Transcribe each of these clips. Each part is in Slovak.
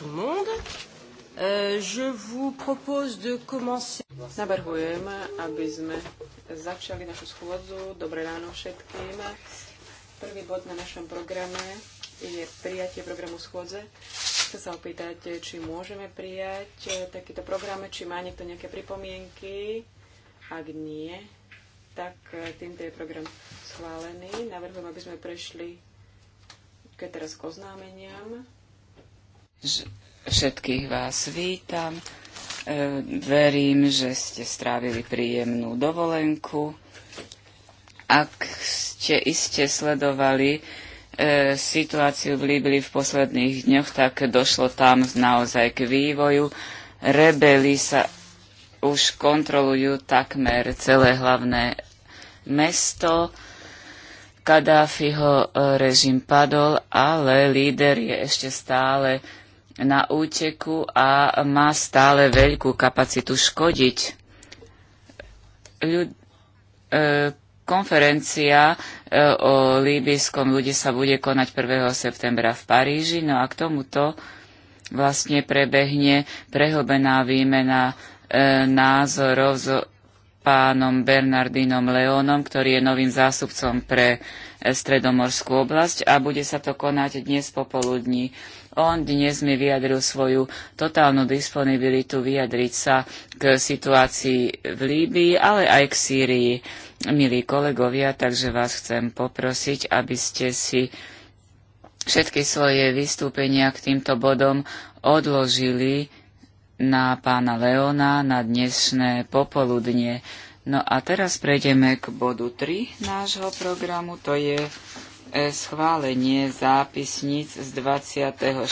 tout le monde. Euh, je vous propose de commencer. Navrhujem, aby sme začali našu schôdzu. Dobré ráno všetkým. Prvý bod na našom programe je prijatie programu schôdze. Chcem sa opýtať, či môžeme prijať eh, takýto program, či má niekto nejaké pripomienky. Ak nie, tak eh, týmto je program schválený. Navrhujem, aby sme prešli teraz k oznámeniam. Všetkých vás vítam. E, verím, že ste strávili príjemnú dovolenku. Ak ste iste sledovali e, situáciu v Líbli v posledných dňoch, tak došlo tam naozaj k vývoju. Rebeli sa už kontrolujú takmer celé hlavné mesto. Kadáfiho e, režim padol, ale líder je ešte stále na úteku a má stále veľkú kapacitu škodiť. Ľud, e, konferencia e, o líbyskom ľude sa bude konať 1. septembra v Paríži. No a k tomuto vlastne prebehne prehlbená výmena e, názorov s pánom Bernardinom Leónom, ktorý je novým zástupcom pre e, stredomorskú oblasť a bude sa to konať dnes popoludní. On dnes mi vyjadril svoju totálnu disponibilitu vyjadriť sa k situácii v Líbii, ale aj k Sýrii. Milí kolegovia, takže vás chcem poprosiť, aby ste si všetky svoje vystúpenia k týmto bodom odložili na pána Leona na dnešné popoludnie. No a teraz prejdeme k bodu 3 nášho programu, to je E, schválenie zápisníc z 24.5.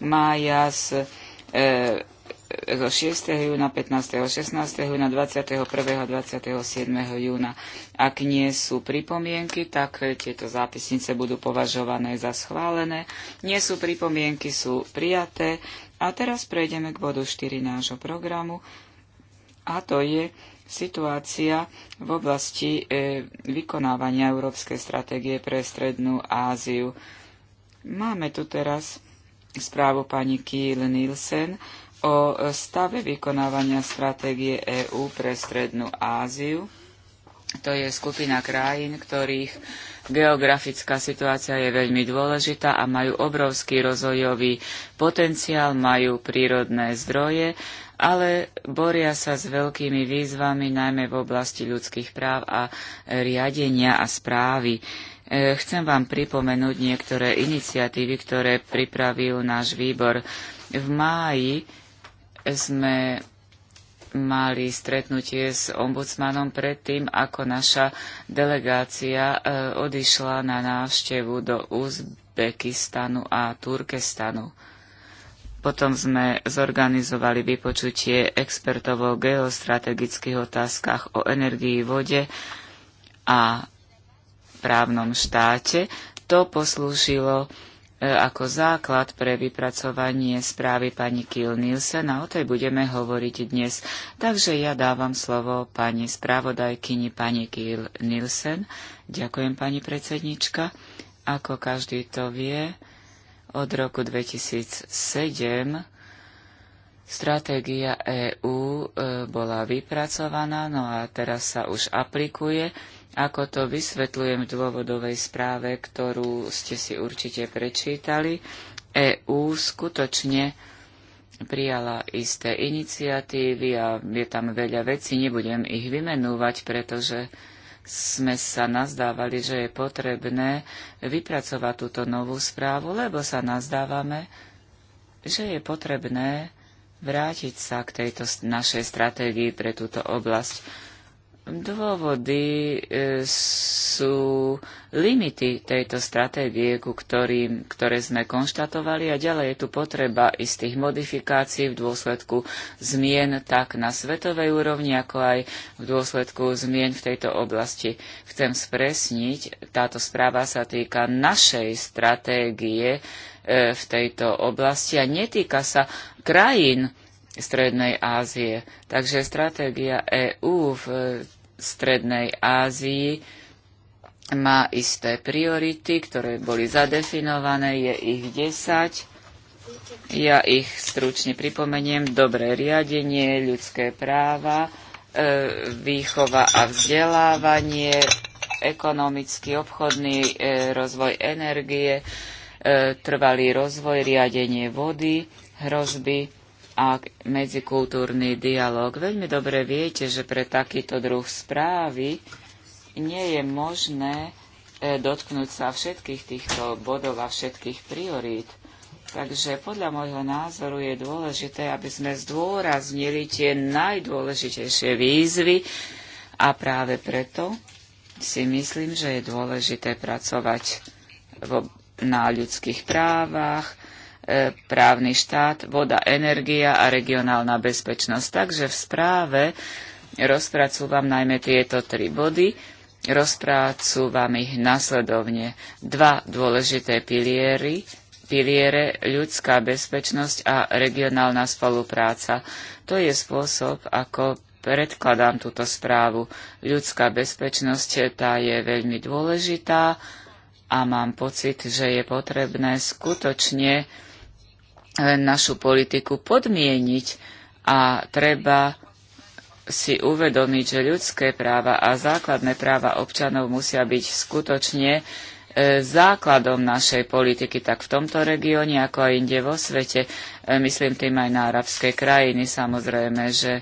mája z 6. E, júna, 15. 16. júna, 21. a 27. júna. Ak nie sú pripomienky, tak tieto zápisnice budú považované za schválené. Nie sú pripomienky, sú prijaté. A teraz prejdeme k bodu 4 nášho programu. A to je situácia v oblasti e, vykonávania Európskej stratégie pre Strednú Áziu. Máme tu teraz správu pani Kiel Nielsen o stave vykonávania stratégie EÚ pre Strednú Áziu. To je skupina krajín, ktorých geografická situácia je veľmi dôležitá a majú obrovský rozvojový potenciál, majú prírodné zdroje, ale boria sa s veľkými výzvami najmä v oblasti ľudských práv a riadenia a správy. E, chcem vám pripomenúť niektoré iniciatívy, ktoré pripravil náš výbor. V máji sme mali stretnutie s ombudsmanom predtým, ako naša delegácia e, odišla na návštevu do Uzbekistanu a Turkestanu. Potom sme zorganizovali vypočutie expertov o geostrategických otázkach o energii, vode a právnom štáte. To poslúžilo e, ako základ pre vypracovanie správy pani Kiel Nielsen a o tej budeme hovoriť dnes. Takže ja dávam slovo pani spravodajkyni pani Kiel Nielsen. Ďakujem pani predsednička. Ako každý to vie, od roku 2007 stratégia EÚ e, bola vypracovaná, no a teraz sa už aplikuje. Ako to vysvetľujem v dôvodovej správe, ktorú ste si určite prečítali, EÚ skutočne prijala isté iniciatívy a je tam veľa vecí, nebudem ich vymenúvať, pretože sme sa nazdávali, že je potrebné vypracovať túto novú správu, lebo sa nazdávame, že je potrebné vrátiť sa k tejto našej stratégii pre túto oblasť. Dôvody e, sú limity tejto stratégie, ku ktorým, ktoré sme konštatovali a ďalej je tu potreba istých modifikácií v dôsledku zmien tak na svetovej úrovni, ako aj v dôsledku zmien v tejto oblasti. Chcem spresniť, táto správa sa týka našej stratégie e, v tejto oblasti a netýka sa krajín, Strednej Ázie. Takže stratégia EÚ v Strednej Ázii má isté priority, ktoré boli zadefinované, je ich 10. Ja ich stručne pripomeniem. Dobré riadenie, ľudské práva, e, výchova a vzdelávanie, ekonomický, obchodný e, rozvoj energie, e, trvalý rozvoj, riadenie vody, hrozby a medzikultúrny dialog. Veľmi dobre viete, že pre takýto druh správy nie je možné e, dotknúť sa všetkých týchto bodov a všetkých priorít. Takže podľa môjho názoru je dôležité, aby sme zdôraznili tie najdôležitejšie výzvy a práve preto si myslím, že je dôležité pracovať vo, na ľudských právach, E, právny štát, voda, energia a regionálna bezpečnosť. Takže v správe rozpracúvam najmä tieto tri body. Rozpracúvam ich nasledovne. Dva dôležité piliery, piliere ľudská bezpečnosť a regionálna spolupráca. To je spôsob, ako predkladám túto správu. Ľudská bezpečnosť tá je veľmi dôležitá a mám pocit, že je potrebné skutočne našu politiku podmieniť a treba si uvedomiť, že ľudské práva a základné práva občanov musia byť skutočne e, základom našej politiky tak v tomto regióne, ako aj inde vo svete. E, myslím tým aj na arabské krajiny. Samozrejme, že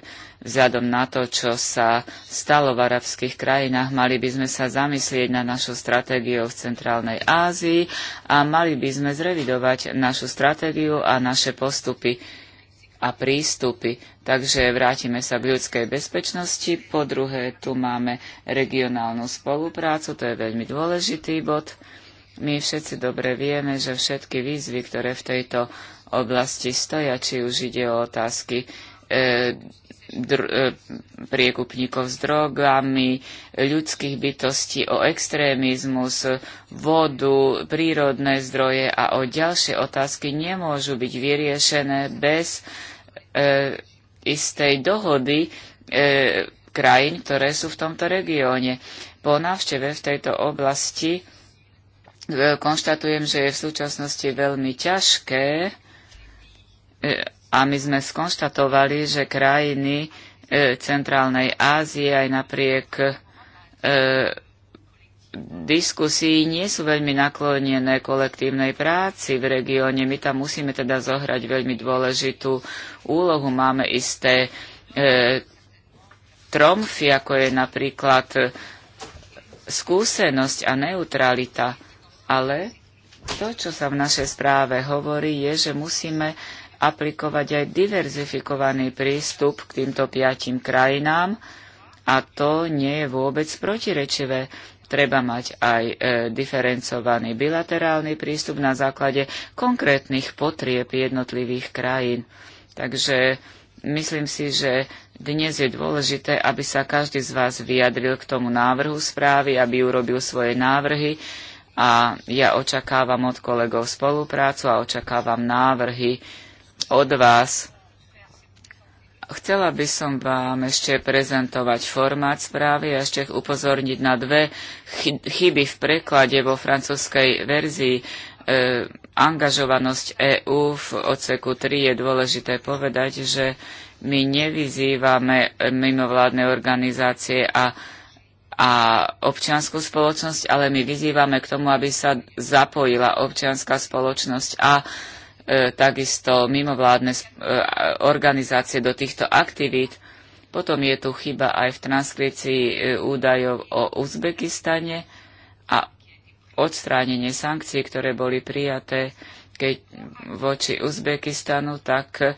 Vzhľadom na to, čo sa stalo v arabských krajinách, mali by sme sa zamyslieť na našu stratégiu v Centrálnej Ázii a mali by sme zrevidovať našu stratégiu a naše postupy a prístupy. Takže vrátime sa k ľudskej bezpečnosti. Po druhé, tu máme regionálnu spoluprácu, to je veľmi dôležitý bod. My všetci dobre vieme, že všetky výzvy, ktoré v tejto oblasti stoja, či už ide o otázky e, E, priekupníkov s drogami, ľudských bytostí, o extrémizmus, vodu, prírodné zdroje a o ďalšie otázky nemôžu byť vyriešené bez e, istej dohody e, krajín, ktoré sú v tomto regióne. Po návšteve v tejto oblasti e, konštatujem, že je v súčasnosti veľmi ťažké e, a my sme skonštatovali, že krajiny e, Centrálnej Ázie aj napriek e, diskusii nie sú veľmi naklonené kolektívnej práci v regióne. My tam musíme teda zohrať veľmi dôležitú úlohu. Máme isté e, tromfy, ako je napríklad skúsenosť a neutralita. Ale to, čo sa v našej správe hovorí, je, že musíme aplikovať aj diverzifikovaný prístup k týmto piatim krajinám a to nie je vôbec protirečivé. Treba mať aj e, diferencovaný bilaterálny prístup na základe konkrétnych potrieb jednotlivých krajín. Takže myslím si, že dnes je dôležité, aby sa každý z vás vyjadril k tomu návrhu správy, aby urobil svoje návrhy a ja očakávam od kolegov spoluprácu a očakávam návrhy od vás. Chcela by som vám ešte prezentovať formát správy a ešte upozorniť na dve chyby v preklade vo francúzskej verzii. E, angažovanosť EÚ v odseku 3 je dôležité povedať, že my nevyzývame mimovládne organizácie a, a občianskú spoločnosť, ale my vyzývame k tomu, aby sa zapojila občianská spoločnosť a E, takisto mimovládne e, organizácie do týchto aktivít. Potom je tu chyba aj v transkrícii e, údajov o Uzbekistane a odstránenie sankcií, ktoré boli prijaté keď voči Uzbekistanu, tak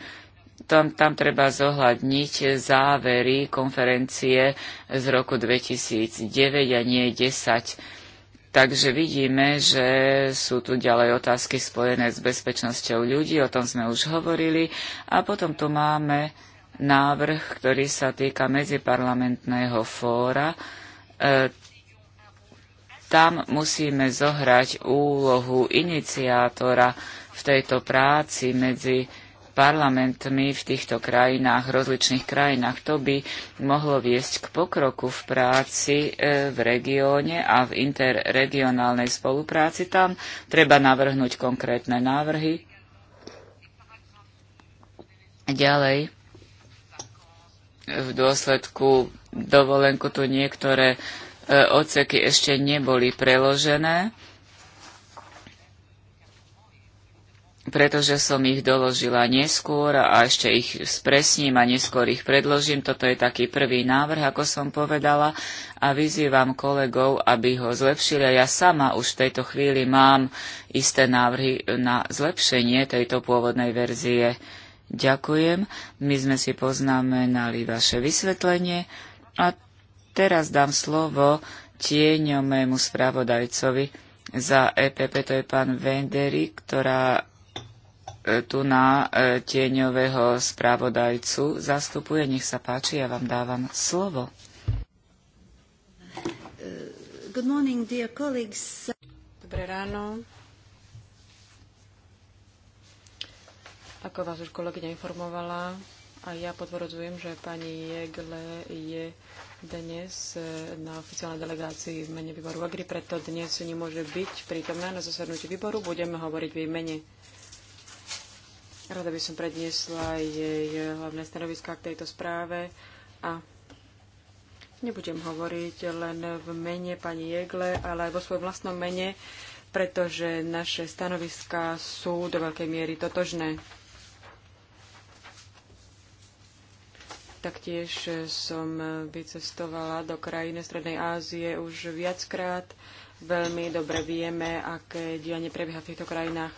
tam, tam treba zohľadniť závery konferencie z roku 2009 a nie 10 Takže vidíme, že sú tu ďalej otázky spojené s bezpečnosťou ľudí, o tom sme už hovorili. A potom tu máme návrh, ktorý sa týka medziparlamentného fóra. E, tam musíme zohrať úlohu iniciátora v tejto práci medzi parlamentmi v týchto krajinách, rozličných krajinách. To by mohlo viesť k pokroku v práci e, v regióne a v interregionálnej spolupráci. Tam treba navrhnúť konkrétne návrhy. Ďalej, v dôsledku dovolenku tu niektoré e, odseky ešte neboli preložené pretože som ich doložila neskôr a ešte ich spresním a neskôr ich predložím. Toto je taký prvý návrh, ako som povedala, a vyzývam kolegov, aby ho zlepšili. A ja sama už v tejto chvíli mám isté návrhy na zlepšenie tejto pôvodnej verzie. Ďakujem. My sme si poznamenali vaše vysvetlenie a teraz dám slovo tieňomému spravodajcovi za EPP, to je pán Vendery, ktorá E, tu na e, tieňového správodajcu zastupuje. Nech sa páči, ja vám dávam slovo. Good morning, dear colleagues. Dobré ráno. Ako vás už kolegyňa informovala, a ja potvrdzujem, že pani Jegle je dnes e, na oficiálnej delegácii v mene výboru Agri, preto dnes nemôže byť prítomná na zasadnutí výboru. Budeme hovoriť v jej mene. Rada by som predniesla jej hlavné stanoviska k tejto správe a nebudem hovoriť len v mene pani Jegle, ale aj vo svojom vlastnom mene, pretože naše stanoviská sú do veľkej miery totožné. Taktiež som vycestovala do krajiny Strednej Ázie už viackrát. Veľmi dobre vieme, aké dianie prebieha v týchto krajinách.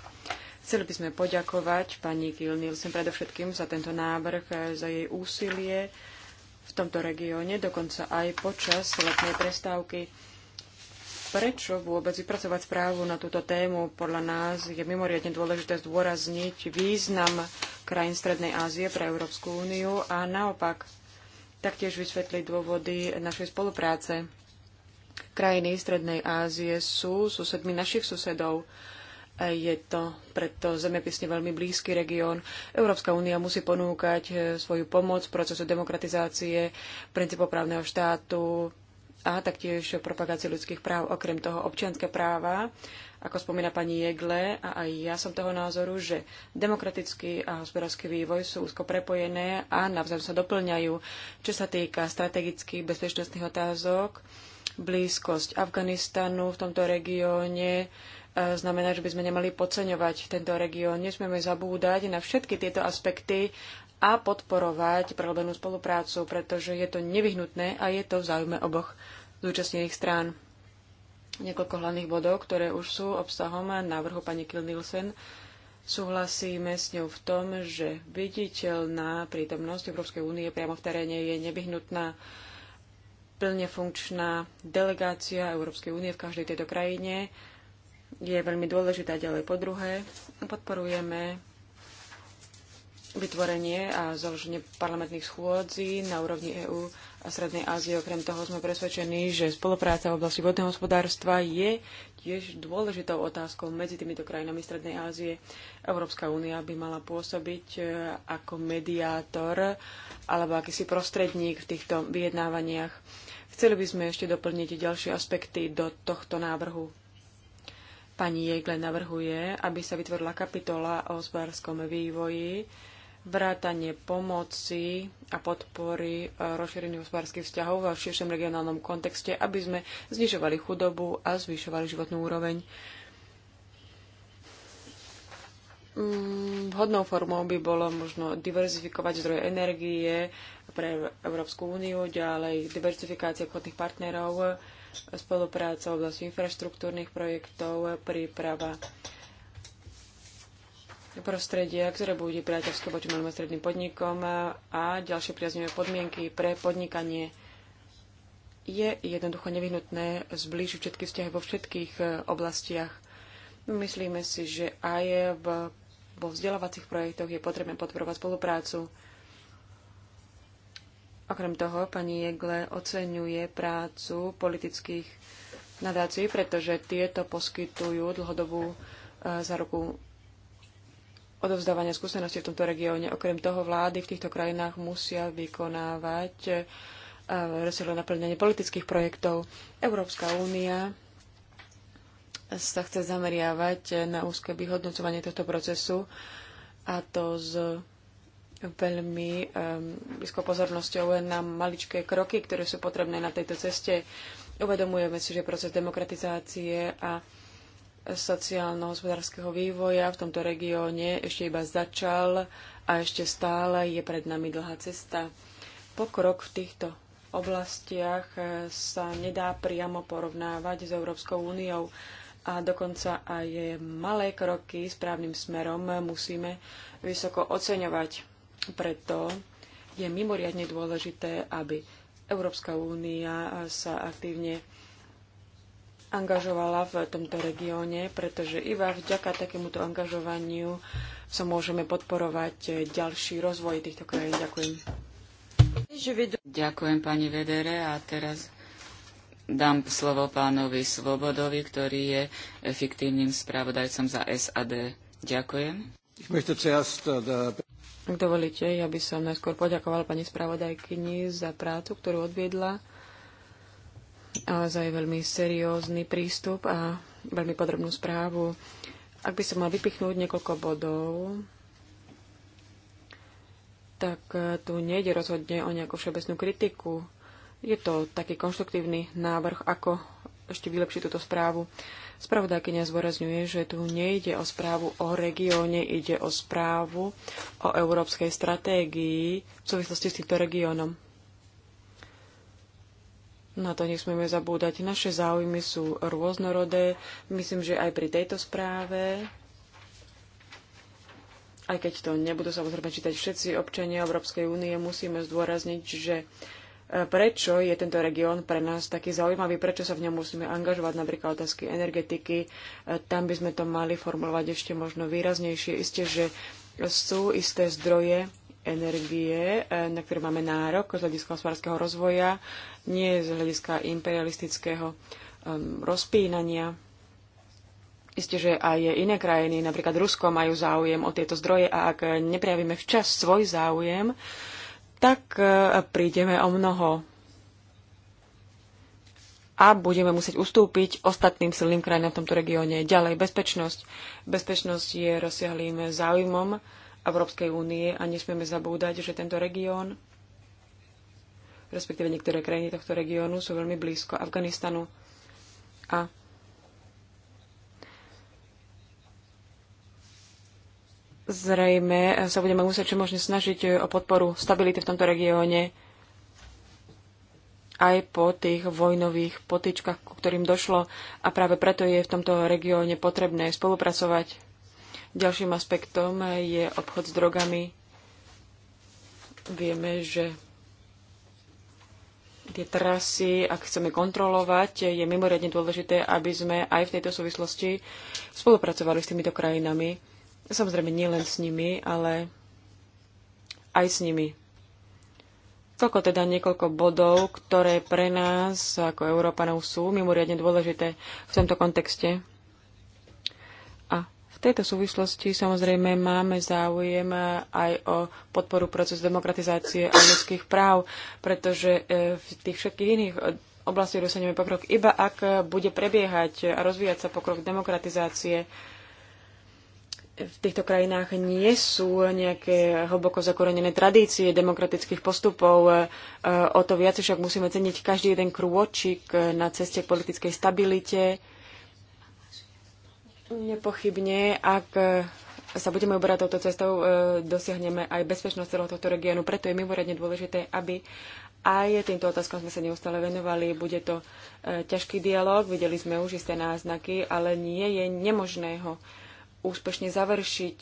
Chceli by sme poďakovať pani Kiel Nielsen predovšetkým za tento návrh, za jej úsilie v tomto regióne, dokonca aj počas letnej prestávky. Prečo vôbec vypracovať správu na túto tému? Podľa nás je mimoriadne dôležité zdôrazniť význam krajín Strednej Ázie pre Európsku úniu a naopak taktiež vysvetliť dôvody našej spolupráce. Krajiny Strednej Ázie sú susedmi našich susedov je to preto zemepisne veľmi blízky región. Európska únia musí ponúkať e, svoju pomoc v procesu demokratizácie, princípov právneho štátu a taktiež propagácie ľudských práv. Okrem toho občianské práva, ako spomína pani Jegle, a aj ja som toho názoru, že demokratický a hospodársky vývoj sú úzko prepojené a navzájom sa doplňajú. Čo sa týka strategických bezpečnostných otázok, blízkosť Afganistanu v tomto regióne, znamená, že by sme nemali podceňovať tento región. Nesmieme zabúdať na všetky tieto aspekty a podporovať prelobenú spoluprácu, pretože je to nevyhnutné a je to v záujme oboch zúčastnených strán. Niekoľko hlavných bodov, ktoré už sú obsahom návrhu pani Kill Nielsen. Súhlasíme s ňou v tom, že viditeľná prítomnosť Európskej únie priamo v teréne je nevyhnutná plne funkčná delegácia Európskej únie v každej tejto krajine je veľmi dôležitá ďalej. Po druhé, podporujeme vytvorenie a založenie parlamentných schôdzí na úrovni EÚ a Srednej Ázie. Okrem toho sme presvedčení, že spolupráca v oblasti vodného hospodárstva je tiež dôležitou otázkou medzi týmito krajinami Strednej Ázie. Európska únia by mala pôsobiť e, ako mediátor alebo akýsi prostredník v týchto vyjednávaniach. Chceli by sme ešte doplniť ďalšie aspekty do tohto návrhu Pani Jegle navrhuje, aby sa vytvorila kapitola o hospodárskom vývoji, vrátanie pomoci a podpory e, rozšírených hospodárskych vzťahov v širšom regionálnom kontexte, aby sme znižovali chudobu a zvyšovali životnú úroveň. Mm, vhodnou formou by bolo možno diverzifikovať zdroje energie pre Európsku úniu, ďalej diverzifikácia obchodných partnerov, spolupráca v oblasti infraštruktúrnych projektov, príprava prostredia, ktoré bude priateľské voči malým a stredným podnikom a ďalšie priaznivé podmienky pre podnikanie. Je jednoducho nevyhnutné zblížiť všetky vzťahy vo všetkých e, oblastiach. Myslíme si, že aj v, vo vzdelávacích projektoch je potrebné podporovať spoluprácu Okrem toho, pani Jegle oceňuje prácu politických nadácií, pretože tieto poskytujú dlhodobú e, roku odovzdávania skúseností v tomto regióne. Okrem toho, vlády v týchto krajinách musia vykonávať e, rozsiahle naplňanie politických projektov. Európska únia sa chce zameriavať na úzke vyhodnocovanie tohto procesu a to z veľmi um, pozornosťou pozornosťou na maličké kroky, ktoré sú potrebné na tejto ceste. Uvedomujeme si, že proces demokratizácie a sociálno-hospodárskeho vývoja v tomto regióne ešte iba začal a ešte stále je pred nami dlhá cesta. Pokrok v týchto oblastiach eh, sa nedá priamo porovnávať s Európskou úniou a dokonca aj malé kroky správnym smerom musíme vysoko oceňovať preto je mimoriadne dôležité, aby Európska únia sa aktívne angažovala v tomto regióne, pretože iba vďaka takémuto angažovaniu sa môžeme podporovať ďalší rozvoj týchto krajín. Ďakujem. Ďakujem pani Vedere a teraz dám slovo pánovi Svobodovi, ktorý je efektívnym spravodajcom za SAD. Ďakujem. Ak dovolíte, ja by som najskôr poďakoval pani spravodajkyni za prácu, ktorú odviedla a za jej veľmi seriózny prístup a veľmi podrobnú správu. Ak by som mal vypichnúť niekoľko bodov, tak e, tu nejde rozhodne o nejakú všeobecnú kritiku. Je to taký konštruktívny návrh, ako ešte vylepšiť túto správu. Spravodajkynia zvorazňuje, že tu nejde o správu o regióne, ide o správu o európskej stratégii v súvislosti s týmto regiónom. Na to nesmieme zabúdať. Naše záujmy sú rôznorodé. Myslím, že aj pri tejto správe, aj keď to nebudú samozrejme čítať všetci občania Európskej únie, musíme zdôrazniť, že prečo je tento región pre nás taký zaujímavý, prečo sa v ňom musíme angažovať, napríklad otázky energetiky. Tam by sme to mali formulovať ešte možno výraznejšie. Isté, že sú isté zdroje energie, e, na ktoré máme nárok z hľadiska hospodárskeho rozvoja, nie z hľadiska imperialistického rozpínania. Isté, že aj iné krajiny, napríklad Rusko, majú záujem o tieto zdroje a ak neprejavíme včas svoj záujem, tak e, prídeme o mnoho a budeme musieť ustúpiť ostatným silným krajinám v tomto regióne. Ďalej, bezpečnosť. Bezpečnosť je rozsiahlým záujmom Európskej únie a nesmieme zabúdať, že tento región, respektíve niektoré krajiny tohto regiónu sú veľmi blízko Afganistanu a zrejme sa budeme musieť čo možne snažiť eh, o podporu stability v tomto regióne aj po tých vojnových potičkách, ku ktorým došlo a práve preto je v tomto regióne potrebné spolupracovať. Ďalším aspektom je obchod s drogami. Vieme, že tie trasy, ak chceme kontrolovať, je mimoriadne dôležité, aby sme aj v tejto súvislosti spolupracovali s týmito krajinami Samozrejme, nielen s nimi, ale aj s nimi. Toľko teda niekoľko bodov, ktoré pre nás ako Európanov sú mimoriadne dôležité v tomto kontexte. A v tejto súvislosti samozrejme máme záujem aj o podporu procesu demokratizácie a ľudských práv, pretože e, v tých všetkých iných oblastiach dosiahneme pokrok iba ak bude prebiehať a rozvíjať sa pokrok demokratizácie v týchto krajinách nie sú nejaké hlboko zakorenené tradície demokratických postupov. E, o to viac však musíme ceniť každý jeden krôčik na ceste k politickej stabilite. Nepochybne, ak sa budeme uberať touto cestou, e, dosiahneme aj bezpečnosť celého tohto regiónu. Preto je mimoriadne dôležité, aby aj týmto otázkom sme sa neustále venovali. Bude to e, ťažký dialog, videli sme už isté náznaky, ale nie je nemožné ho úspešne završiť.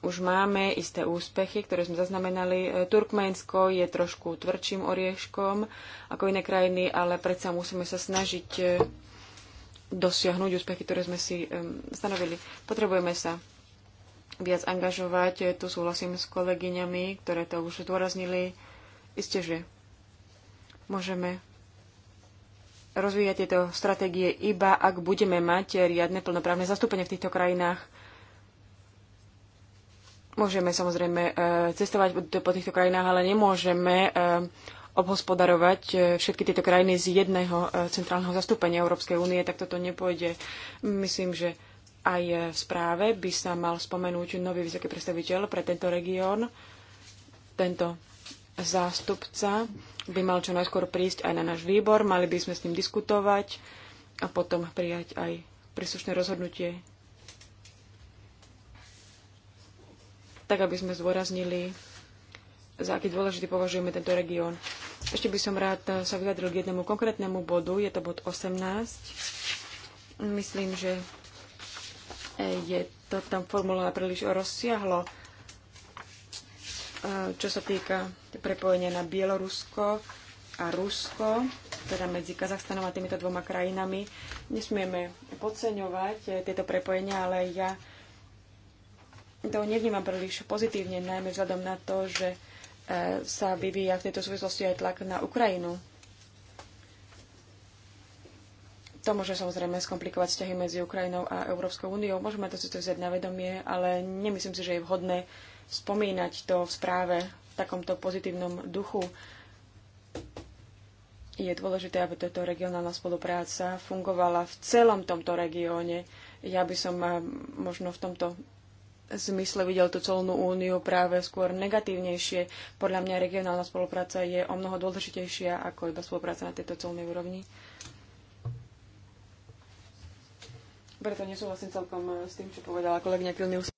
Už máme isté úspechy, ktoré sme zaznamenali. Turkmensko je trošku tvrdším orieškom ako iné krajiny, ale predsa musíme sa snažiť eh, dosiahnuť úspechy, ktoré sme si stanovili. Potrebujeme sa viac angažovať. Tu súhlasím s kolegyňami, ktoré to už zdôraznili. Isté, že môžeme rozvíjať tieto stratégie iba, ak budeme mať riadne plnoprávne zastúpenie v týchto krajinách. Môžeme samozrejme e, cestovať po týchto krajinách, ale nemôžeme e, obhospodarovať e, všetky tieto krajiny z jedného centrálneho zastúpenia Európskej únie, tak toto nepôjde. Myslím, že aj v správe by sa mal spomenúť nový vysoký predstaviteľ pre tento región. Tento zástupca by mal čo najskôr prísť aj na náš výbor, mali by sme s ním diskutovať a potom prijať aj príslušné rozhodnutie. tak aby sme zdôraznili, za aký dôležitý považujeme tento región. Ešte by som rád eh, sa vyjadril k jednému konkrétnemu bodu, je to bod 18. Myslím, že eh, je to tam formulované príliš rozsiahlo, eh, čo sa týka prepojenia na Bielorusko a Rusko, teda medzi Kazachstanom a týmito dvoma krajinami. Nesmieme podceňovať tieto prepojenia, ale ja to nevnímam príliš pozitívne, najmä vzhľadom na to, že e, sa vyvíja v tejto súvislosti aj tlak na Ukrajinu. To môže samozrejme skomplikovať vzťahy medzi Ukrajinou a Európskou úniou. Môžeme to to vziať na vedomie, ale nemyslím si, že je vhodné spomínať to v správe v takomto pozitívnom duchu. Je dôležité, aby táto regionálna spolupráca fungovala v celom tomto regióne. Ja by som e, možno v tomto zmysle videl tú colnú úniu práve skôr negatívnejšie. Podľa mňa regionálna spolupráca je o mnoho dôležitejšia ako iba spolupráca na tejto colnej úrovni. Preto nesúhlasím celkom eh, s tým, čo povedala kolegyňa Kilnius.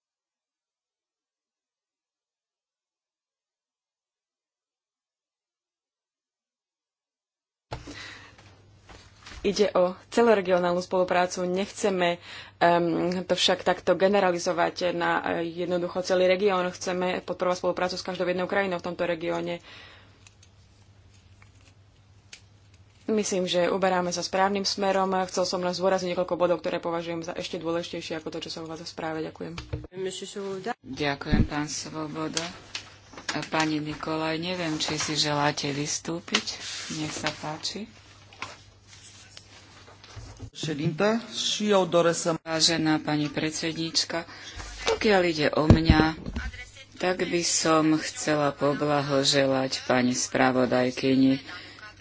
Ide o celoregionálnu spoluprácu. Nechceme um, to však takto generalizovať na e, jednoducho celý región. Chceme podporovať spoluprácu s každou jednou krajinou v tomto regióne. Myslím, že uberáme sa správnym smerom. Chcel som len zdôrazniť niekoľko bodov, ktoré považujem za ešte dôležitejšie ako to, čo sa vás v správe. Ďakujem. Ďakujem, pán Svoboda. Pani Nikolaj, neviem, či si želáte vystúpiť. Nech sa páči. Vážená pani predsedníčka, pokiaľ ide o mňa, tak by som chcela poblahoželať pani spravodajkyni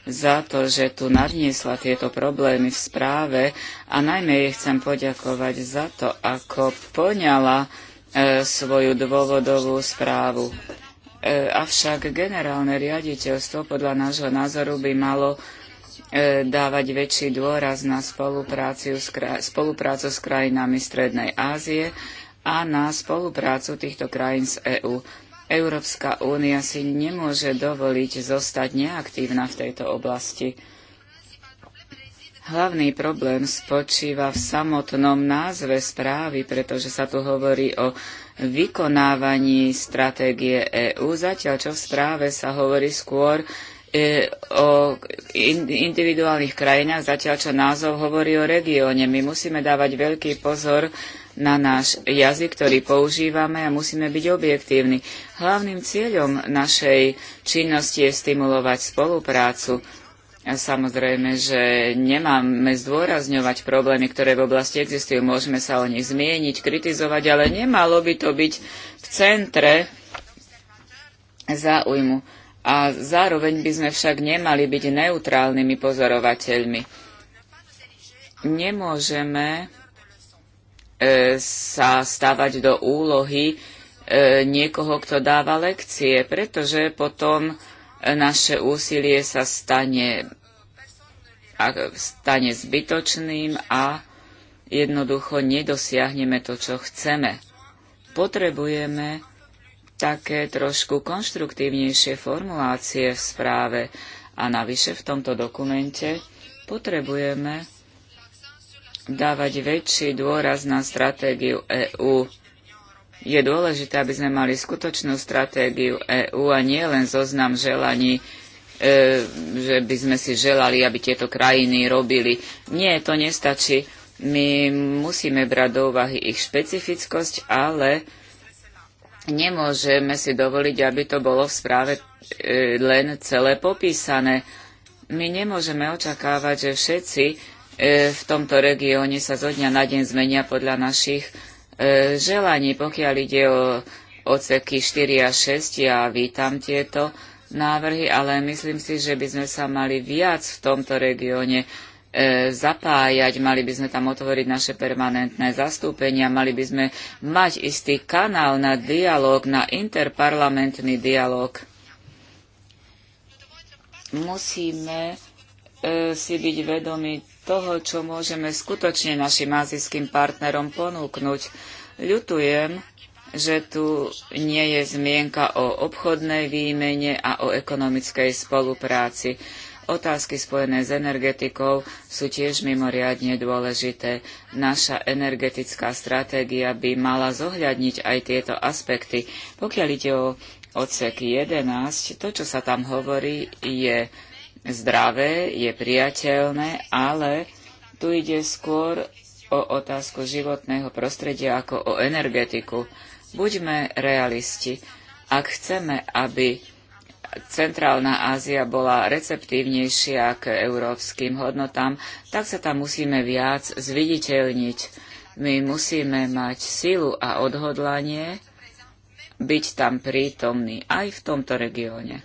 za to, že tu nadniesla tieto problémy v správe a najmä jej chcem poďakovať za to, ako poňala e, svoju dôvodovú správu. E, avšak generálne riaditeľstvo podľa nášho názoru by malo E, dávať väčší dôraz na spoluprácu s, kraj, spoluprácu s krajinami Strednej Ázie a na spoluprácu týchto krajín s EÚ. Európska únia si nemôže dovoliť zostať neaktívna v tejto oblasti. Hlavný problém spočíva v samotnom názve správy, pretože sa tu hovorí o vykonávaní stratégie EÚ, zatiaľ čo v správe sa hovorí skôr E, o individuálnych krajinách, zatiaľ čo názov hovorí o regióne. My musíme dávať veľký pozor na náš jazyk, ktorý používame a musíme byť objektívni. Hlavným cieľom našej činnosti je stimulovať spoluprácu. A samozrejme, že nemáme zdôrazňovať problémy, ktoré v oblasti existujú. Môžeme sa o nich zmieniť, kritizovať, ale nemalo by to byť v centre záujmu a zároveň by sme však nemali byť neutrálnymi pozorovateľmi. Nemôžeme e, sa stávať do úlohy e, niekoho, kto dáva lekcie, pretože potom naše úsilie sa stane, stane zbytočným a jednoducho nedosiahneme to, čo chceme. Potrebujeme také trošku konštruktívnejšie formulácie v správe a navyše v tomto dokumente potrebujeme dávať väčší dôraz na stratégiu EÚ. Je dôležité, aby sme mali skutočnú stratégiu EÚ a nie len zoznam želaní, e, že by sme si želali, aby tieto krajiny robili. Nie, to nestačí. My musíme brať do úvahy ich špecifickosť, ale Nemôžeme si dovoliť, aby to bolo v správe e, len celé popísané. My nemôžeme očakávať, že všetci e, v tomto regióne sa zo dňa na deň zmenia podľa našich e, želaní. Pokiaľ ide o odseky 4 a 6, ja vítam tieto návrhy, ale myslím si, že by sme sa mali viac v tomto regióne E, zapájať, mali by sme tam otvoriť naše permanentné zastúpenia, mali by sme mať istý kanál na dialog, na interparlamentný dialog. Musíme e, si byť vedomi toho, čo môžeme skutočne našim azijským partnerom ponúknuť. Ľutujem, že tu nie je zmienka o obchodnej výmene a o ekonomickej spolupráci. Otázky spojené s energetikou sú tiež mimoriadne dôležité. Naša energetická stratégia by mala zohľadniť aj tieto aspekty. Pokiaľ ide o odsek 11, to, čo sa tam hovorí, je zdravé, je priateľné, ale tu ide skôr o otázku životného prostredia ako o energetiku. Buďme realisti. Ak chceme, aby Centrálna Ázia bola receptívnejšia k európskym hodnotám, tak sa tam musíme viac zviditeľniť. My musíme mať silu a odhodlanie byť tam prítomný aj v tomto regióne.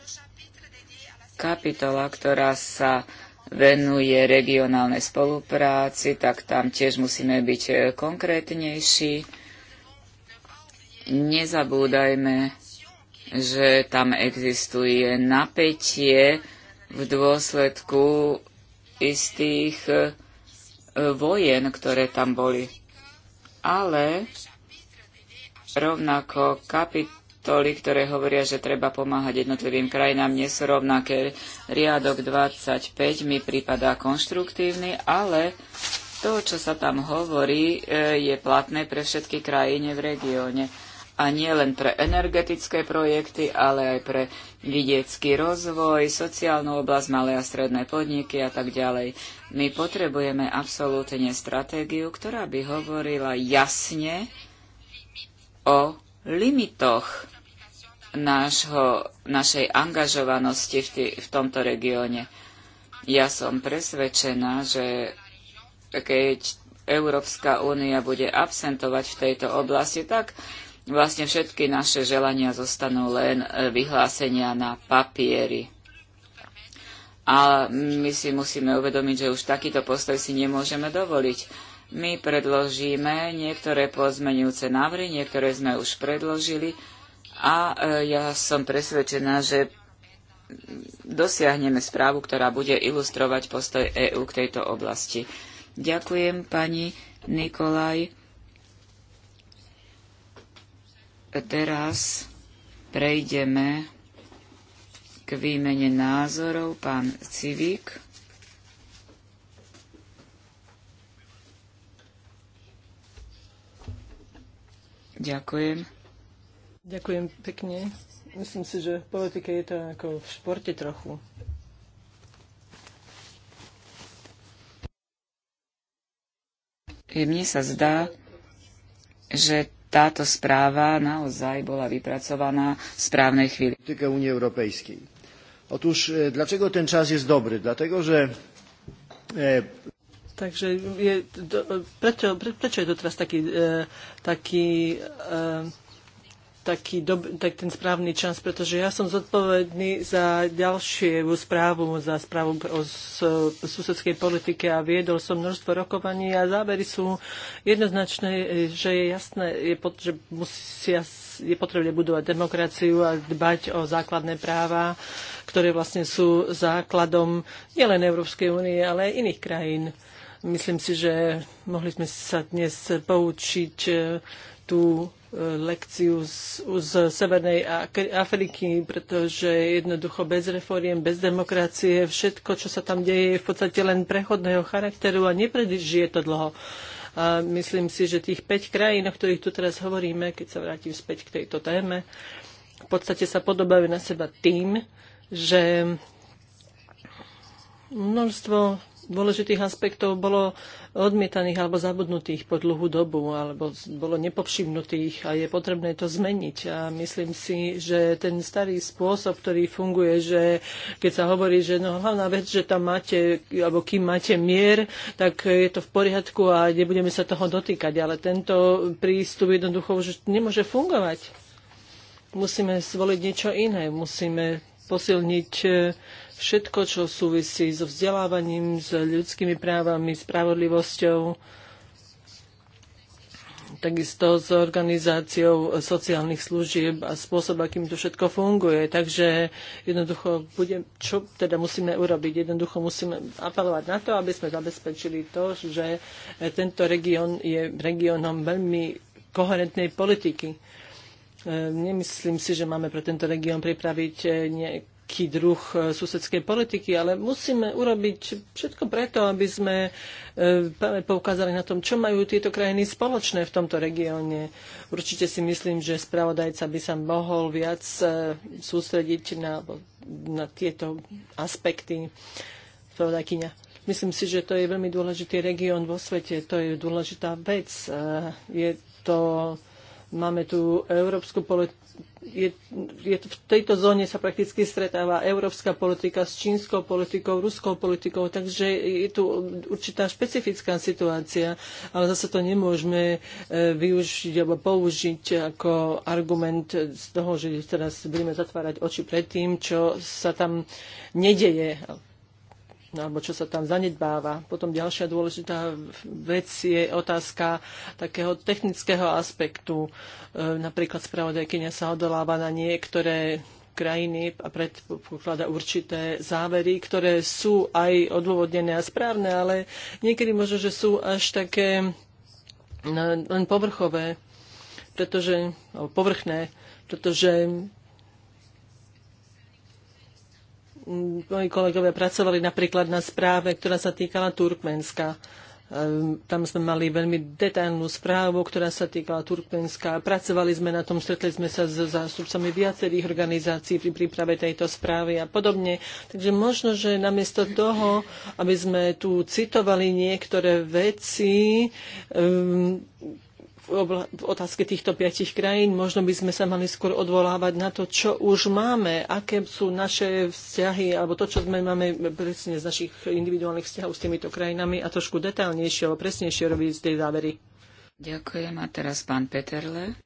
Kapitola, ktorá sa venuje regionálnej spolupráci, tak tam tiež musíme byť konkrétnejší. Nezabúdajme že tam existuje napätie v dôsledku istých e, vojen, ktoré tam boli. Ale rovnako kapitoly, ktoré hovoria, že treba pomáhať jednotlivým krajinám, nie sú rovnaké. Riadok 25 mi prípada konštruktívny, ale to, čo sa tam hovorí, e, je platné pre všetky krajiny v regióne a nie len pre energetické projekty, ale aj pre vidiecký rozvoj, sociálnu oblasť, malé a stredné podniky a tak ďalej. My potrebujeme absolútne stratégiu, ktorá by hovorila jasne o limitoch nášho, našej angažovanosti v, tý, v tomto regióne. Ja som presvedčená, že keď Európska únia bude absentovať v tejto oblasti, tak vlastne všetky naše želania zostanú len e, vyhlásenia na papieri. A my si musíme uvedomiť, že už takýto postoj si nemôžeme dovoliť. My predložíme niektoré pozmenujúce návrhy, niektoré sme už predložili a e, ja som presvedčená, že dosiahneme správu, ktorá bude ilustrovať postoj EÚ k tejto oblasti. Ďakujem pani Nikolaj. teraz prejdeme k výmene názorov. Pán Civík. Ďakujem. Ďakujem pekne. Myslím si, že v politike je to ako v športe trochu. Mne sa zdá, že táto správa naozaj bola vypracovaná v správnej chvíli. Unii Europejskiej. Otóż e, dlaczego ten czas jest dobry? Dlatego, że e, Takže je, do, prečo, prečo je to teraz taký, e, taký e, taký dob- tak ten správny čas, pretože ja som zodpovedný za ďalšiu správu, za správu o susedskej politike a viedol som množstvo rokovaní a závery sú jednoznačné, že je jasné, je pot- že musia, je potrebné budovať demokraciu a dbať o základné práva, ktoré vlastne sú základom nielen Európskej únie, ale aj iných krajín. Myslím si, že mohli sme sa dnes poučiť e, tú lekciu z, z Severnej Afriky, pretože jednoducho bez reforiem, bez demokracie, všetko, čo sa tam deje, je v podstate len prechodného charakteru a nepredžije to dlho. A myslím si, že tých 5 krajín, o ktorých tu teraz hovoríme, keď sa vrátim späť k tejto téme, v podstate sa podobajú na seba tým, že množstvo dôležitých aspektov bolo odmietaných alebo zabudnutých po dlhú dobu, alebo bolo nepovšimnutých a je potrebné to zmeniť. A myslím si, že ten starý spôsob, ktorý funguje, že keď sa hovorí, že no hlavná vec, že tam máte, alebo kým máte mier, tak je to v poriadku a nebudeme sa toho dotýkať. Ale tento prístup jednoducho už nemôže fungovať. Musíme zvoliť niečo iné. Musíme posilniť všetko, čo súvisí so vzdelávaním, s ľudskými právami, spravodlivosťou, takisto s organizáciou sociálnych služieb a spôsob, akým to všetko funguje. Takže jednoducho budem, čo teda musíme urobiť? Jednoducho musíme apelovať na to, aby sme zabezpečili to, že tento región je regiónom veľmi koherentnej politiky. Nemyslím si, že máme pre tento región pripraviť nejaké aký druh e, susedskej politiky, ale musíme urobiť všetko preto, aby sme e, e, poukázali na tom, čo majú tieto krajiny spoločné v tomto regióne. Určite si myslím, že spravodajca by sa mohol viac sústrediť na, na tieto aspekty. Spravodajkyňa. Myslím si, že to je veľmi dôležitý región vo svete. To je dôležitá vec. Je to máme tu európsku politiku, je, je, v tejto zóne sa prakticky stretáva európska politika s čínskou politikou, ruskou politikou, takže je tu určitá špecifická situácia, ale zase to nemôžeme e, využiť alebo použiť ako argument z toho, že teraz budeme zatvárať oči pred tým, čo sa tam nedeje. No, alebo čo sa tam zanedbáva. Potom ďalšia dôležitá vec je otázka takého technického aspektu. E, napríklad spravodajkynia sa odoláva na niektoré krajiny a predpokladá určité závery, ktoré sú aj odôvodnené a správne, ale niekedy možno, že sú až také no, len povrchové, pretože, alebo povrchné, pretože moji kolegovia pracovali napríklad na správe, ktorá sa týkala Turkmenska. Ehm, tam sme mali veľmi detailnú správu, ktorá sa týkala Turkmenska. Pracovali sme na tom, stretli sme sa s zástupcami viacerých organizácií pri príprave tejto správy a podobne. Takže možno, že namiesto toho, aby sme tu citovali niektoré veci, um, v otázke týchto piatich krajín. Možno by sme sa mali skôr odvolávať na to, čo už máme, aké sú naše vzťahy, alebo to, čo sme máme presne z našich individuálnych vzťahov s týmito krajinami a trošku detálnejšie alebo presnejšie robiť z tej závery. Ďakujem. A teraz pán Peterle.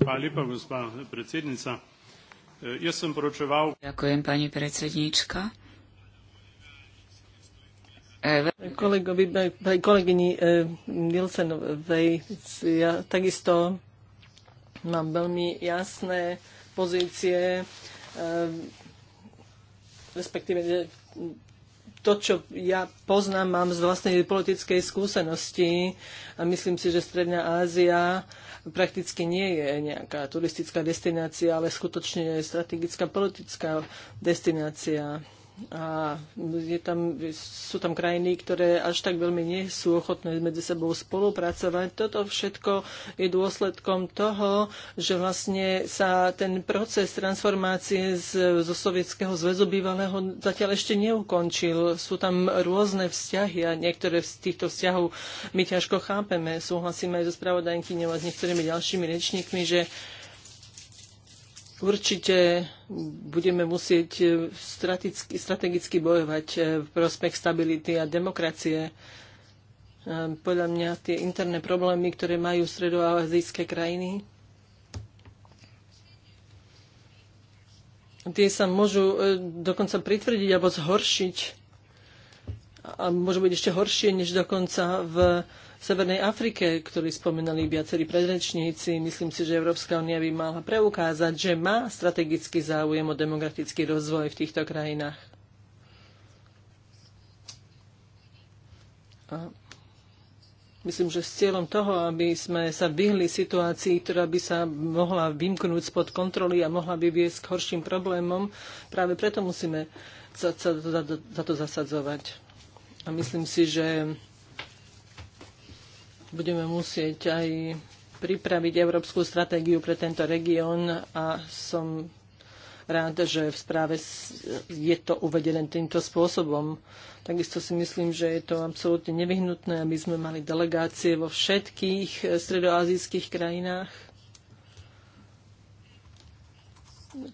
Hvala lepa, gospa predsednica. E, ja som poročoval... Ďakujem, pani predsednička. Kolegovi, kolegyni eh, Nilsenovej, ja takisto mám veľmi jasné pozície, eh, respektíve to, čo ja poznám, mám z vlastnej politickej skúsenosti a myslím si, že Stredná Ázia prakticky nie je nejaká turistická destinácia, ale skutočne je strategická politická destinácia. A je tam, sú tam krajiny, ktoré až tak veľmi nie sú ochotné medzi sebou spolupracovať. Toto všetko je dôsledkom toho, že vlastne sa ten proces transformácie z, zo Sovietskeho zväzu bývalého zatiaľ ešte neukončil. Sú tam rôzne vzťahy a niektoré z týchto vzťahov my ťažko chápeme. Súhlasíme aj so spravodajkyňou a s niektorými ďalšími rečníkmi, že určite budeme musieť e, strategicky, bojovať e, v prospech stability a demokracie. E, podľa mňa tie interné problémy, ktoré majú stredoazijské krajiny, tie sa môžu dokonca pritvrdiť alebo zhoršiť a môžu byť ešte horšie než dokonca v Severnej Afrike, ktorý spomenali viacerí predrečníci. Myslím si, že Európska únia by mala preukázať, že má strategický záujem o demokratický rozvoj v týchto krajinách. A myslím, že s cieľom toho, aby sme sa vyhli situácii, ktorá by sa mohla vymknúť spod kontroly a mohla by viesť k horším problémom, práve preto musíme za, za, za to zasadzovať. A myslím si, že budeme musieť aj pripraviť európsku stratégiu pre tento región a som rád, že v správe je to uvedené týmto spôsobom. Takisto si myslím, že je to absolútne nevyhnutné, aby sme mali delegácie vo všetkých eh, stredoazijských krajinách,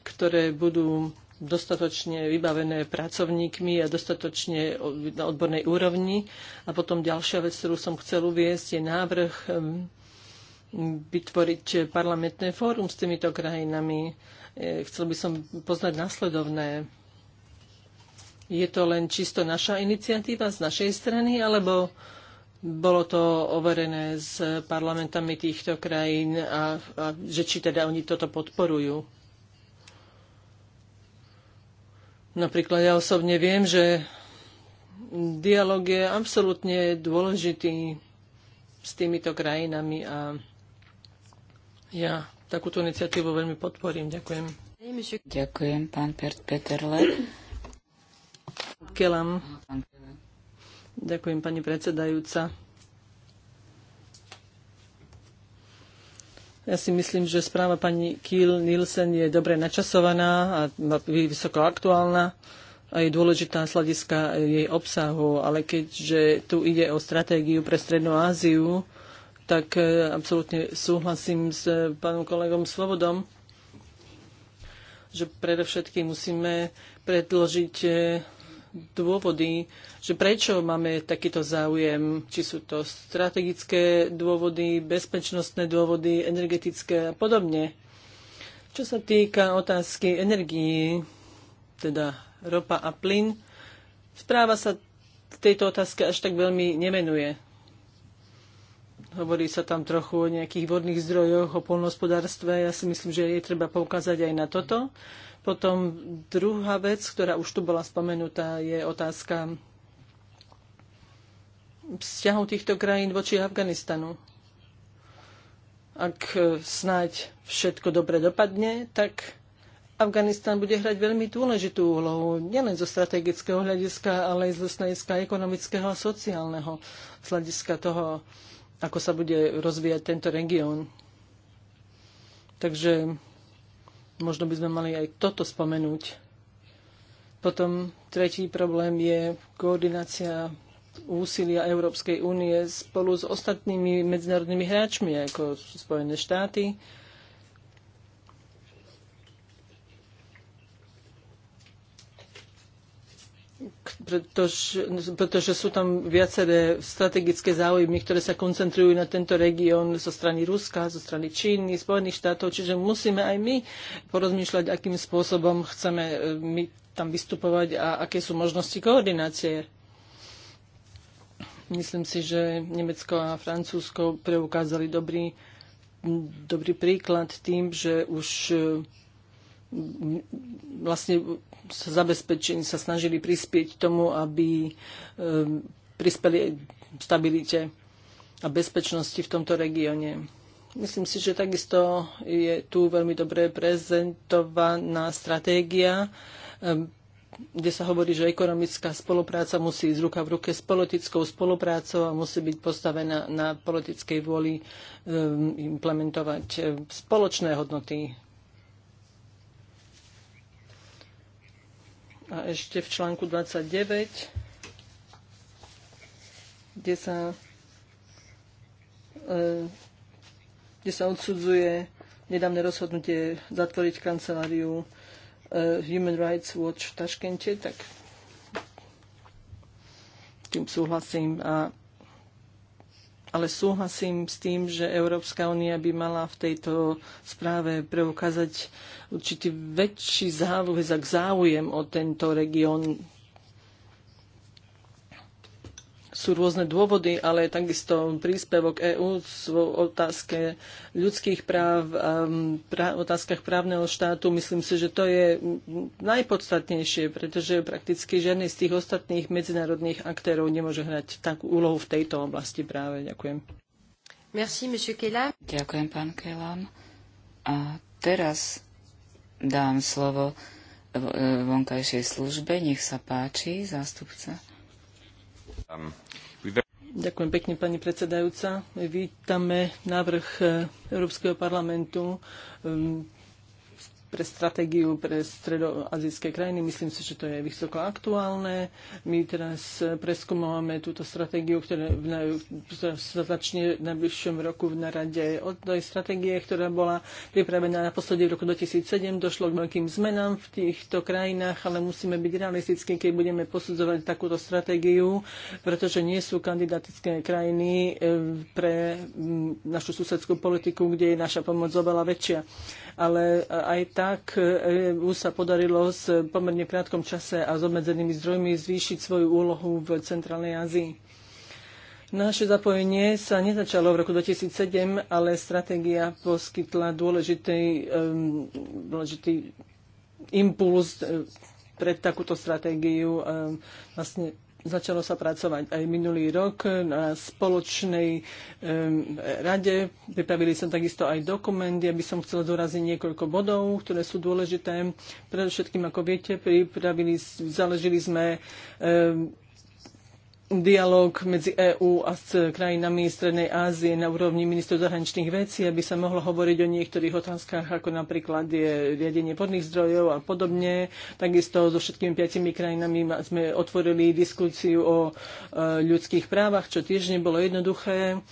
ktoré budú dostatočne vybavené pracovníkmi a dostatočne na odbornej úrovni. A potom ďalšia vec, ktorú som chcel uviezť, je návrh um, vytvoriť parlamentné fórum s týmito krajinami. E, chcel by som poznať nasledovné. Je to len čisto naša iniciatíva z našej strany, alebo bolo to overené s parlamentami týchto krajín a, a že či teda oni toto podporujú? Napríklad ja osobne viem, že dialog je absolútne dôležitý s týmito krajinami a ja takúto iniciatívu veľmi podporím. Ďakujem. Ďakujem, pán Peterle. Kelam. Ďakujem, pani predsedajúca. Ja si myslím, že správa pani Kiel Nielsen je dobre načasovaná a vysoko aktuálna a je dôležitá sladiska jej obsahu, ale keďže tu ide o stratégiu pre Strednú Áziu, tak e, absolútne súhlasím s e, pánom kolegom Svobodom, že predovšetkým musíme predložiť e, dôvody, že prečo máme takýto záujem, či sú to strategické dôvody, bezpečnostné dôvody, energetické a podobne. Čo sa týka otázky energii, teda ropa a plyn, správa sa tejto otázke až tak veľmi nemenuje. Hovorí sa tam trochu o nejakých vodných zdrojoch, o polnospodárstve. Ja si myslím, že je treba poukázať aj na toto. Potom druhá vec, ktorá už tu bola spomenutá, je otázka vzťahov týchto krajín voči Afganistanu. Ak e, snáď všetko dobre dopadne, tak Afganistan bude hrať veľmi dôležitú úlohu, nielen zo strategického hľadiska, ale aj z hľadiska ekonomického a sociálneho, z hľadiska toho, ako sa bude rozvíjať tento región. Takže možno by sme mali aj toto spomenúť. Potom tretí problém je koordinácia úsilia Európskej únie spolu s ostatnými medzinárodnými hráčmi, ako Spojené štáty, pretože, pretože sú tam viaceré strategické záujmy, ktoré sa koncentrujú na tento región zo strany Ruska, zo strany Číny, Spojených štátov, čiže musíme aj my porozmýšľať, akým spôsobom chceme e, my tam vystupovať a aké sú možnosti koordinácie. Myslím si, že Nemecko a Francúzsko preukázali dobrý, dobrý príklad tým, že už e, vlastne sa zabezpečení sa snažili prispieť tomu, aby ehm, prispeli stabilite a bezpečnosti v tomto regióne. Myslím si, že takisto je tu veľmi dobre prezentovaná stratégia, ehm, kde sa hovorí, že ekonomická spolupráca musí ísť ruka v ruke s politickou spoluprácou a musí byť postavená na politickej vôli ehm, implementovať spoločné hodnoty a ešte v článku 29, kde sa, e, kde sa odsudzuje nedávne rozhodnutie zatvoriť kanceláriu e, Human Rights Watch v Taškente, tak tým súhlasím a ale súhlasím s tým, že Európska únia by mala v tejto správe preukázať určitý väčší záujem, záujem o tento región sú rôzne dôvody, ale takisto príspevok EÚ v otázke ľudských práv, v otázkach právneho štátu. Myslím si, že to je najpodstatnejšie, pretože prakticky žiadny z tých ostatných medzinárodných aktérov nemôže hrať takú úlohu v tejto oblasti práve. Ďakujem. Merci, monsieur Ďakujem, pán Kelam. A teraz dám slovo e, vonkajšej službe. Nech sa páči, zástupca. Um, Ďakujem pekne, pani predsedajúca. Vítame návrh eh, Európskeho parlamentu ehm, pre stratégiu pre stredoazijské krajiny. Myslím si, že to je vysoko aktuálne. My teraz preskúmame túto stratégiu, ktorá, v, ktorá sa začne v najbližšom roku na rade od tej stratégie, ktorá bola pripravená na v roku 2007. Došlo k veľkým zmenám v týchto krajinách, ale musíme byť realistickí, keď budeme posudzovať takúto stratégiu, pretože nie sú kandidatické krajiny e, pre našu susedskú politiku, kde je naša pomoc oveľa väčšia. Ale e, aj tak e, už sa podarilo s pomerne krátkom čase a s obmedzenými zdrojmi zvýšiť svoju úlohu v Centrálnej Ázii. Naše zapojenie sa nezačalo v roku 2007, ale stratégia poskytla dôležitý, um, dôležitý impuls e, pre takúto stratégiu. Um, vlastne začalo sa pracovať aj minulý rok na spoločnej um, rade. Pripravili som takisto aj dokument, aby som chcela doraziť niekoľko bodov, ktoré sú dôležité. Predovšetkým, ako viete, pripravili, založili sme um, dialog medzi EÚ a s krajinami Strednej Ázie na úrovni ministrov zahraničných vecí, aby sa mohlo hovoriť o niektorých otázkach, ako napríklad je riadenie vodných zdrojov a podobne. Takisto so všetkými piatimi krajinami sme otvorili diskusiu o e, ľudských právach, čo tiež nebolo jednoduché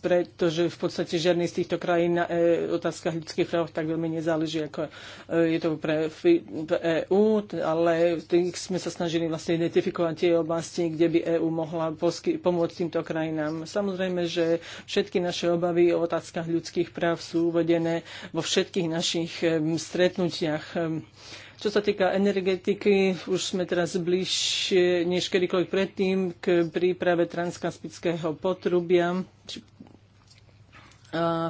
pretože v podstate žiadnej z týchto krajín na e, otázkach ľudských práv tak veľmi nezáleží, ako e, je to pre EÚ, e ale tých sme sa snažili vlastne identifikovať tie oblasti, kde by EÚ mohla pomôcť týmto krajinám. Samozrejme, že všetky naše obavy o otázkach ľudských práv sú uvedené vo všetkých našich stretnutiach čo sa týka energetiky, už sme teraz bližšie než kedykoľvek predtým k príprave transkaspického potrubia. A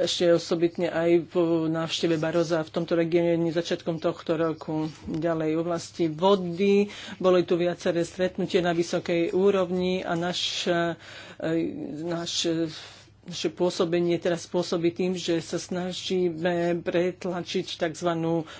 ešte osobitne aj po návšteve Baroza v tomto regióne začiatkom tohto roku. Ďalej oblasti vody, boli tu viaceré stretnutie na vysokej úrovni a náš, e, náš naše pôsobenie teraz spôsobí tým, že sa snažíme pretlačiť tzv.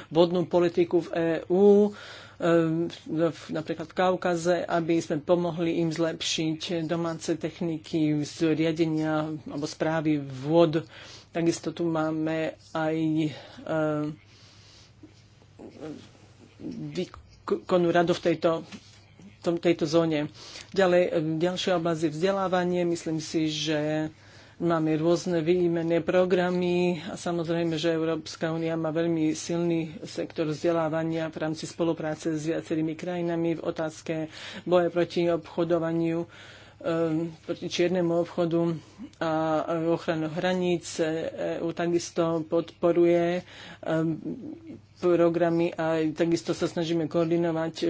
vodnú politiku v EÚ, e, napríklad v Kaukaze, aby sme pomohli im zlepšiť domáce techniky z riadenia alebo správy vod. Takisto tu máme aj e, výkonu radu v tejto v tejto zóne. Ďalej, e, ďalšia oblasť je vzdelávanie. Myslím si, že máme rôzne výmenné programy a samozrejme, že Európska únia má veľmi silný sektor vzdelávania v rámci spolupráce s viacerými krajinami v otázke boje proti obchodovaniu ehm, proti čiernemu obchodu a ochranu hraníc EU e takisto podporuje ehm, programy a takisto sa snažíme koordinovať um,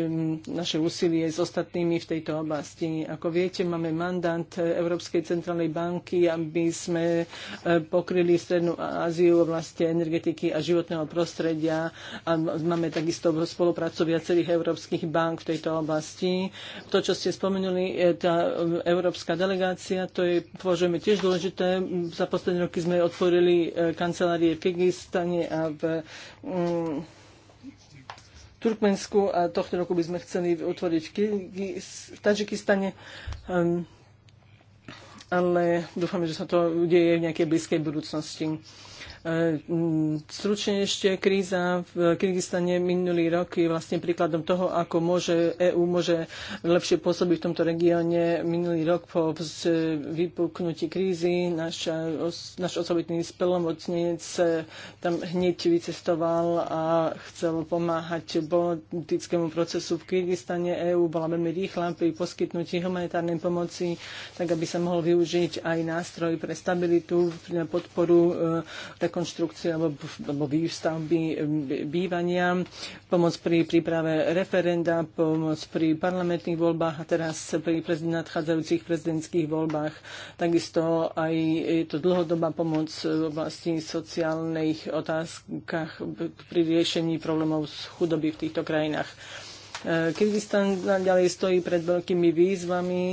naše úsilie s ostatnými v tejto oblasti. Ako viete, máme mandát Európskej centrálnej banky, aby sme eh, pokryli Strednú Áziu v oblasti energetiky a životného prostredia a máme takisto spoluprácu viacerých európskych bank v tejto oblasti. To, čo ste spomenuli, je eh, tá európska delegácia, to je, považujeme tiež dôležité. Za posledné roky sme otvorili eh, kancelárie v Kyrgyzstane a v mm, Turkmensku a tohto roku by sme chceli utvoriť v, v Tadžikistane. Um, ale dúfame, že sa to udeje v nejakej blízkej budúcnosti. E, stručne ešte kríza v Kyrgyzstane minulý rok je vlastne príkladom toho, ako môže EÚ môže lepšie pôsobiť v tomto regióne. Minulý rok po vypuknutí krízy náš, náš osobitný spelomocnec e, tam hneď vycestoval a chcel pomáhať politickému procesu v Kyrgyzstane. EÚ bola veľmi rýchla pri poskytnutí humanitárnej pomoci, tak aby sa mohol využiť aj nástroj pre stabilitu, pre podporu tak e, rekonštrukcie alebo, alebo výstavby bývania, pomoc pri príprave referenda, pomoc pri parlamentných voľbách a teraz pri nadchádzajúcich prezidentských voľbách. Takisto aj je to dlhodobá pomoc v oblasti sociálnych otázkach pri riešení problémov z chudoby v týchto krajinách. E, Kyrgyzstan ďalej stojí pred veľkými výzvami,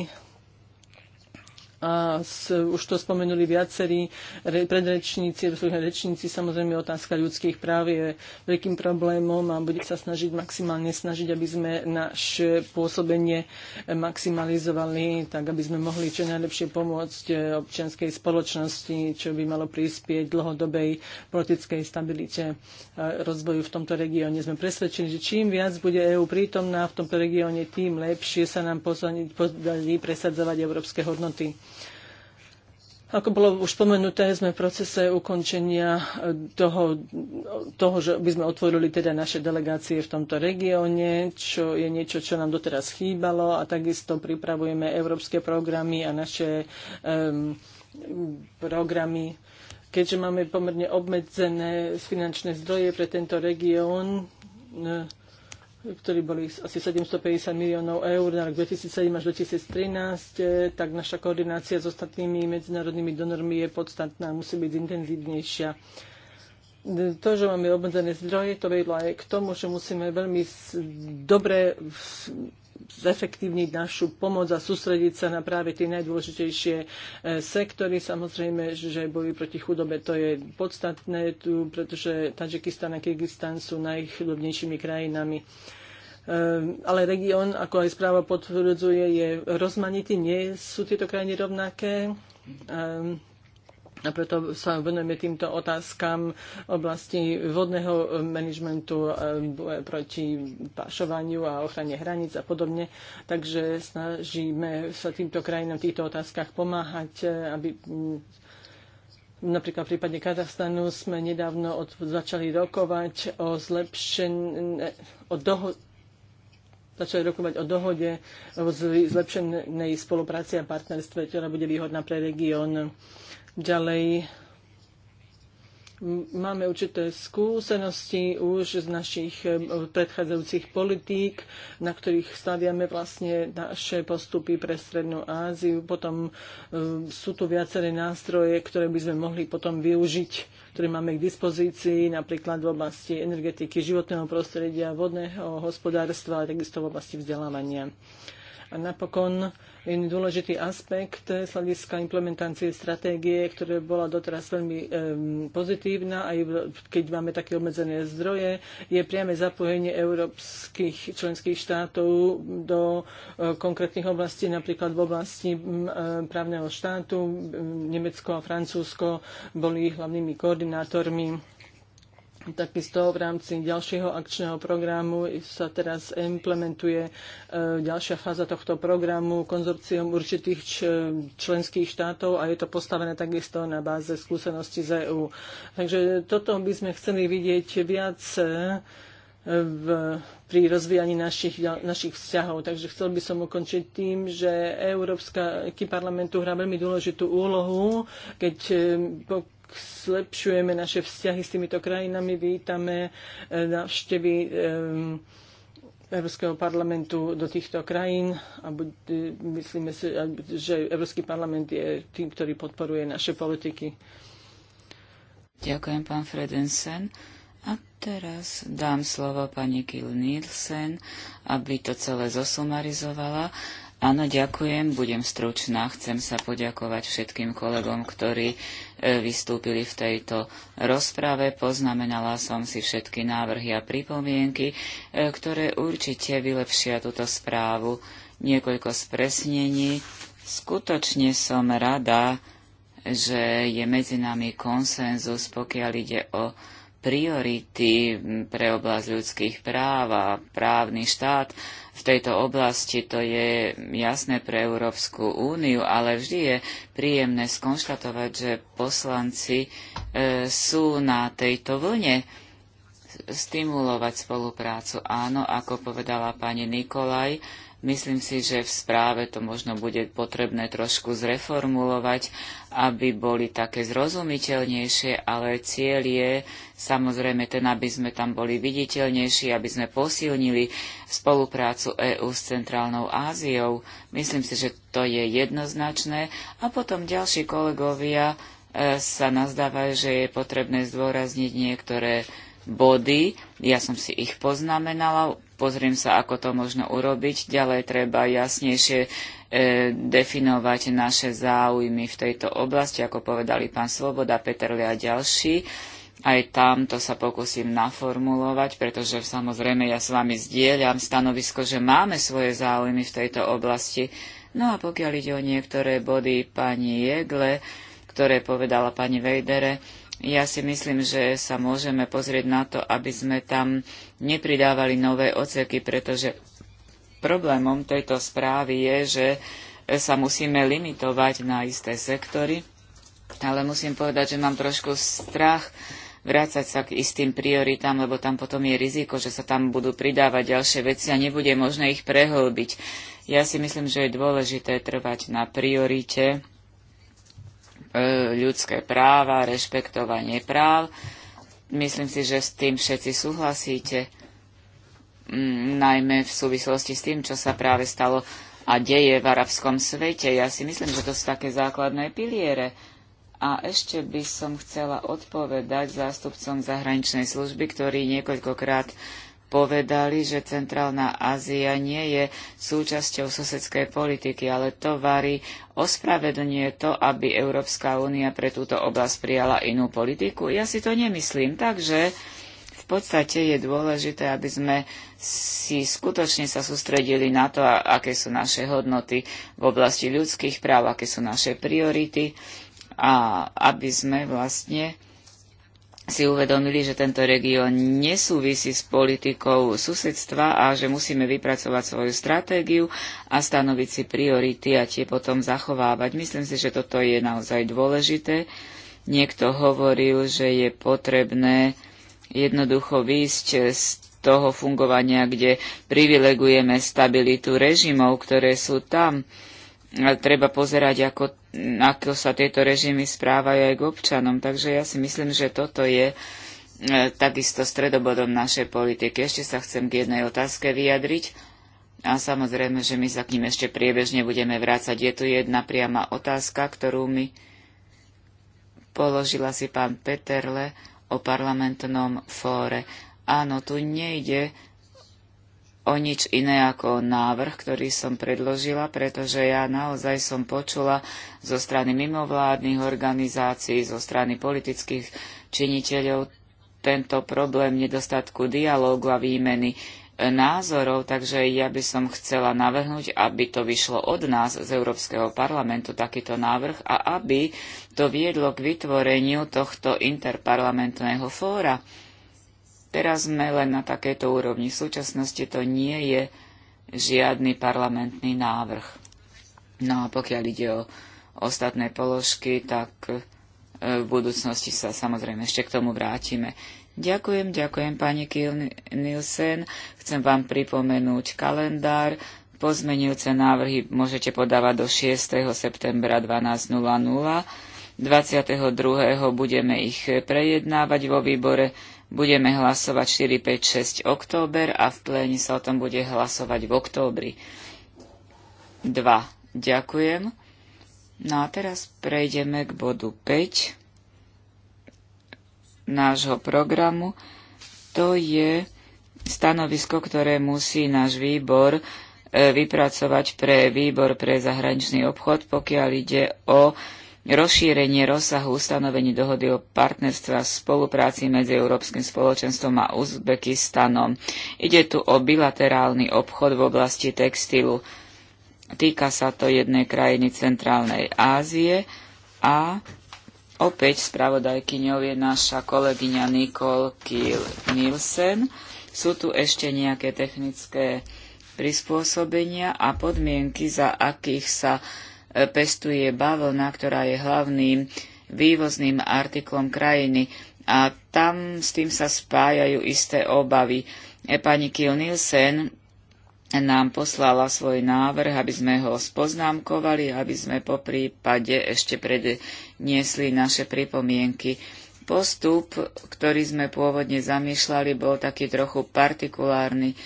a s, už to spomenuli viacerí re, predrečníci, rečníci, samozrejme otázka ľudských práv je veľkým problémom a bude sa snažiť maximálne snažiť, aby sme naše pôsobenie maximalizovali, tak aby sme mohli čo najlepšie pomôcť e, občianskej spoločnosti, čo by malo prispieť dlhodobej politickej stabilite a rozvoju v tomto regióne. Sme presvedčení, že čím viac bude EÚ prítomná v tomto regióne, tým lepšie sa nám podarí presadzovať európske hodnoty. Ako bolo už spomenuté, sme v procese ukončenia e, toho, toho, že by sme otvorili teda naše delegácie v tomto regióne, čo je niečo, čo nám doteraz chýbalo a takisto pripravujeme európske programy a naše um, programy. Keďže máme pomerne obmedzené finančné zdroje pre tento región, e, ktorí boli asi 750 miliónov eur na rok 2007 až 2013, e, tak naša koordinácia s ostatnými medzinárodnými donormi je podstatná, musí byť intenzívnejšia. E, to, že máme obmedzené zdroje, to vedlo aj k tomu, že musíme veľmi dobre zefektívniť našu pomoc a sústrediť sa na práve tie najdôležitejšie e, sektory. Samozrejme, že boj proti chudobe to je podstatné, tu, pretože Tadžikistan a Kyrgyzstan sú najchudobnejšími krajinami e, ale región, ako aj správa potvrdzuje, je rozmanitý, nie sú tieto krajiny rovnaké. Um, a preto sa venujeme týmto otázkam v oblasti vodného manažmentu eh, proti pašovaniu a ochrane hraníc a podobne. Takže snažíme sa týmto krajinám v týchto otázkach pomáhať, eh, aby mm, Napríklad v prípade Kazachstanu sme nedávno od, začali rokovať o zlepšení o doho, začali rokovať o dohode o zlepšenej spolupráci a partnerstve, ktorá bude výhodná pre región. Ďalej máme určité skúsenosti už z našich e, predchádzajúcich politík, na ktorých staviame vlastne naše postupy pre Strednú Áziu. Potom e, sú tu viaceré nástroje, ktoré by sme mohli potom využiť, ktoré máme k dispozícii, napríklad v oblasti energetiky, životného prostredia, vodného hospodárstva a takisto v oblasti vzdelávania. A napokon dôležitý aspekt z hľadiska implementácie stratégie, ktorá bola doteraz veľmi um, pozitívna, aj keď máme také obmedzené zdroje, je priame zapojenie európskych členských štátov do uh, konkrétnych oblastí, napríklad v oblasti um, právneho štátu. Um, Nemecko a Francúzsko boli hlavnými koordinátormi Takisto v rámci ďalšieho akčného programu sa teraz implementuje e, ďalšia fáza tohto programu konzorcium určitých členských štátov a je to postavené takisto na báze skúseností z EÚ. Takže toto by sme chceli vidieť viac e, v, pri rozvíjaní našich, našich vzťahov. Takže chcel by som ukončiť tým, že Európska parlamentu hrá veľmi dôležitú úlohu, keď e, po, zlepšujeme naše vzťahy s týmito krajinami, vítame eh, návštevy eh, Európskeho parlamentu do týchto krajín a eh, myslíme si, že Európsky parlament je tým, ktorý podporuje naše politiky. Ďakujem, pán Fredensen. A teraz dám slovo pani Kiel Nielsen, aby to celé zosumarizovala Áno, ďakujem, budem stručná. Chcem sa poďakovať všetkým kolegom, ktorí e, vystúpili v tejto rozprave. Poznamenala som si všetky návrhy a pripomienky, e, ktoré určite vylepšia túto správu. Niekoľko spresnení. Skutočne som rada, že je medzi nami konsenzus, pokiaľ ide o priority pre oblasť ľudských práv a právny štát v tejto oblasti, to je jasné pre Európsku úniu, ale vždy je príjemné skonštatovať, že poslanci e, sú na tejto vlne stimulovať spoluprácu. Áno, ako povedala pani Nikolaj, Myslím si, že v správe to možno bude potrebné trošku zreformulovať, aby boli také zrozumiteľnejšie, ale cieľ je samozrejme ten, aby sme tam boli viditeľnejší, aby sme posilnili spoluprácu EÚ s Centrálnou Áziou. Myslím si, že to je jednoznačné. A potom ďalší kolegovia e, sa nazdávajú, že je potrebné zdôrazniť niektoré body, ja som si ich poznamenala, pozriem sa, ako to možno urobiť. Ďalej treba jasnejšie e, definovať naše záujmy v tejto oblasti, ako povedali pán Svoboda, Peterli a ďalší. Aj tam to sa pokúsim naformulovať, pretože samozrejme ja s vami zdieľam stanovisko, že máme svoje záujmy v tejto oblasti. No a pokiaľ ide o niektoré body pani Jegle, ktoré povedala pani Vejdere, ja si myslím, že sa môžeme pozrieť na to, aby sme tam nepridávali nové oceky, pretože problémom tejto správy je, že sa musíme limitovať na isté sektory, ale musím povedať, že mám trošku strach vrácať sa k istým prioritám, lebo tam potom je riziko, že sa tam budú pridávať ďalšie veci a nebude možné ich prehlbiť. Ja si myslím, že je dôležité trvať na priorite E, ľudské práva, rešpektovanie práv. Myslím si, že s tým všetci súhlasíte, najmä v súvislosti s tým, čo sa práve stalo a deje v arabskom svete. Ja si myslím, že to sú také základné piliere. A ešte by som chcela odpovedať zástupcom zahraničnej služby, ktorý niekoľkokrát povedali, že Centrálna Ázia nie je súčasťou susedskej politiky, ale to varí ospravedlňuje to, aby Európska únia pre túto oblasť prijala inú politiku. Ja si to nemyslím, takže v podstate je dôležité, aby sme si skutočne sa sústredili na to, aké sú naše hodnoty v oblasti ľudských práv, aké sú naše priority a aby sme vlastne si uvedomili, že tento región nesúvisí s politikou susedstva a že musíme vypracovať svoju stratégiu a stanoviť si priority a tie potom zachovávať. Myslím si, že toto je naozaj dôležité. Niekto hovoril, že je potrebné jednoducho výjsť z toho fungovania, kde privilegujeme stabilitu režimov, ktoré sú tam treba pozerať, ako, ako sa tieto režimy správajú aj k občanom. Takže ja si myslím, že toto je e, takisto stredobodom našej politiky. Ešte sa chcem k jednej otázke vyjadriť. A samozrejme, že my sa k ním ešte priebežne budeme vrácať. Je tu jedna priama otázka, ktorú mi položila si pán Peterle o parlamentnom fóre. Áno, tu nejde o nič iné ako návrh, ktorý som predložila, pretože ja naozaj som počula zo strany mimovládnych organizácií, zo strany politických činiteľov tento problém nedostatku dialógu a výmeny e, názorov, takže ja by som chcela navrhnúť, aby to vyšlo od nás z Európskeho parlamentu takýto návrh a aby to viedlo k vytvoreniu tohto interparlamentného fóra. Teraz sme len na takéto úrovni. V súčasnosti to nie je žiadny parlamentný návrh. No a pokiaľ ide o ostatné položky, tak e, v budúcnosti sa samozrejme ešte k tomu vrátime. Ďakujem, ďakujem pani Kiel Nielsen. Chcem vám pripomenúť kalendár. Pozmenujúce návrhy môžete podávať do 6. septembra 12.00. 22. budeme ich prejednávať vo výbore Budeme hlasovať 4, 5, 6 október a v pléne sa o tom bude hlasovať v októbri. 2. Ďakujem. No a teraz prejdeme k bodu 5 nášho programu. To je stanovisko, ktoré musí náš výbor e, vypracovať pre výbor pre zahraničný obchod, pokiaľ ide o rozšírenie rozsahu ustanovení dohody o partnerstve a spolupráci medzi Európskym spoločenstvom a Uzbekistanom. Ide tu o bilaterálny obchod v oblasti textilu. Týka sa to jednej krajiny Centrálnej Ázie a opäť spravodajkyňou je naša kolegyňa Nicole Kiel Nielsen. Sú tu ešte nejaké technické prispôsobenia a podmienky, za akých sa pestuje bavlna, ktorá je hlavným vývozným artiklom krajiny a tam s tým sa spájajú isté obavy. E, pani Kiel Nielsen nám poslala svoj návrh, aby sme ho spoznámkovali, aby sme po prípade ešte predniesli naše pripomienky. Postup, ktorý sme pôvodne zamýšľali, bol taký trochu partikulárny.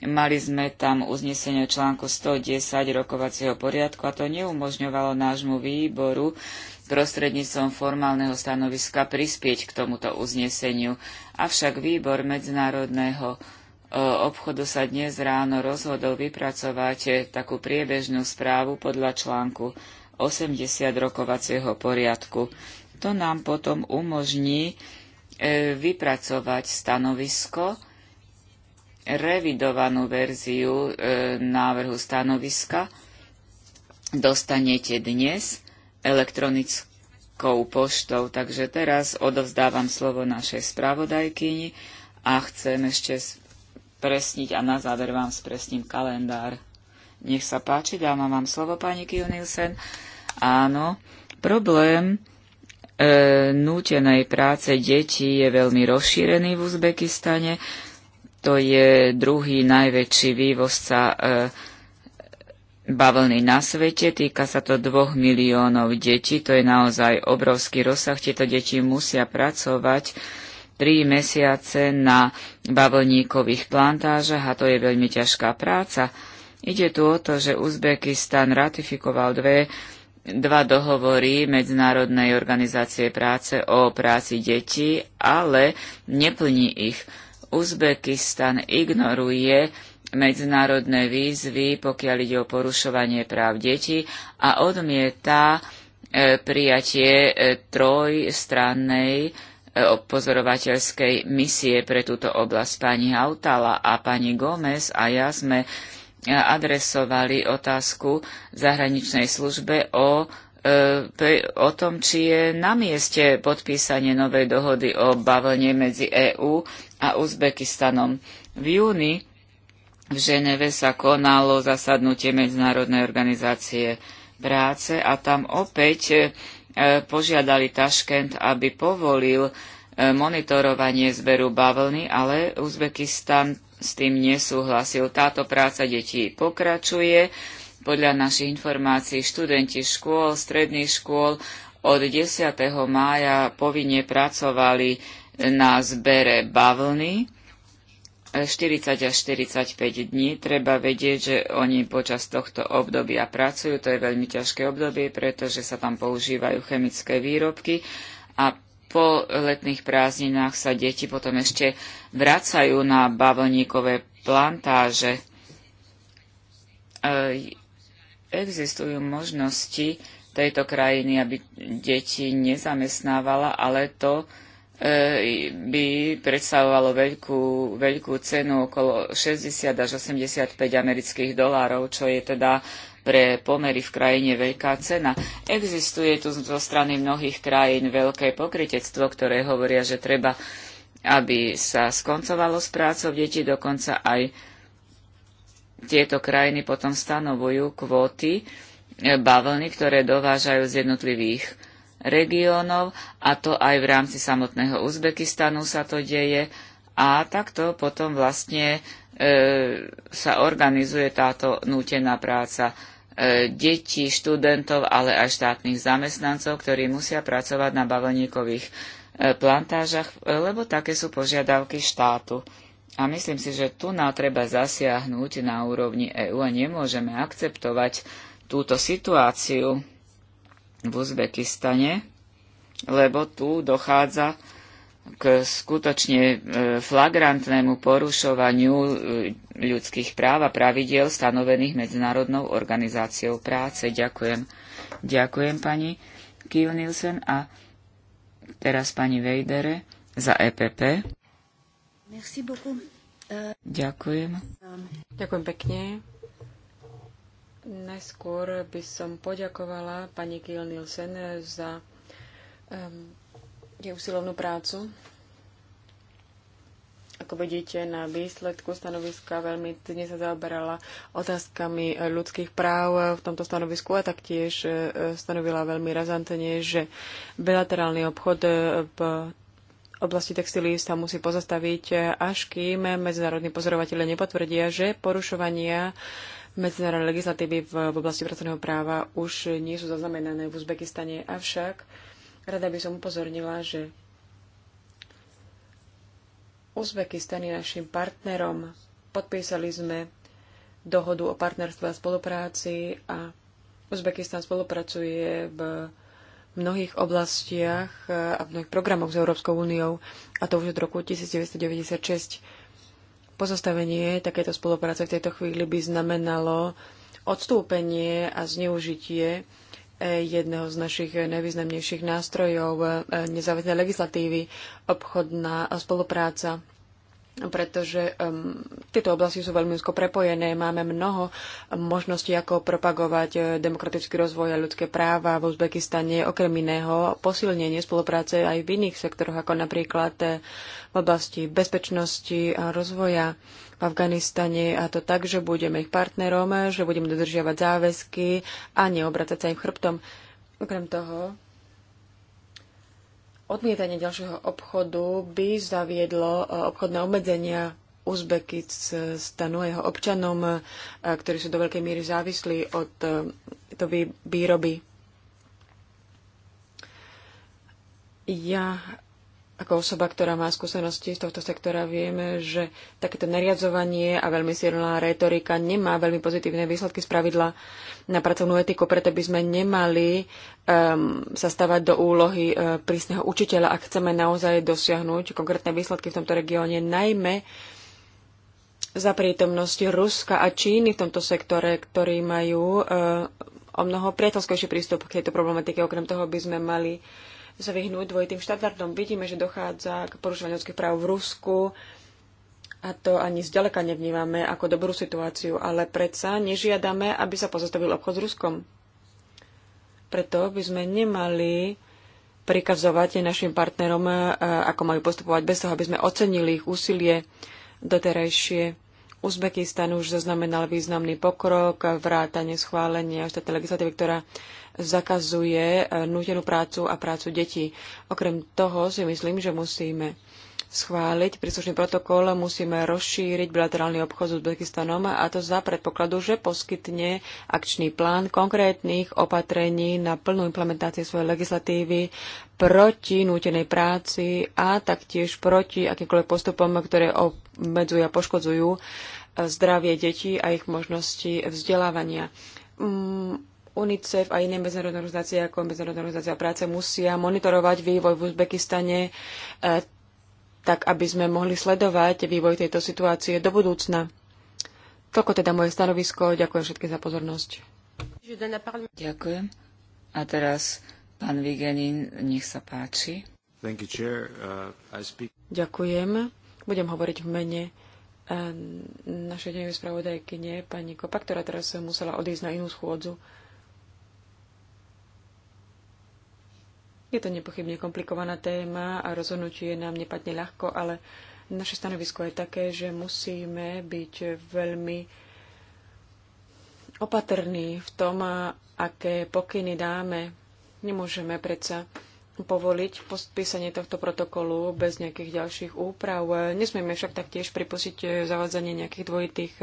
Mali sme tam uznesenie článku 110 rokovacieho poriadku a to neumožňovalo nášmu výboru prostredníctvom formálneho stanoviska prispieť k tomuto uzneseniu. Avšak výbor medzinárodného e, obchodu sa dnes ráno rozhodol vypracovať takú priebežnú správu podľa článku 80 rokovacieho poriadku. To nám potom umožní e, vypracovať stanovisko, revidovanú verziu e, návrhu stanoviska dostanete dnes elektronickou poštou. Takže teraz odovzdávam slovo našej spravodajkyni a chcem ešte presniť a na záver vám spresním kalendár. Nech sa páči, dáma vám slovo, pani Kiel Áno, problém e, nútenej práce detí je veľmi rozšírený v Uzbekistane to je druhý najväčší vývozca e, bavlny na svete. Týka sa to dvoch miliónov detí. To je naozaj obrovský rozsah. Tieto deti musia pracovať tri mesiace na bavlníkových plantážach a to je veľmi ťažká práca. Ide tu o to, že Uzbekistan ratifikoval dve, dva dohovory Medzinárodnej organizácie práce o práci detí, ale neplní ich. Uzbekistan ignoruje medzinárodné výzvy, pokiaľ ide o porušovanie práv detí a odmieta e, prijatie e, trojstrannej e, pozorovateľskej misie pre túto oblasť. Pani Hautala a pani Gomez a ja sme adresovali otázku zahraničnej službe o, o tom, či je na mieste podpísanie novej dohody o bavlne medzi EÚ a Uzbekistanom. V júni v Ženeve sa konalo zasadnutie Medzinárodnej organizácie práce a tam opäť e, požiadali Taškent, aby povolil e, monitorovanie zberu bavlny, ale Uzbekistan s tým nesúhlasil. Táto práca detí pokračuje. Podľa našich informácií študenti škôl, stredných škôl od 10. mája povinne pracovali na zbere bavlny 40 až 45 dní. Treba vedieť, že oni počas tohto obdobia pracujú. To je veľmi ťažké obdobie, pretože sa tam používajú chemické výrobky a po letných prázdninách sa deti potom ešte vracajú na bavlníkové plantáže. E, existujú možnosti tejto krajiny, aby deti nezamestnávala, ale to E, by predstavovalo veľkú, veľkú cenu okolo 60 až 85 amerických dolárov, čo je teda pre pomery v krajine veľká cena. Existuje tu zo strany mnohých krajín veľké pokritectvo, ktoré hovoria, že treba, aby sa skoncovalo s prácou detí, dokonca aj tieto krajiny potom stanovujú kvóty e, bavlny, ktoré dovážajú z jednotlivých regiónov, a to aj v rámci samotného Uzbekistanu sa to deje. A takto potom vlastne e, sa organizuje táto nútená práca e, detí, študentov, ale aj štátnych zamestnancov, ktorí musia pracovať na bavlníkových e, plantážach, e, lebo také sú požiadavky štátu. A myslím si, že tu nám treba zasiahnuť na úrovni EÚ a nemôžeme akceptovať túto situáciu v Uzbekistane, lebo tu dochádza k skutočne e, flagrantnému porušovaniu e, ľudských práv a pravidiel stanovených Medzinárodnou organizáciou práce. Ďakujem. Ďakujem pani Kiel Nielsen a teraz pani Vejdere za EPP. Merci beaucoup. Ďakujem. Ďakujem pekne. Najskôr by som poďakovala pani Kiel Nielsen za um, jej usilovnú prácu. Ako vidíte, na výsledku stanoviska veľmi dnes sa zaoberala otázkami ľudských práv v tomto stanovisku a taktiež e, stanovila veľmi razantne, že bilaterálny obchod e, v oblasti textilí sa musí pozastaviť, až kým medzinárodní pozorovatelia nepotvrdia, že porušovania medzinárodnej legislatívy v oblasti pracovného práva už nie sú zaznamenané v Uzbekistane. Avšak rada by som upozornila, že Uzbekistan je našim partnerom. Podpísali sme dohodu o partnerstve a spolupráci a Uzbekistan spolupracuje v mnohých oblastiach a v mnohých programoch s Európskou úniou, a to už od roku 1996. Pozostavenie takéto spolupráce v tejto chvíli by znamenalo odstúpenie a zneužitie eh, jedného z našich najvýznamnejších nástrojov eh, nezávislej legislatívy, obchodná eh, spolupráca pretože um, tieto oblasti sú veľmi úzko prepojené. Máme mnoho možností, ako propagovať eh, demokratický rozvoj a ľudské práva v Uzbekistane, okrem iného posilnenie spolupráce aj v iných sektoroch, ako napríklad eh, v oblasti bezpečnosti a rozvoja v Afganistane a to tak, že budeme ich partnerom, že budeme dodržiavať záväzky a neobracať sa im chrbtom. Okrem toho, Odmietanie ďalšieho obchodu by zaviedlo e, obchodné obmedzenia Uzbekistanu a jeho občanom, e, ktorí sú do veľkej miery závislí od e, to výroby. Ja ako osoba, ktorá má skúsenosti z tohto sektora, vieme, že takéto nariadzovanie a veľmi silná retorika nemá veľmi pozitívne výsledky z pravidla na pracovnú etiku, preto by sme nemali um, sa stavať do úlohy uh, prísneho učiteľa, ak chceme naozaj dosiahnuť konkrétne výsledky v tomto regióne, najmä za prítomnosti Ruska a Číny v tomto sektore, ktorí majú uh, o mnoho priateľskejší prístup k tejto problematike. Okrem toho by sme mali uh, sa vyhnúť dvojitým štandardom. Vidíme, že dochádza k porušovaniu ľudských práv v Rusku a to ani zďaleka nevnímame ako dobrú situáciu, ale predsa nežiadame, aby sa pozastavil obchod s Ruskom. Preto by sme nemali prikazovať našim partnerom, e, ako majú postupovať bez toho, aby sme ocenili ich úsilie doterajšie. Uzbekistan už zaznamenal významný pokrok, vrátanie schválenia štátnej legislatívy, ktorá zakazuje e, nútenú prácu a prácu detí. Okrem toho si myslím, že musíme schváliť príslušný protokol, musíme rozšíriť bilaterálny obchod s Uzbekistanom a to za predpokladu, že poskytne akčný plán konkrétnych opatrení na plnú implementáciu svojej legislatívy proti nútenej práci a taktiež proti akýmkoľvek postupom, ktoré obmedzujú a poškodzujú e, zdravie detí a ich možnosti vzdelávania. Mm, UNICEF a iné medzinárodné organizácie ako Medzinárodná organizácia práce musia monitorovať vývoj v Uzbekistane e, tak, aby sme mohli sledovať vývoj tejto situácie do budúcna. Toľko teda moje stanovisko. Ďakujem všetkým za pozornosť. Ďakujem. A teraz pán Vigenin, nech sa páči. You, uh, speak... Ďakujem. Budem hovoriť v mene e, našej dnevnej spravodajkyne, pani Kopa, ktorá teraz musela odísť na inú schôdzu. Je to nepochybne komplikovaná téma a rozhodnutie nám nepadne ľahko, ale naše stanovisko je také, že musíme byť veľmi opatrní v tom, aké pokyny dáme. Nemôžeme predsa povoliť podpísanie tohto protokolu bez nejakých ďalších úprav. Nesmieme však taktiež pripustiť zavádzanie nejakých dvojitých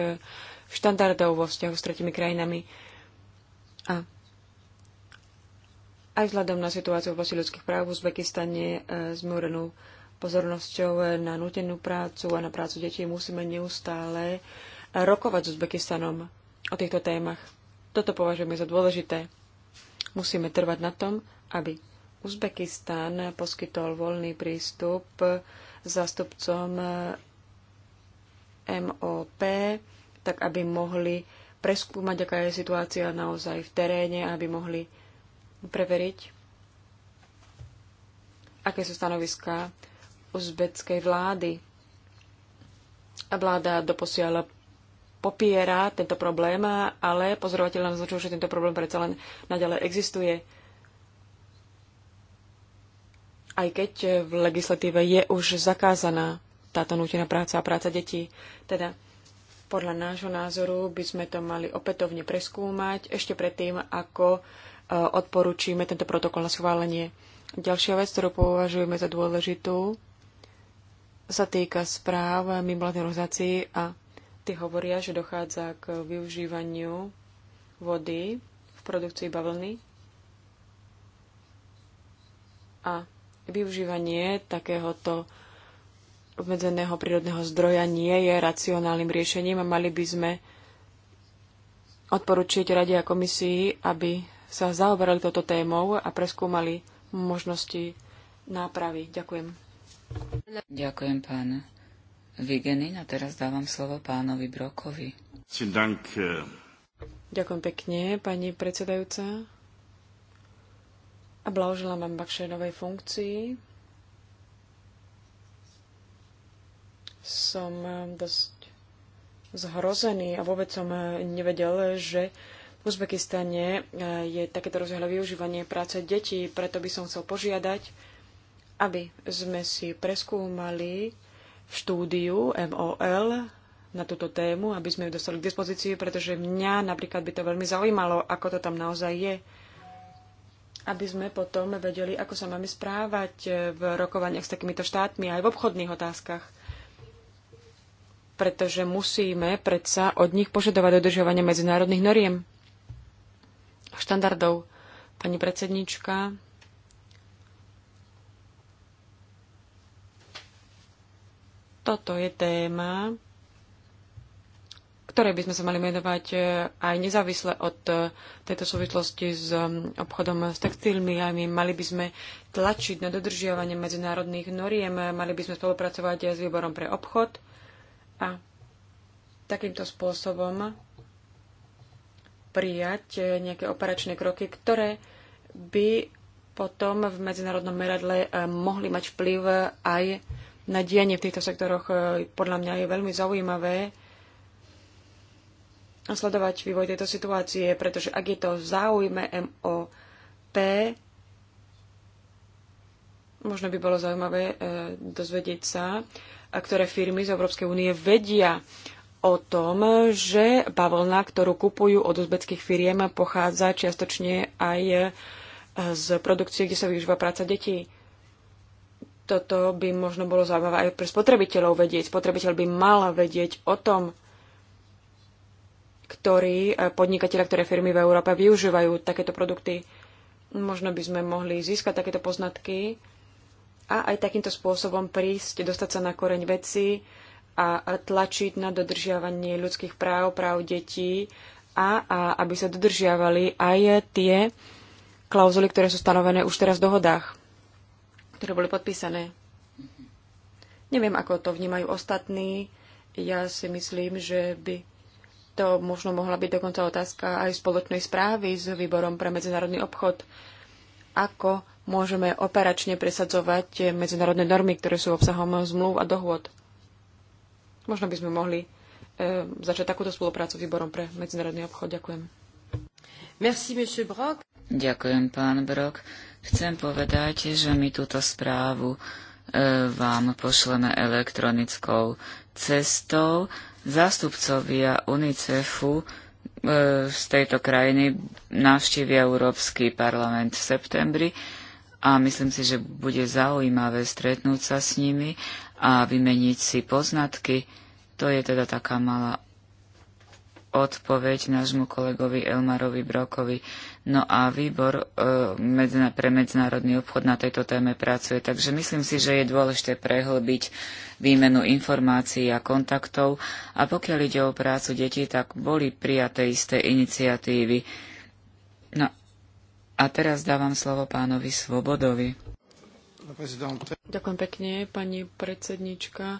štandardov vo vzťahu s tretimi krajinami. A aj vzhľadom na situáciu v ľudských práv v Uzbekistane e, s mourenou pozornosťou e, na nutenú prácu a na prácu detí musíme neustále e, rokovať s Uzbekistanom o týchto témach. Toto považujeme za dôležité. Musíme trvať na tom, aby Uzbekistan poskytol voľný prístup zástupcom MOP, tak aby mohli preskúmať, aká je situácia naozaj v teréne, aby mohli preveriť, aké sú stanoviská uzbeckej vlády. A vláda doposiaľ popiera tento problém, ale pozorovateľ nám značil, že tento problém predsa len naďalej existuje. Aj keď v legislatíve je už zakázaná táto nútená práca a práca detí. Teda podľa nášho názoru by sme to mali opätovne preskúmať ešte predtým, ako odporúčime tento protokol na schválenie. Ďalšia vec, ktorú považujeme za dôležitú, sa týka správ mimovládnych organizácií a tie hovoria, že dochádza k využívaniu vody v produkcii bavlny a využívanie takéhoto obmedzeného prírodného zdroja nie je racionálnym riešením a mali by sme odporučiť Rade a komisii, aby sa zaoberali touto témou a preskúmali možnosti nápravy. Ďakujem. Ďakujem, pán Vigenin. A teraz dávam slovo pánovi Brokovi. Eh. Ďakujem pekne, pani predsedajúca. A blahoželám vám vašej novej funkcii. Som eh, dosť zhrozený a vôbec som eh, nevedel, že Uzbekistane e, je takéto rozdielne využívanie práce detí, preto by som chcel požiadať, aby sme si preskúmali štúdiu MOL na túto tému, aby sme ju dostali k dispozícii, pretože mňa napríklad by to veľmi zaujímalo, ako to tam naozaj je. Aby sme potom vedeli, ako sa máme správať v rokovaniach s takýmito štátmi aj v obchodných otázkach. Pretože musíme predsa od nich požadovať dodržovanie medzinárodných noriem štandardov. Pani predsednička, toto je téma, ktoré by sme sa mali menovať e, aj nezávisle od e, tejto súvislosti s obchodom s textilmi. Aj my mali by sme tlačiť na dodržiavanie medzinárodných noriem, mali by sme spolupracovať aj s výborom pre obchod a takýmto spôsobom prijať e, nejaké operačné kroky, ktoré by potom v medzinárodnom meradle e, mohli mať vplyv aj na dianie v týchto sektoroch. E, podľa mňa je veľmi zaujímavé sledovať vývoj tejto situácie, pretože ak je to záujme MOP, možno by bolo zaujímavé dozvedieť sa, ktoré firmy z Európskej únie vedia o tom, že bavlna, ktorú kupujú od uzbeckých firiem, pochádza čiastočne aj e, z produkcie, kde sa využíva práca detí. Toto by možno bolo zaujímavé aj pre spotrebiteľov vedieť. Spotrebiteľ by mal vedieť o tom, ktorí e, podnikateľa, ktoré firmy v Európe využívajú takéto produkty. Možno by sme mohli získať takéto poznatky a aj takýmto spôsobom prísť, dostať sa na koreň veci, a tlačiť na dodržiavanie ľudských práv, práv detí a, a aby sa dodržiavali aj tie klauzuly, ktoré sú stanovené už teraz v dohodách, ktoré boli podpísané. Neviem, ako to vnímajú ostatní. Ja si myslím, že by to možno mohla byť dokonca otázka aj spoločnej správy s výborom pre medzinárodný obchod. Ako môžeme operačne presadzovať medzinárodné normy, ktoré sú obsahom zmluv a dohôd. Možno by sme mohli e, začať takúto spoluprácu s výborom pre medzinárodný obchod. Ďakujem. Merci, monsieur Brock. Ďakujem, pán Brok. Chcem povedať, že my túto správu e, vám pošleme elektronickou cestou. Zástupcovia UNICEFu e, z tejto krajiny navštívia Európsky parlament v septembri a myslím si, že bude zaujímavé stretnúť sa s nimi a vymeniť si poznatky. To je teda taká malá odpoveď nášmu kolegovi Elmarovi Brokovi. No a výbor e, pre medzinárodný obchod na tejto téme pracuje, takže myslím si, že je dôležité prehlbiť výmenu informácií a kontaktov. A pokiaľ ide o prácu detí, tak boli prijaté isté iniciatívy. No a teraz dávam slovo pánovi Svobodovi. Ďakujem pekne, pani predsednička. E,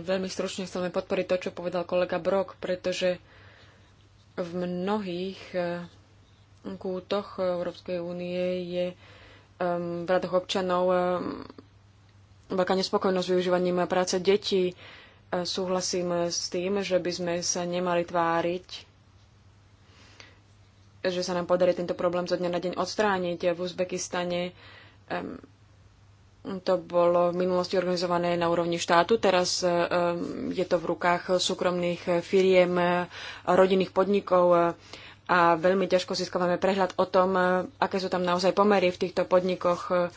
veľmi stručne chcem podporiť to, čo povedal kolega Brok, pretože v mnohých e, kútoch Európskej únie je e, v radoch občanov veľká nespokojnosť využívaním práce detí. Súhlasím s tým, že by sme sa nemali tváriť, že sa nám podarí tento problém zo dňa na deň odstrániť. V Uzbekistane to bolo v minulosti organizované na úrovni štátu, teraz e, e, je to v rukách súkromných firiem, e, rodinných podnikov a veľmi ťažko získavame prehľad o tom, aké sú tam naozaj pomery v týchto podnikoch.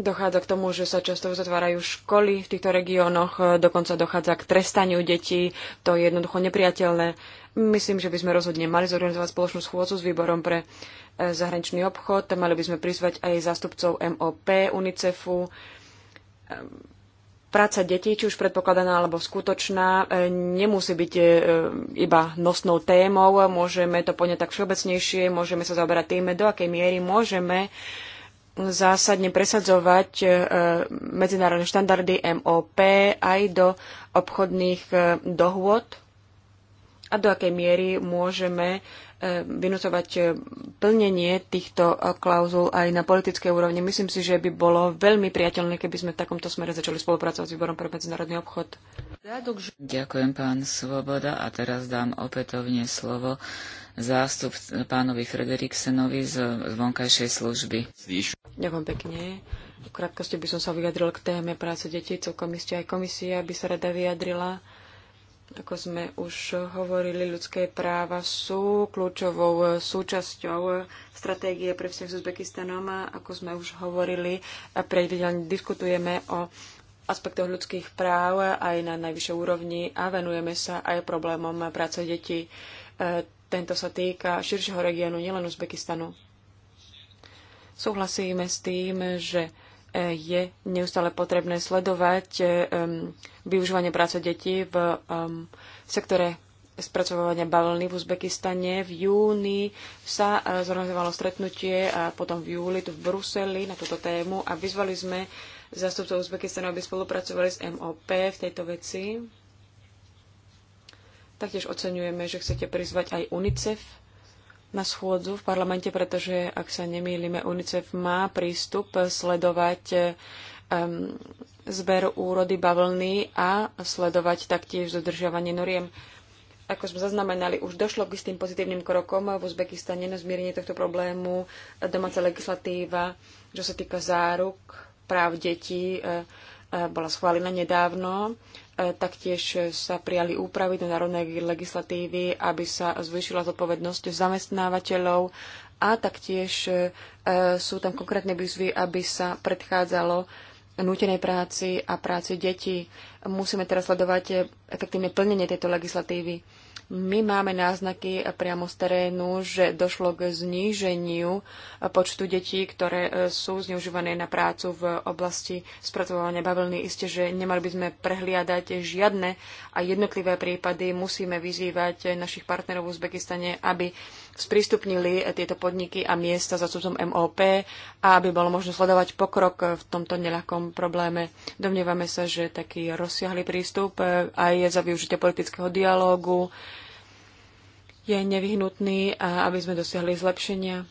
Dochádza k tomu, že sa často uzatvárajú školy v týchto regiónoch, dokonca dochádza k trestaniu detí, to je jednoducho nepriateľné. Myslím, že by sme rozhodne mali zorganizovať spoločnú schôdzu s výborom pre E, zahraničný obchod. Mali by sme prizvať aj zástupcov MOP, UNICEFu. E, práca detí, či už predpokladaná alebo skutočná, e, nemusí byť iba nosnou témou. Môžeme to poňať tak všeobecnejšie, môžeme sa zaoberať tým, do akej miery môžeme zásadne presadzovať medzinárodné štandardy MOP aj do obchodných dohôd a do akej miery môžeme vynúcovať eh, plnenie týchto eh, klauzul aj na politickej úrovni. Myslím si, že by bolo veľmi priateľné, keby sme v takomto smere začali spolupracovať s Výborom pre medzinárodný obchod. Ďakujem, pán Svoboda. A teraz dám opätovne slovo zástup eh, pánovi Frederiksenovi z vonkajšej služby. Ďakujem pekne. V krátkosti by som sa vyjadril k téme práce detí, celkom iste aj komisia by sa rada vyjadrila ako sme už hovorili, ľudské práva sú kľúčovou súčasťou stratégie pre vzťah s Uzbekistanom. Ako sme už hovorili, predvidelne diskutujeme o aspektoch ľudských práv aj na najvyššej úrovni a venujeme sa aj problémom práce detí. E, tento sa týka širšieho regiónu, nielen Uzbekistanu. Súhlasíme s tým, že je neustále potrebné sledovať eh, využívanie práce detí v sektore spracovávania bavlny v Uzbekistane. V júni sa eh, zorganizovalo stretnutie a potom v júli tu v Bruseli na túto tému a vyzvali sme zástupcov Uzbekistanu, aby spolupracovali s MOP v tejto veci. Taktiež oceňujeme, že chcete prizvať aj UNICEF na schôdzu v parlamente, pretože, ak sa nemýlime, UNICEF má prístup sledovať um, zber úrody bavlny a sledovať taktiež dodržiavanie noriem. Ako sme zaznamenali, už došlo k istým pozitívnym krokom v Uzbekistane na zmierenie tohto problému, domáca legislatíva, čo sa týka záruk práv detí, eh, eh, bola schválená nedávno. E, taktiež sa prijali úpravy do národnej legislatívy, aby sa zvýšila zodpovednosť zamestnávateľov a taktiež e, sú tam konkrétne výzvy, aby sa predchádzalo nútenej práci a práci detí. Musíme teraz sledovať e, efektívne plnenie tejto legislatívy my máme náznaky priamo z terénu, že došlo k zníženiu počtu detí, ktoré e, sú zneužívané na prácu v oblasti spracovania bavlny. Isté, že nemali by sme prehliadať žiadne a jednotlivé prípady. Musíme vyzývať našich partnerov v Uzbekistane, aby sprístupnili tieto podniky a miesta za súdom MOP a aby bolo možno sledovať pokrok v tomto neľahkom probléme. Domnievame sa, že taký rozsiahly prístup e, aj za využitie politického dialógu je nevyhnutný, aby sme dosiahli zlepšenia.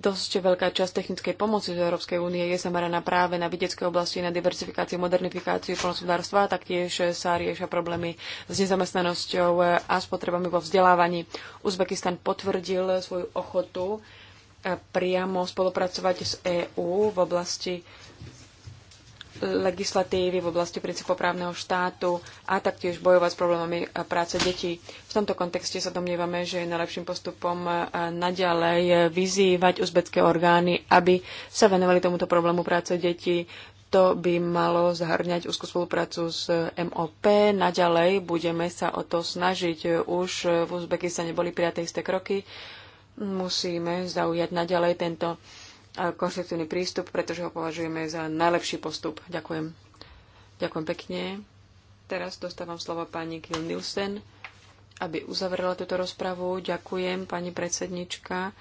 Dosť veľká časť technickej pomoci z Európskej únie je zameraná práve na vidiecké oblasti, na diversifikáciu, modernifikáciu polnospodárstva, taktiež sa riešia problémy s nezamestnanosťou a s potrebami vo vzdelávaní. Uzbekistan potvrdil svoju ochotu priamo spolupracovať s EÚ v oblasti legislatívy v oblasti princípov právneho štátu a taktiež bojovať s problémami práce detí. V tomto kontexte sa domnievame, že je najlepším postupom e, naďalej vyzývať uzbecké orgány, aby sa venovali tomuto problému práce detí. To by malo zahrňať úzku spoluprácu s MOP. Naďalej budeme sa o to snažiť. Už v Uzbekistane boli prijaté isté kroky. Musíme zaujať naďalej tento konštruktívny prístup, pretože ho považujeme za najlepší postup. Ďakujem. Ďakujem pekne. Teraz dostávam slovo pani Kiel Nielsen, aby uzavrela túto rozpravu. Ďakujem, pani predsednička.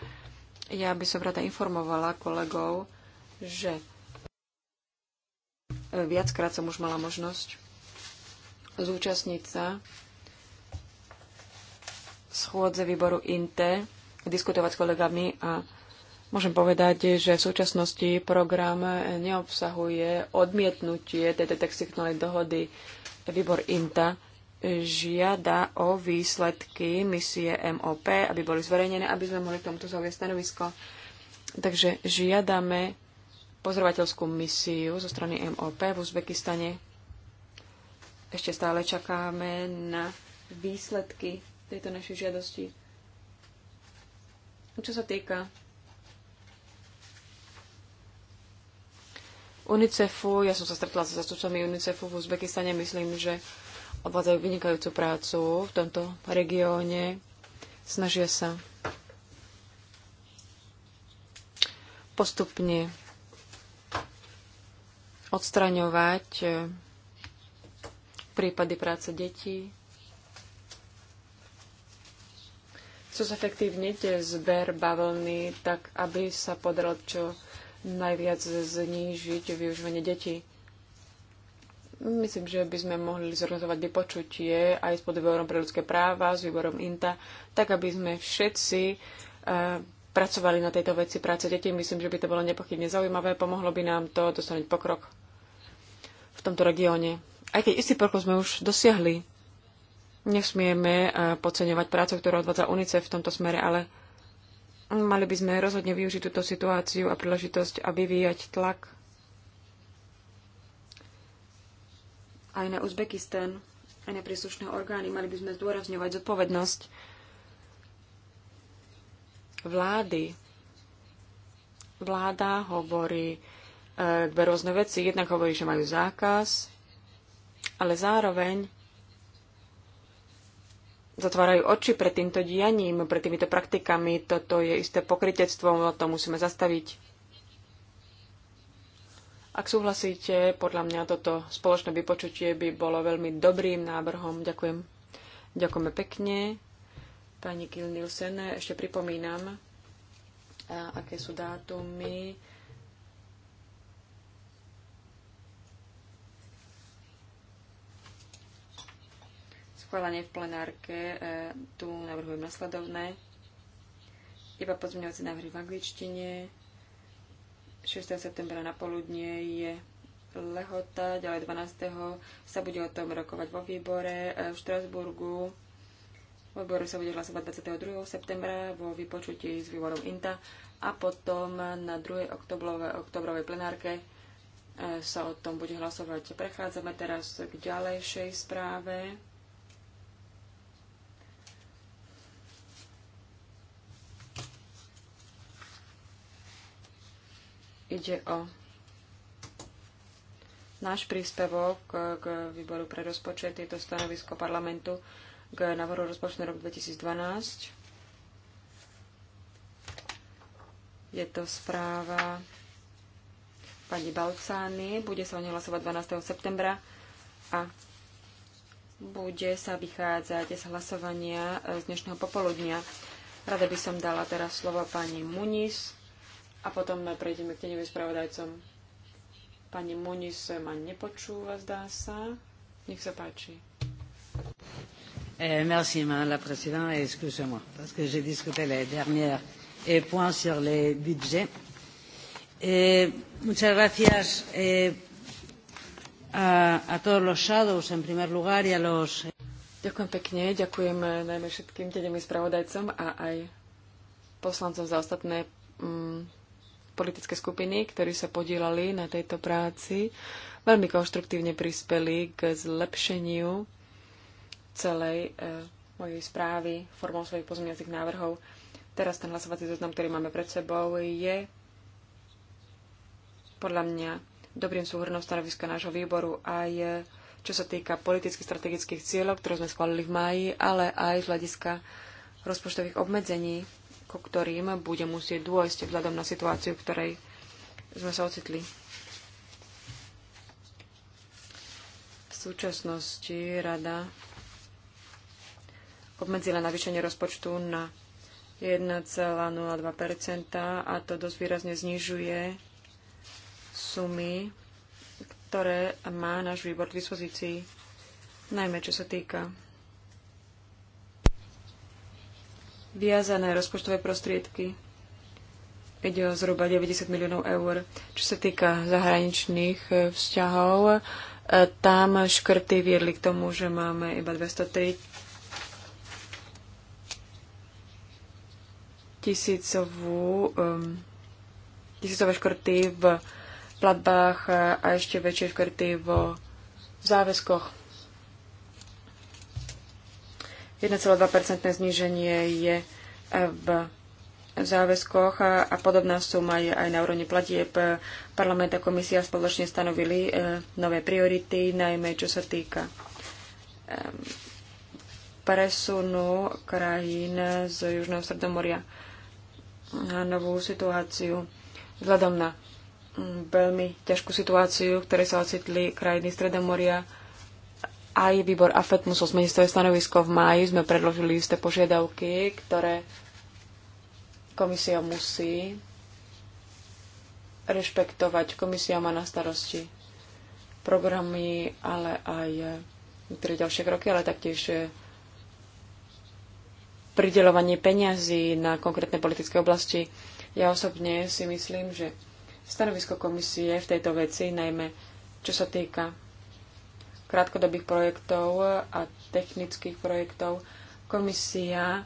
Ja by som rada informovala kolegov, že viackrát som už mala možnosť zúčastniť sa schôdze výboru INTE, diskutovať s kolegami a Môžem povedať, že v súčasnosti program neobsahuje odmietnutie tejto textilnej dohody. Výbor INTA žiada o výsledky misie MOP, aby boli zverejnené, aby sme mohli k tomuto zaujať stanovisko. Takže žiadame pozorovateľskú misiu zo strany MOP v Uzbekistane. Ešte stále čakáme na výsledky tejto našej žiadosti. Čo sa týka UNICEFu. Ja som sa stretla s zastupcami UNICEFu v Uzbekistane. Myslím, že obvádzajú vynikajúcu prácu v tomto regióne. Snažia sa postupne odstraňovať eh, prípady práce detí. Chcú zefektívniť zber bavlny tak, aby sa podarilo čo najviac znížiť využívanie detí. Myslím, že by sme mohli zorganizovať vypočutie aj s podvýborom pre ľudské práva, s výborom INTA, tak aby sme všetci uh, pracovali na tejto veci práce detí. Myslím, že by to bolo nepochybne zaujímavé, pomohlo by nám to dosiahnuť pokrok v tomto regióne. Aj keď istý pokrok sme už dosiahli, nesmieme uh, podceňovať prácu, ktorú odvádza UNICEF v tomto smere, ale Mali by sme rozhodne využiť túto situáciu a príležitosť a vyvíjať tlak aj na Uzbekistan, aj na príslušné orgány. Mali by sme zdôrazňovať zodpovednosť vlády. Vláda hovorí e, dve rôzne veci. Jednak hovorí, že majú zákaz, ale zároveň zatvárajú oči pred týmto dianím, pred týmito praktikami. Toto je isté pokritectvo, to musíme zastaviť. Ak súhlasíte, podľa mňa toto spoločné vypočutie by bolo veľmi dobrým návrhom. Ďakujem. Ďakujeme pekne. Pani Kiel Nielsen, ešte pripomínam, aké sú dátumy schválenie v plenárke. E, tu navrhujem nasledovné. Iba pozmeňovací návrhy v angličtine. 6. septembra na poludne je lehota, ďalej 12. sa bude o tom rokovať vo výbore e, v Štrasburgu. V odboru sa bude hlasovať 22. septembra vo vypočutí s výborom INTA a potom na 2. oktobrovej plenárke e, sa o tom bude hlasovať. Prechádzame teraz k ďalejšej správe. Ide o náš príspevok k výboru pre rozpočet. Je to stanovisko parlamentu k návrhu rozpočtu rok 2012. Je to správa pani Balcány. Bude sa o nej hlasovať 12. septembra a bude sa vychádzať z hlasovania z dnešného popoludnia. Rada by som dala teraz slovo pani Muniz, a potom prejdeme k tenevým spravodajcom. Pani Muniz ma nepočúva, zdá sa. Nech sa páči. Eh, merci, Madame la Présidente, excusez-moi, parce que j'ai discuté les derniers eh, points sur les budgets. Eh, muchas gracias eh, a, a todos los shadows, en primer lugar, y a los... Eh, ďakujem pekne, ďakujem najmä všetkým tedemým spravodajcom a aj poslancom za ostatné mm, politické skupiny, ktorí sa podielali na tejto práci, veľmi konštruktívne prispeli k zlepšeniu celej e, mojej správy formou svojich pozmeňacích návrhov. Teraz ten hlasovací zoznam, ktorý máme pred sebou, je podľa mňa dobrým súhrnom stanoviska nášho výboru aj e, čo sa týka politických strategických cieľov, ktoré sme schválili v máji, ale aj z hľadiska rozpočtových obmedzení ku ktorým bude musieť dôjsť vzhľadom na situáciu, v ktorej sme sa ocitli. V súčasnosti rada obmedzila navýšenie rozpočtu na 1,02 a to dosť výrazne znižuje sumy, ktoré má náš výbor k dispozícii, najmä čo sa týka viazané rozpočtové prostriedky. Ide o zhruba 90 miliónov eur. Čo sa týka zahraničných eh, vzťahov, eh, tam škrty viedli k tomu, že máme iba 203 tisícovú, um, tisícové škrty v platbách a ešte väčšie škrty vo záväzkoch 1,2% zníženie je eh, v záväzkoch a, podobná suma je aj na úrovni platieb. Parlament a komisia spoločne stanovili eh, nové priority, najmä čo sa týka eh, presunu krajín z Južného Stredomoria na novú situáciu vzhľadom na mm, veľmi ťažkú situáciu, v ktorej sa ocitli krajiny Stredomoria aj výbor AFET musel zmeniť svoje stanovisko. V máji sme predložili isté požiadavky, ktoré komisia musí rešpektovať. Komisia má na starosti programy, ale aj niektoré ďalšie kroky, ale taktiež pridelovanie peňazí na konkrétne politické oblasti. Ja osobne si myslím, že stanovisko komisie v tejto veci, najmä čo sa týka krátkodobých projektov a technických projektov. Komisia,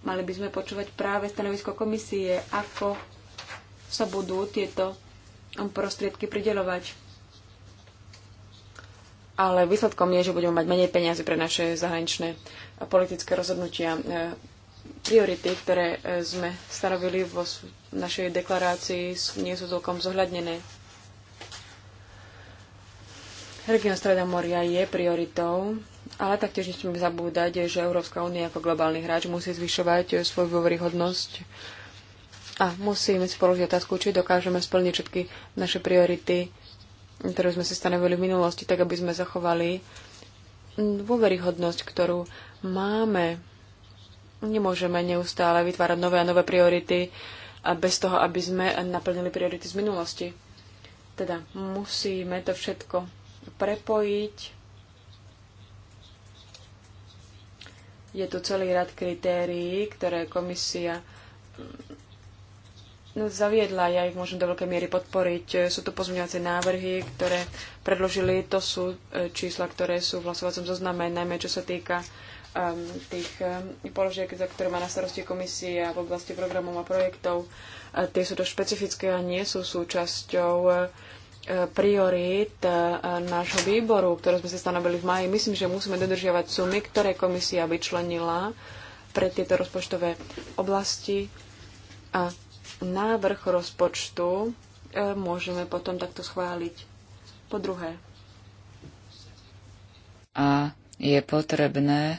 mali by sme počúvať práve stanovisko komisie, ako sa budú tieto prostriedky pridelovať. Ale výsledkom je, že budeme mať menej peniazy pre naše zahraničné politické rozhodnutia. Priority, ktoré sme stanovili vo našej deklarácii, nie sú celkom zohľadnené Región Stredomoria je prioritou, ale taktiež nesmieme zabúdať, že Európska únia ako globálny hráč musí zvyšovať svoju dôveryhodnosť a musíme si položiť otázku, či dokážeme splniť všetky naše priority, ktoré sme si stanovili v minulosti, tak aby sme zachovali dôveryhodnosť, ktorú máme. Nemôžeme neustále vytvárať nové a nové priority bez toho, aby sme naplnili priority z minulosti. Teda musíme to všetko prepojiť. Je tu celý rad kritérií, ktoré komisia mm, zaviedla, ja ich môžem do veľkej miery podporiť. Sú to pozmeňovacie návrhy, ktoré predložili. To sú e, čísla, ktoré sú v hlasovacom zozname, najmä čo sa týka um, tých um, položiek, za ktoré má na starosti komisia v oblasti programov a projektov. A e, tie sú to špecifické a nie sú súčasťou uh, priorít e, nášho výboru, ktoré sme si stanovili v maji. Myslím, že musíme dodržiavať sumy, ktoré komisia vyčlenila pre tieto rozpočtové oblasti a návrh rozpočtu e, môžeme potom takto schváliť. Po druhé. A je potrebné e,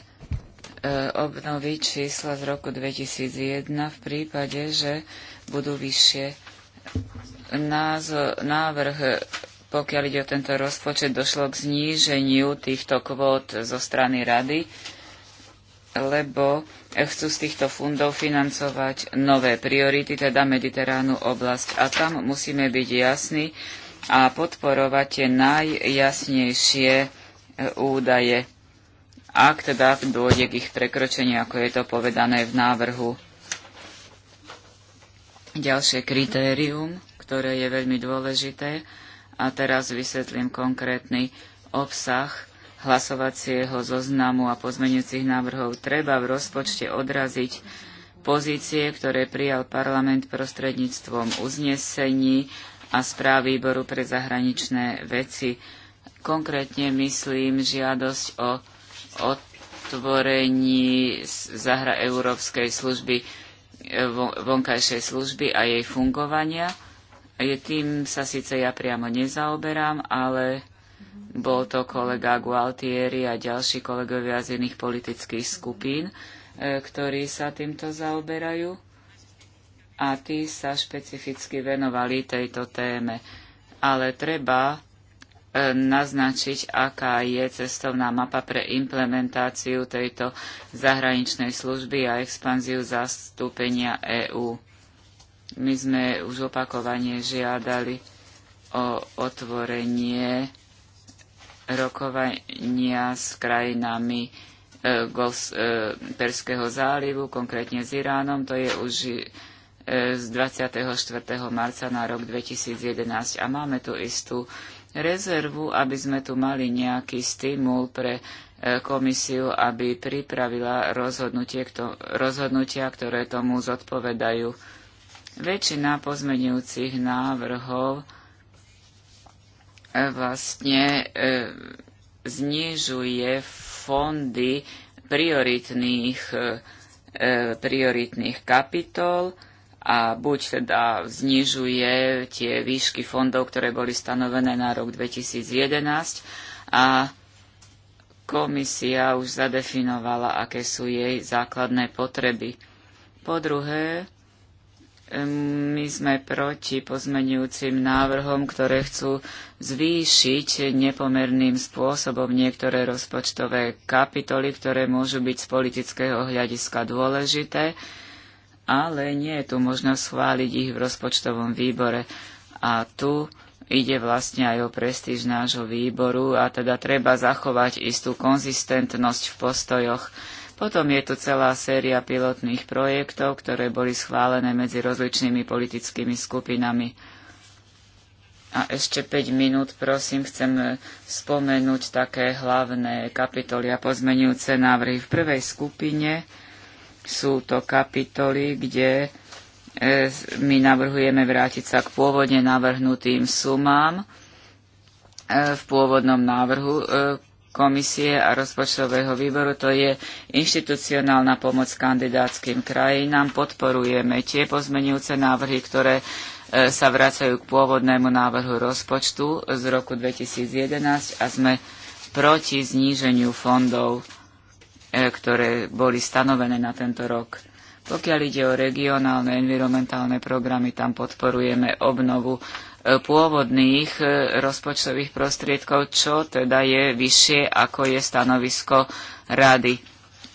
obnoviť čísla z roku 2001 v prípade, že budú vyššie názor, návrh, pokiaľ ide o tento rozpočet, došlo k zníženiu týchto kvót zo strany rady, lebo chcú z týchto fundov financovať nové priority, teda mediteránnu oblasť. A tam musíme byť jasní a podporovať tie najjasnejšie e, údaje, ak teda dôjde k ich prekročeniu, ako je to povedané v návrhu Ďalšie kritérium, ktoré je veľmi dôležité, a teraz vysvetlím konkrétny obsah hlasovacieho zoznamu a pozmenujúcich návrhov. Treba v rozpočte odraziť pozície, ktoré prijal parlament prostredníctvom uznesení a správ výboru pre zahraničné veci. Konkrétne myslím žiadosť o otvorení Zahra Európskej služby vonkajšej služby a jej fungovania. Je tým sa síce ja priamo nezaoberám, ale bol to kolega Gualtieri a ďalší kolegovia z iných politických skupín, e, ktorí sa týmto zaoberajú a tí sa špecificky venovali tejto téme. Ale treba naznačiť, aká je cestovná mapa pre implementáciu tejto zahraničnej služby a expanziu zastúpenia EÚ. My sme už opakovane žiadali o otvorenie rokovania s krajinami e, e, Perského zálivu, konkrétne s Iránom. To je už e, z 24. marca na rok 2011 a máme tu istú rezervu, aby sme tu mali nejaký stimul pre e, komisiu, aby pripravila rozhodnutia, ktoré tomu zodpovedajú. Väčšina pozmenujúcich návrhov e, vlastne e, znižuje fondy prioritných, prioritných kapitol a buď teda znižuje tie výšky fondov, ktoré boli stanovené na rok 2011 a komisia už zadefinovala, aké sú jej základné potreby. Po druhé, my sme proti pozmenujúcim návrhom, ktoré chcú zvýšiť nepomerným spôsobom niektoré rozpočtové kapitoly, ktoré môžu byť z politického hľadiska dôležité ale nie je tu možnosť schváliť ich v rozpočtovom výbore. A tu ide vlastne aj o prestíž nášho výboru a teda treba zachovať istú konzistentnosť v postojoch. Potom je tu celá séria pilotných projektov, ktoré boli schválené medzi rozličnými politickými skupinami. A ešte 5 minút, prosím, chcem spomenúť také hlavné kapitoly a pozmenujúce návrhy. V prvej skupine sú to kapitoly, kde e, my navrhujeme vrátiť sa k pôvodne navrhnutým sumám e, v pôvodnom návrhu e, komisie a rozpočtového výboru. To je inštitucionálna pomoc kandidátskym krajinám. Podporujeme tie pozmenujúce návrhy, ktoré sa vracajú k pôvodnému návrhu rozpočtu z roku 2011 a sme proti zníženiu fondov E, ktoré boli stanovené na tento rok. Pokiaľ ide o regionálne environmentálne programy, tam podporujeme obnovu e, pôvodných e, rozpočtových prostriedkov, čo teda je vyššie, ako je stanovisko rady.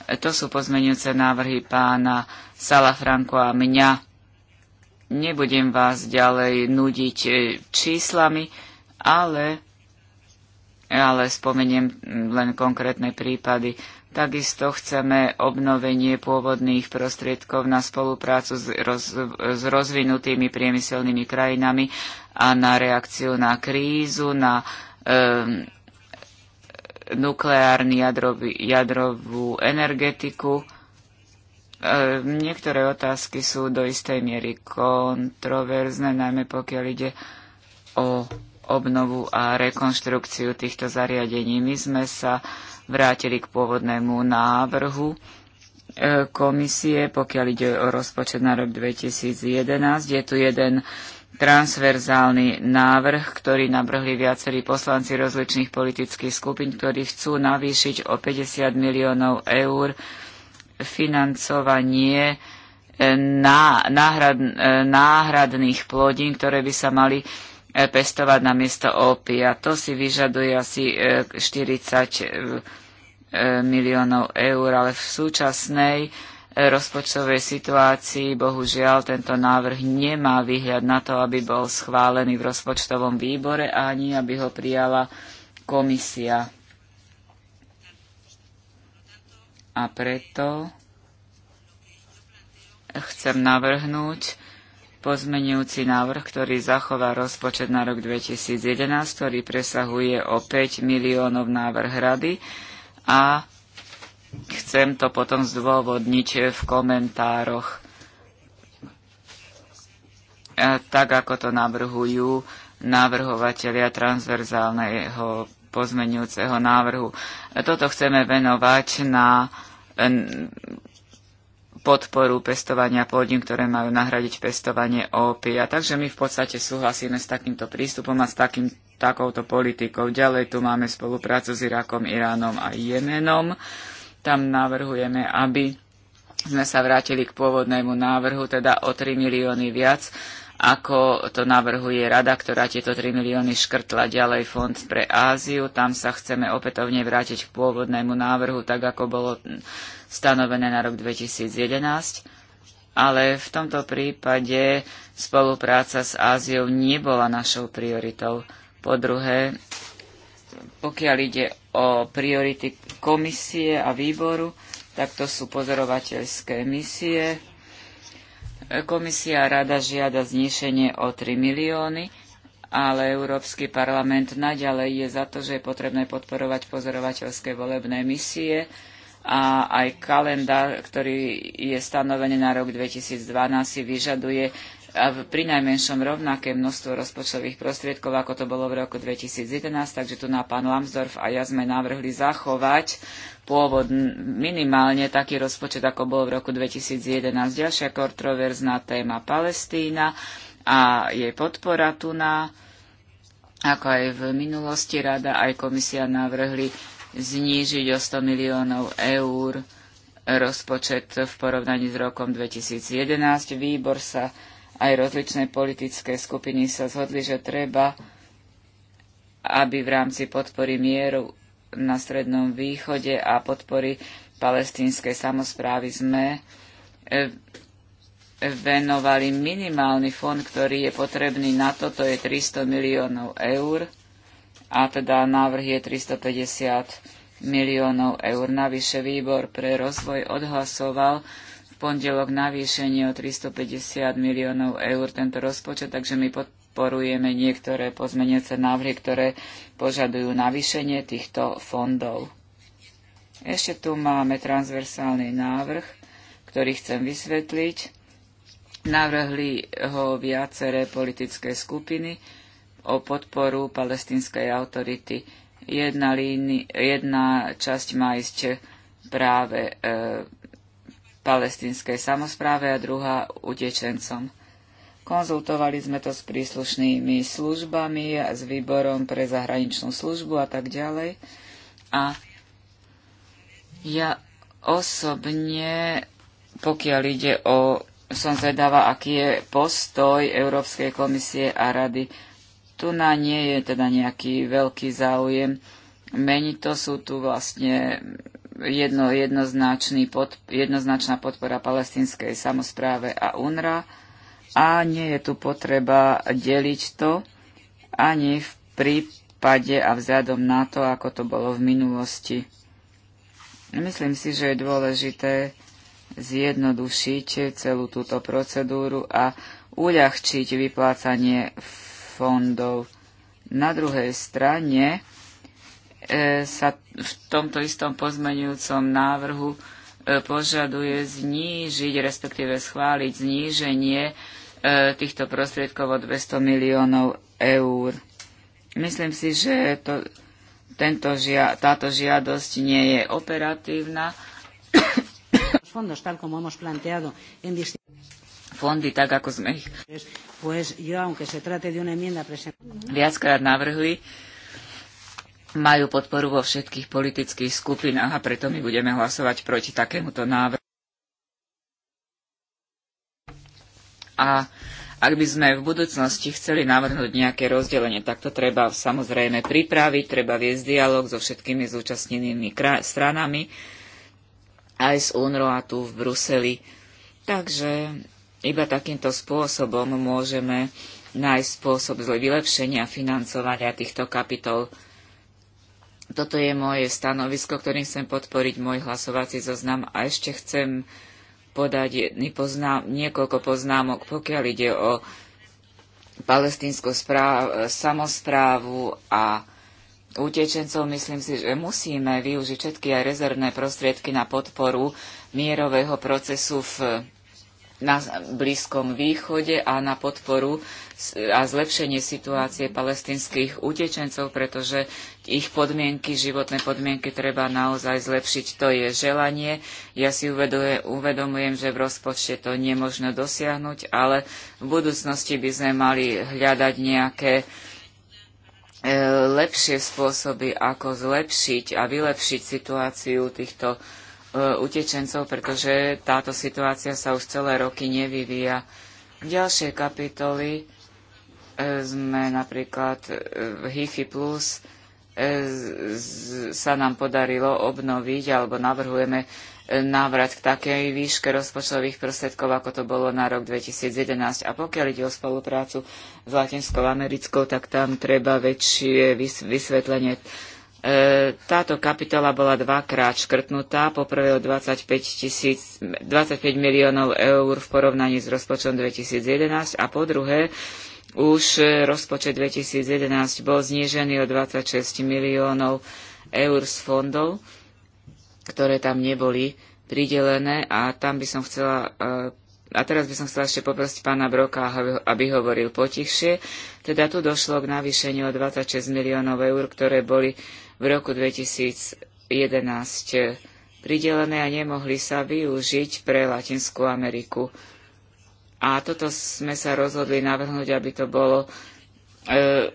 To sú pozmenujúce návrhy pána Salafranko a mňa. Nebudem vás ďalej nudiť číslami, ale, ale spomeniem len konkrétne prípady. Takisto chceme obnovenie pôvodných prostriedkov na spoluprácu s, roz, s rozvinutými priemyselnými krajinami a na reakciu na krízu, na um, nukleárnu jadrovú energetiku. Um, niektoré otázky sú do istej miery kontroverzné, najmä pokiaľ ide o obnovu a rekonštrukciu týchto zariadení. My sme sa vrátili k pôvodnému návrhu e, komisie, pokiaľ ide o rozpočet na rok 2011. Je tu jeden transverzálny návrh, ktorý navrhli viacerí poslanci rozličných politických skupín, ktorí chcú navýšiť o 50 miliónov eur financovanie e, náhrad, e, náhradných plodín, ktoré by sa mali pestovať na miesto A To si vyžaduje asi 40 e, e, e, miliónov eur, ale v súčasnej rozpočtovej situácii bohužiaľ tento návrh nemá výhľad na to, aby bol schválený v rozpočtovom výbore ani aby ho prijala komisia. A preto chcem navrhnúť, pozmenujúci návrh, ktorý zachová rozpočet na rok 2011, ktorý presahuje o 5 miliónov návrh rady a chcem to potom zdôvodniť v komentároch e, tak ako to navrhujú návrhovateľia transverzálneho pozmenujúceho návrhu. E, toto chceme venovať na e, podporu pestovania plodín, ktoré majú nahradiť pestovanie opia. Takže my v podstate súhlasíme s takýmto prístupom a s takým, takouto politikou. Ďalej tu máme spoluprácu s Irakom, Iránom a Jemenom. Tam navrhujeme, aby sme sa vrátili k pôvodnému návrhu, teda o 3 milióny viac, ako to navrhuje rada, ktorá tieto 3 milióny škrtla ďalej fond pre Áziu. Tam sa chceme opätovne vrátiť k pôvodnému návrhu, tak ako bolo stanovené na rok 2011, ale v tomto prípade spolupráca s Áziou nebola našou prioritou. Po druhé, pokiaľ ide o priority komisie a výboru, tak to sú pozorovateľské misie. Komisia rada žiada znišenie o 3 milióny, ale Európsky parlament naďalej je za to, že je potrebné podporovať pozorovateľské volebné misie, a aj kalendár, ktorý je stanovený na rok 2012, si vyžaduje pri najmenšom rovnaké množstvo rozpočtových prostriedkov, ako to bolo v roku 2011, takže tu na pán Lambsdorff a ja sme navrhli zachovať pôvod minimálne taký rozpočet, ako bol v roku 2011. Ďalšia kontroverzná téma Palestína a jej podpora tu na, ako aj v minulosti rada, aj komisia navrhli znížiť o 100 miliónov eur rozpočet v porovnaní s rokom 2011. Výbor sa aj rozličné politické skupiny sa zhodli, že treba, aby v rámci podpory mieru na Strednom východe a podpory palestínskej samozprávy sme e, venovali minimálny fond, ktorý je potrebný na to, to je 300 miliónov eur a teda návrh je 350 miliónov eur. Navyše výbor pre rozvoj odhlasoval v pondelok navýšenie o 350 miliónov eur tento rozpočet, takže my podporujeme niektoré pozmeniace návrhy, ktoré požadujú navýšenie týchto fondov. Ešte tu máme transversálny návrh, ktorý chcem vysvetliť. Navrhli ho viaceré politické skupiny o podporu palestínskej autority. Jedna, líni, jedna časť má ísť práve e, palestínskej samozpráve a druhá utečencom. Konzultovali sme to s príslušnými službami, a s výborom pre zahraničnú službu a tak ďalej. A ja osobne, pokiaľ ide o... Som zvedáva, aký je postoj Európskej komisie a rady tu na nie je teda nejaký veľký záujem. Meni to sú tu vlastne jedno, jednoznačný pod, jednoznačná podpora palestinskej samozpráve a UNRA a nie je tu potreba deliť to ani v prípade a vzhľadom na to, ako to bolo v minulosti. Myslím si, že je dôležité zjednodušiť celú túto procedúru a uľahčiť vyplácanie fondov. Na druhej strane e, sa v tomto istom pozmenujúcom návrhu e, požaduje znížiť, respektíve schváliť zníženie e, týchto prostriedkov o 200 miliónov eur. Myslím si, že to, tento žia, táto žiadosť nie je operatívna fondy tak, ako sme ich viackrát navrhli, majú podporu vo všetkých politických skupinách a preto my budeme hlasovať proti takémuto návrhu. A ak by sme v budúcnosti chceli navrhnúť nejaké rozdelenie, tak to treba samozrejme pripraviť, treba viesť dialog so všetkými zúčastnenými stranami, aj s a tu v Bruseli. Takže iba takýmto spôsobom môžeme nájsť spôsob vylepšenia financovania týchto kapitol. Toto je moje stanovisko, ktorým chcem podporiť môj hlasovací zoznam a ešte chcem podať poznám, niekoľko poznámok, pokiaľ ide o palestínsku správ, samozprávu a utečencov. Myslím si, že musíme využiť všetky aj rezervné prostriedky na podporu mierového procesu v na Blízkom východe a na podporu a zlepšenie situácie palestinských utečencov, pretože ich podmienky, životné podmienky treba naozaj zlepšiť. To je želanie. Ja si uvedomujem, že v rozpočte to nemožno dosiahnuť, ale v budúcnosti by sme mali hľadať nejaké e, lepšie spôsoby, ako zlepšiť a vylepšiť situáciu týchto utečencov Eh, utečencov, pretože táto situácia sa už celé roky nevyvíja. Ďalšie kapitoly eh, sme napríklad eh, v HIFI Plus sa nám podarilo obnoviť alebo navrhujeme návrat k takej výške rozpočtových prostriedkov, ako to bolo na rok 2011. A pokiaľ ide o spoluprácu s Latinskou Americkou, tak tam treba väčšie vysvetlenie E, táto kapitola bola dvakrát škrtnutá, poprvé o 25, 25 miliónov eur v porovnaní s rozpočtom 2011 a po druhé už rozpočet 2011 bol znížený o 26 miliónov eur z fondov, ktoré tam neboli pridelené a tam by som chcela e, a teraz by som chcela ešte poprosiť pána Broka, aby hovoril potichšie. Teda tu došlo k navýšeniu o 26 miliónov eur, ktoré boli v roku 2011 pridelené a nemohli sa využiť pre Latinskú Ameriku. A toto sme sa rozhodli navrhnúť, aby to bolo, e,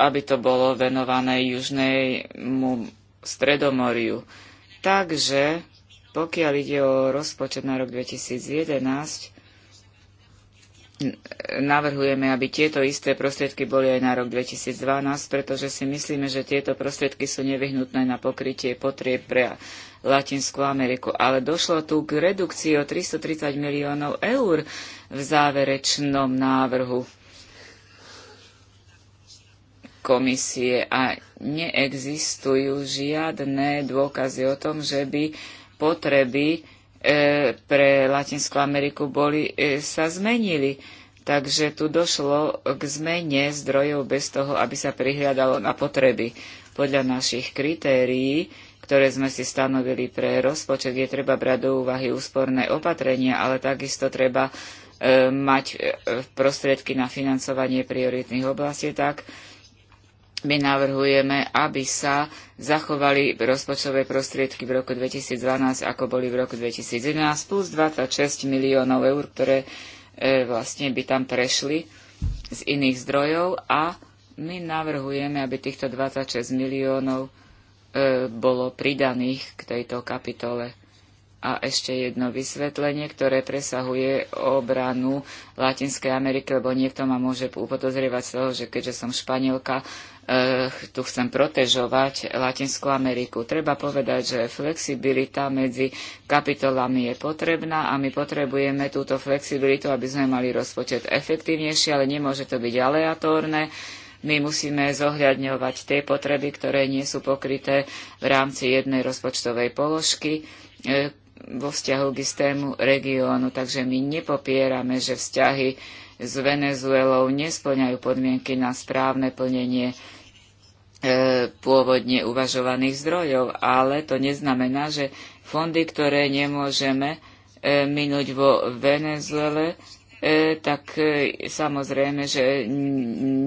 aby to bolo venované Južnému Stredomoriu. Takže pokiaľ ide o rozpočet na rok 2011, navrhujeme, aby tieto isté prostriedky boli aj na rok 2012, pretože si myslíme, že tieto prostriedky sú nevyhnutné na pokrytie potrieb pre Latinskú Ameriku. Ale došlo tu k redukcii o 330 miliónov eur v záverečnom návrhu komisie a neexistujú žiadne dôkazy o tom, že by potreby E, pre Latinskú Ameriku boli, e, sa zmenili. Takže tu došlo k zmene zdrojov bez toho, aby sa prihľadalo na potreby. Podľa našich kritérií, ktoré sme si stanovili pre rozpočet, je treba brať do úvahy úsporné opatrenia, ale takisto treba e, mať e, prostriedky na financovanie prioritných oblastí tak, my navrhujeme, aby sa zachovali rozpočtové prostriedky v roku 2012, ako boli v roku 2011, plus 26 miliónov eur, ktoré e, vlastne by tam prešli z iných zdrojov a my navrhujeme, aby týchto 26 miliónov e, bolo pridaných k tejto kapitole. A ešte jedno vysvetlenie, ktoré presahuje obranu Latinskej Ameriky, lebo niekto ma môže upodozrievať z toho, že keďže som Španielka, Eh, tu chcem protežovať Latinskú Ameriku. Treba povedať, že flexibilita medzi kapitolami je potrebná a my potrebujeme túto flexibilitu, aby sme mali rozpočet efektívnejší, ale nemôže to byť aleatórne. My musíme zohľadňovať tie potreby, ktoré nie sú pokryté v rámci jednej rozpočtovej položky eh, vo vzťahu k istému regiónu. Takže my nepopierame, že vzťahy s Venezuelou nesplňajú podmienky na správne plnenie E, pôvodne uvažovaných zdrojov, ale to neznamená, že fondy, ktoré nemôžeme e, minúť vo Venezuele, e, tak samozrejme, že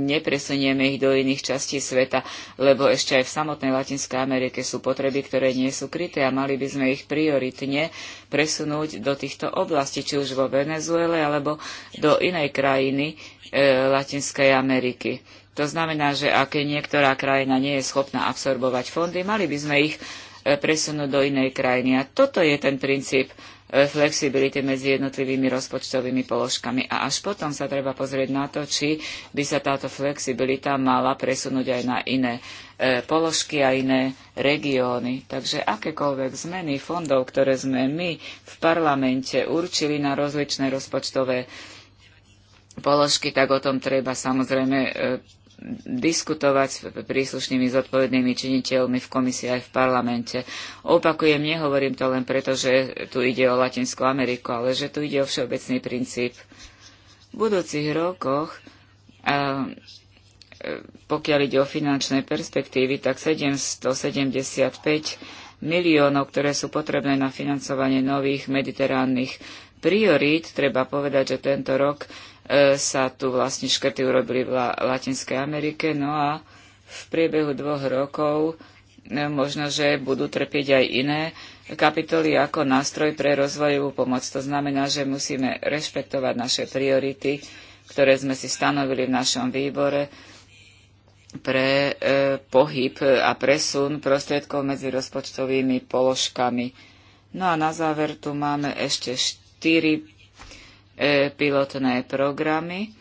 nepresunieme ich do iných častí sveta, lebo ešte aj v samotnej Latinskej Amerike sú potreby, ktoré nie sú kryté a mali by sme ich prioritne presunúť do týchto oblastí, či už vo Venezuele alebo do inej krajiny e, Latinskej Ameriky to znamená, že ak niektorá krajina nie je schopná absorbovať fondy, mali by sme ich e, presunúť do inej krajiny. A toto je ten princíp e, flexibility medzi jednotlivými rozpočtovými položkami. A až potom sa treba pozrieť na to, či by sa táto flexibilita mala presunúť aj na iné e, položky a iné regióny. Takže akékoľvek zmeny fondov, ktoré sme my v parlamente určili na rozličné rozpočtové položky, tak o tom treba samozrejme diskutovať s príslušnými zodpovednými činiteľmi v komisii aj v parlamente. Opakujem, nehovorím to len preto, že tu ide o Latinskú Ameriku, ale že tu ide o všeobecný princíp. V budúcich rokoch, e, pokiaľ ide o finančné perspektívy, tak 775 miliónov, ktoré sú potrebné na financovanie nových mediteránnych priorít, treba povedať, že tento rok E, sa tu vlastne škrty urobili v Latinskej Amerike. No a v priebehu dvoch rokov e, možno, že budú trpieť aj iné kapitoly ako nástroj pre rozvojovú pomoc. To znamená, že musíme rešpektovať naše priority, ktoré sme si stanovili v našom výbore pre e, pohyb a presun prostriedkov medzi rozpočtovými položkami. No a na záver tu máme ešte štyri E, pilotné programy,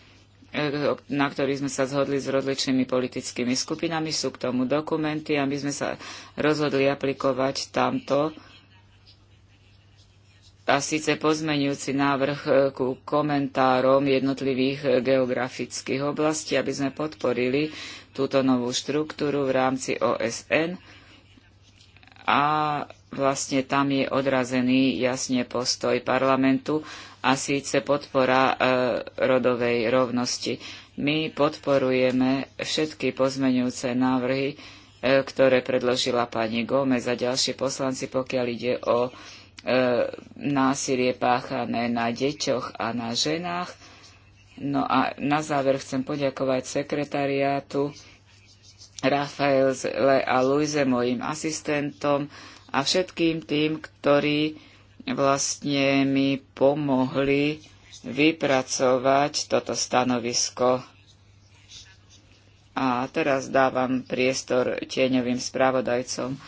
e, na ktorých sme sa zhodli s rozličnými politickými skupinami. Sú k tomu dokumenty a my sme sa rozhodli aplikovať tamto a síce pozmenujúci návrh e, ku komentárom jednotlivých geografických oblastí, aby sme podporili túto novú štruktúru v rámci OSN a vlastne tam je odrazený jasne postoj parlamentu a síce podpora e, rodovej rovnosti. My podporujeme všetky pozmeňujúce návrhy, e, ktoré predložila pani Gómez a ďalší poslanci, pokiaľ ide o e, násilie páchané na deťoch a na ženách. No a na záver chcem poďakovať sekretariátu Rafael a Luise, mojim asistentom, a všetkým tým, ktorí vlastne mi pomohli vypracovať toto stanovisko. A teraz dávam priestor tieňovým správodajcom.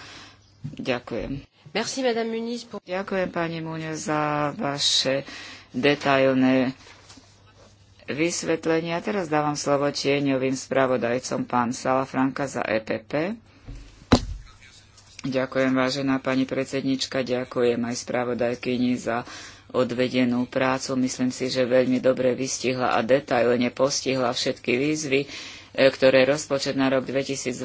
Ďakujem. Merci, Madame Muniz, pour... Ďakujem, pani Múňa, za vaše detailné vysvetlenia. Teraz dávam slovo tieňovým spravodajcom pán Salafranka za EPP. Ďakujem, vážená pani predsednička, ďakujem aj spravodajkyni za odvedenú prácu. Myslím si, že veľmi dobre vystihla a detailne postihla všetky výzvy, e, ktoré rozpočet na rok 2012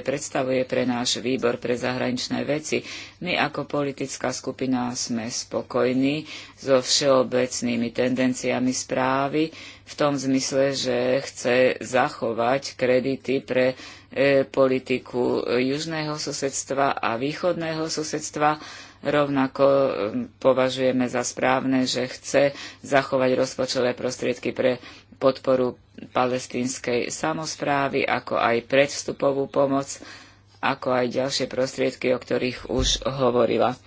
predstavuje pre náš výbor pre zahraničné veci. My ako politická skupina sme spokojní so všeobecnými tendenciami správy, v tom zmysle, že chce zachovať kredity pre e, politiku e, južného susedstva a východného susedstva. Rovnako e, považujeme za správne, že chce zachovať rozpočové prostriedky pre podporu palestínskej samozprávy, ako aj predvstupovú pomoc, ako aj ďalšie prostriedky, o ktorých už hovorila.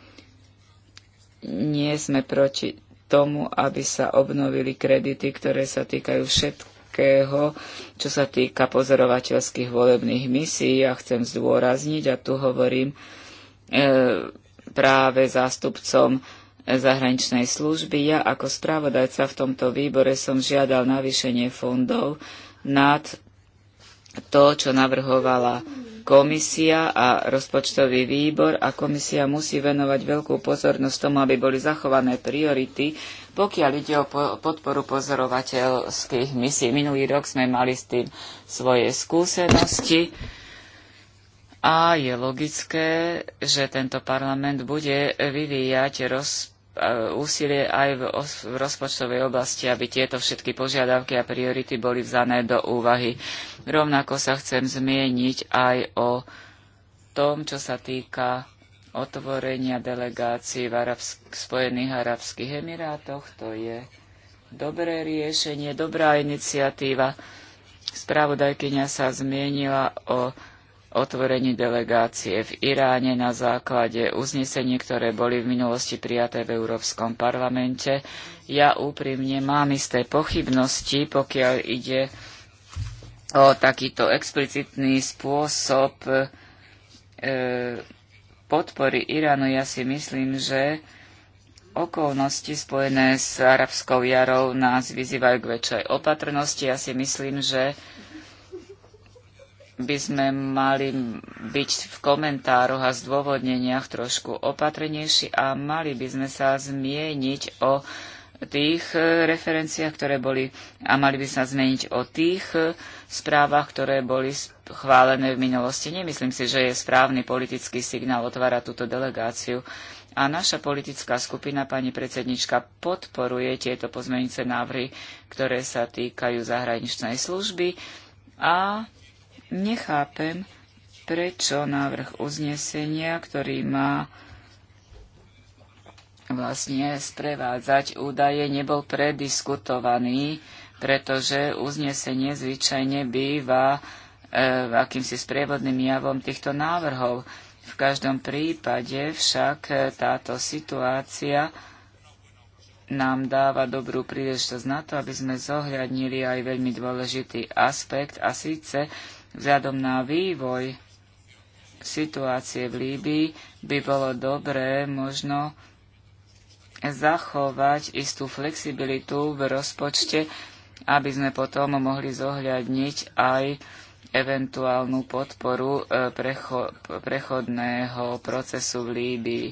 Nie sme proti tomu, aby sa obnovili kredity, ktoré sa týkajú všetkého, čo sa týka pozorovateľských volebných misií. Ja chcem zdôrazniť, a tu hovorím e, práve zástupcom zahraničnej služby. Ja ako správodajca v tomto výbore som žiadal navýšenie fondov nad to, čo navrhovala komisia a rozpočtový výbor a komisia musí venovať veľkú pozornosť tomu, aby boli zachované priority, pokiaľ ide o podporu pozorovateľských misií. Minulý rok sme mali s tým svoje skúsenosti. A je logické, že tento parlament bude vyvíjať rozpočtový úsilie aj v, v rozpočtovej oblasti, aby tieto všetky požiadavky a priority boli vzané do úvahy. Rovnako sa chcem zmieniť aj o tom, čo sa týka otvorenia delegácií v Arabsk- Spojených Arabských Emirátoch. To je dobré riešenie, dobrá iniciatíva. Spravodajkyňa sa zmienila o otvorení delegácie v Iráne na základe uznesení, ktoré boli v minulosti prijaté v Európskom parlamente. Ja úprimne mám isté pochybnosti, pokiaľ ide o takýto explicitný spôsob e, podpory Iránu. Ja si myslím, že okolnosti spojené s arabskou jarou nás vyzývajú k väčšej opatrnosti. Ja si myslím, že by sme mali byť v komentároch a zdôvodneniach trošku opatrnejší a mali by sme sa zmieniť o tých e, referenciách, ktoré boli a mali by sa zmeniť o tých e, správach, ktoré boli chválené v minulosti. Nemyslím si, že je správny politický signál otvára túto delegáciu. A naša politická skupina, pani predsednička, podporuje tieto pozmenice návrhy, ktoré sa týkajú zahraničnej služby a nechápem, prečo návrh uznesenia, ktorý má vlastne sprevádzať údaje, nebol prediskutovaný, pretože uznesenie zvyčajne býva e, akýmsi sprievodným javom týchto návrhov. V každom prípade však e, táto situácia nám dáva dobrú príležitosť na to, aby sme zohľadnili aj veľmi dôležitý aspekt a síce Vzhľadom na vývoj situácie v Líbii by bolo dobré možno zachovať istú flexibilitu v rozpočte, aby sme potom mohli zohľadniť aj eventuálnu podporu e, precho- prechodného procesu v Líbii.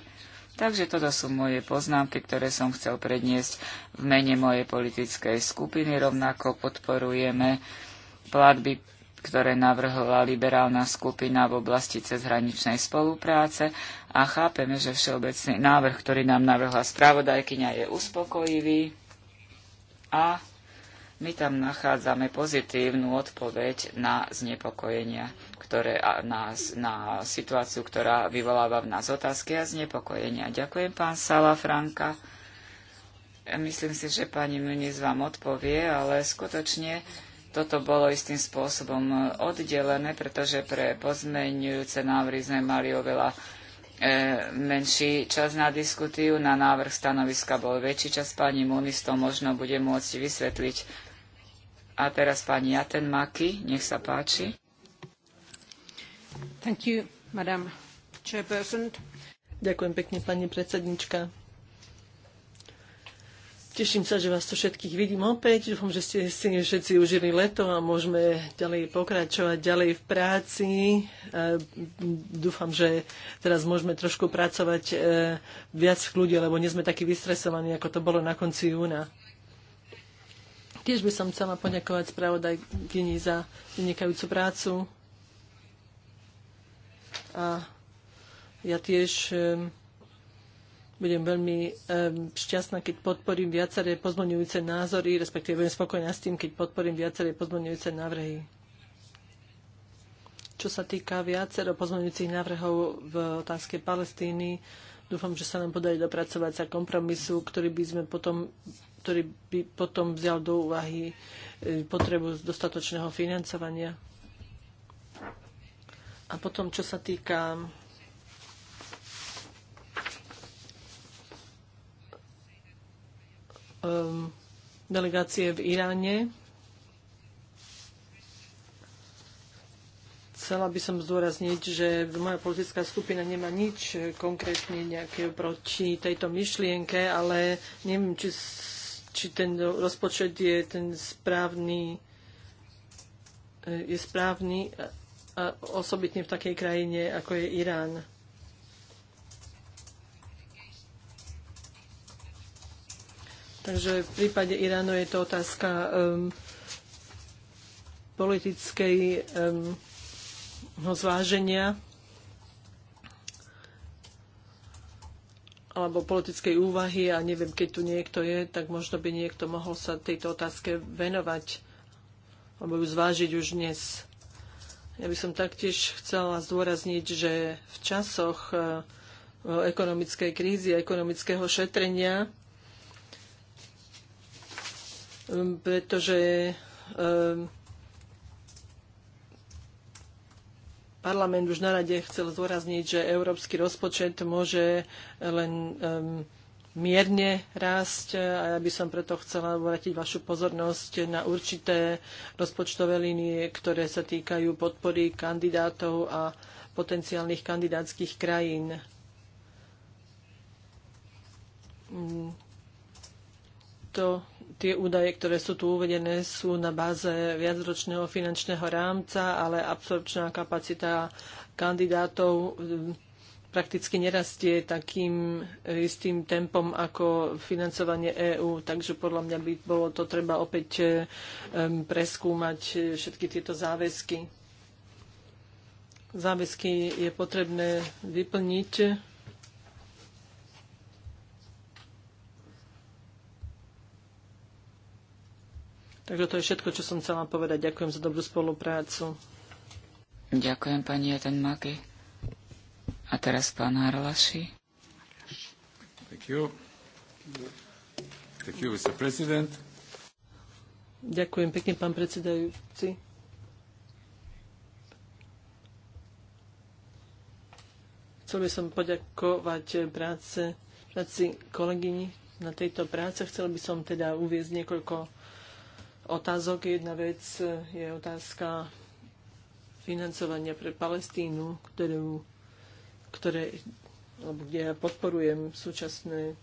Takže toto sú moje poznámky, ktoré som chcel predniesť v mene mojej politickej skupiny. Rovnako podporujeme platby ktoré navrhla liberálna skupina v oblasti cezhraničnej spolupráce a chápeme, že všeobecný návrh, ktorý nám navrhla spravodajkyňa, je uspokojivý a my tam nachádzame pozitívnu odpoveď na znepokojenia, ktoré nás, na situáciu, ktorá vyvoláva v nás otázky a znepokojenia. Ďakujem, pán Sala Franka. Myslím si, že pani Muniz vám odpovie, ale skutočne toto bolo istým spôsobom e, oddelené, pretože pre pozmeňujúce návrhy sme mali oveľa e, menší čas na diskutiu, na návrh stanoviska bol väčší čas. Pani Munis to možno bude môcť vysvetliť. A teraz pani Jaten Maki, nech sa páči. Thank you, madam chairperson. Ďakujem pekne, pani predsednička. Teším sa, že vás tu všetkých vidím opäť. Dúfam, že ste si všetci užili leto a môžeme ďalej pokračovať ďalej v práci. E, dúfam, že teraz môžeme trošku pracovať e, viac v kľude, lebo nie sme takí vystresovaní, ako to bolo na konci júna. Tiež by som chcela poďakovať spravodajkyni za vynikajúcu prácu. A ja tiež e, budem veľmi um, šťastná, keď podporím viaceré pozmoňujúce názory, respektíve budem spokojná s tým, keď podporím viaceré pozmoňujúce návrhy. Čo sa týka viacero pozmeňujúcich návrhov v otázke Palestíny, dúfam, že sa nám podarí dopracovať sa kompromisu, ktorý by sme potom ktorý by potom vzal do úvahy e, potrebu dostatočného financovania. A potom, čo sa týka um, delegácie v Iráne. Chcela by som zdôrazniť, že moja politická skupina nemá nič konkrétne nejaké proti tejto myšlienke, ale neviem, či, či ten rozpočet je ten správny, e, je správny e, a osobitne v takej krajine, ako je Irán. Takže v prípade Iránu je to otázka um, politickej um, zváženia alebo politickej úvahy a neviem, keď tu niekto je, tak možno by niekto mohol sa tejto otázke venovať alebo ju zvážiť už dnes. Ja by som taktiež chcela zdôrazniť, že v časoch eh, ekonomickej krízy a ekonomického šetrenia Ehm, pretože ehm, parlament už na rade chcel zdôrazniť, že európsky rozpočet môže len ehm, mierne rásť a ja by som preto chcela obrátiť vašu pozornosť na určité rozpočtové línie, ktoré sa týkajú podpory kandidátov a potenciálnych kandidátskych krajín. Mm, to tie údaje, ktoré sú tu uvedené, sú na báze viacročného finančného rámca, ale absorpčná kapacita kandidátov mm, prakticky nerastie takým istým tempom ako financovanie EÚ, takže podľa mňa by bolo to treba opäť e, preskúmať e, všetky tieto záväzky. Záväzky je potrebné vyplniť Takže to je všetko, čo som chcela povedať. Ďakujem za dobrú spoluprácu. Ďakujem pani Jatenmaky. A teraz pán Harlaši. Thank you. Thank you, Mr. President. Ďakujem pekne, pán predsedajúci. Chcel by som poďakovať práce, práci kolegyni na tejto práce. Chcel by som teda uviezť niekoľko otázok. Jedna vec je otázka financovania pre Palestínu, ktorú, ktoré, alebo kde ja podporujem súčasný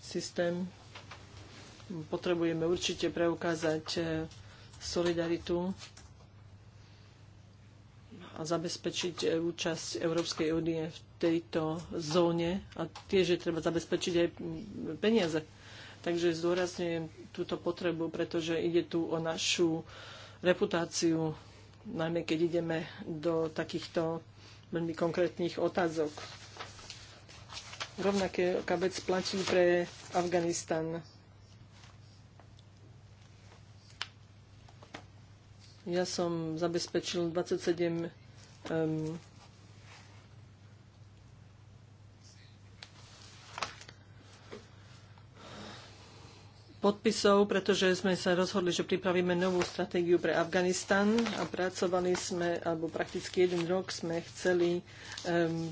systém. Potrebujeme určite preukázať eh, solidaritu a zabezpečiť eh, účasť Európskej únie v tejto zóne a tiež je treba zabezpečiť aj mm, peniaze Takže zdôrazňujem túto potrebu, pretože ide tu o našu reputáciu, najmä keď ideme do takýchto veľmi konkrétnych otázok. Rovnaké kabec platí pre Afganistan. Ja som zabezpečil 27 um, podpisov, pretože sme sa rozhodli, že pripravíme novú stratégiu pre Afganistan a pracovali sme, alebo prakticky jeden rok sme chceli um,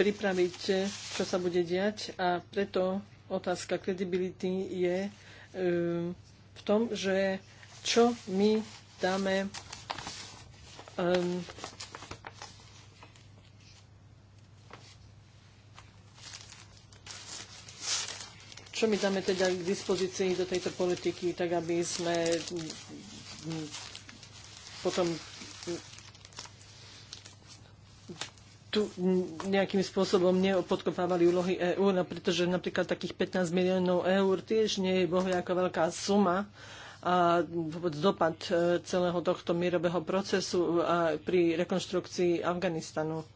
pripraviť, čo sa bude diať a preto otázka kredibility je um, v tom, že čo my dáme um, čo my dáme teda k dispozícii do tejto politiky, tak aby sme mm, mm, potom mm, tu nejakým spôsobom neopodkopávali úlohy EÚ, no, pretože napríklad takých 15 miliónov eur tiež nie je bohľaká veľká suma a vôbec dopad e, celého tohto mierového procesu pri rekonštrukcii Afganistanu.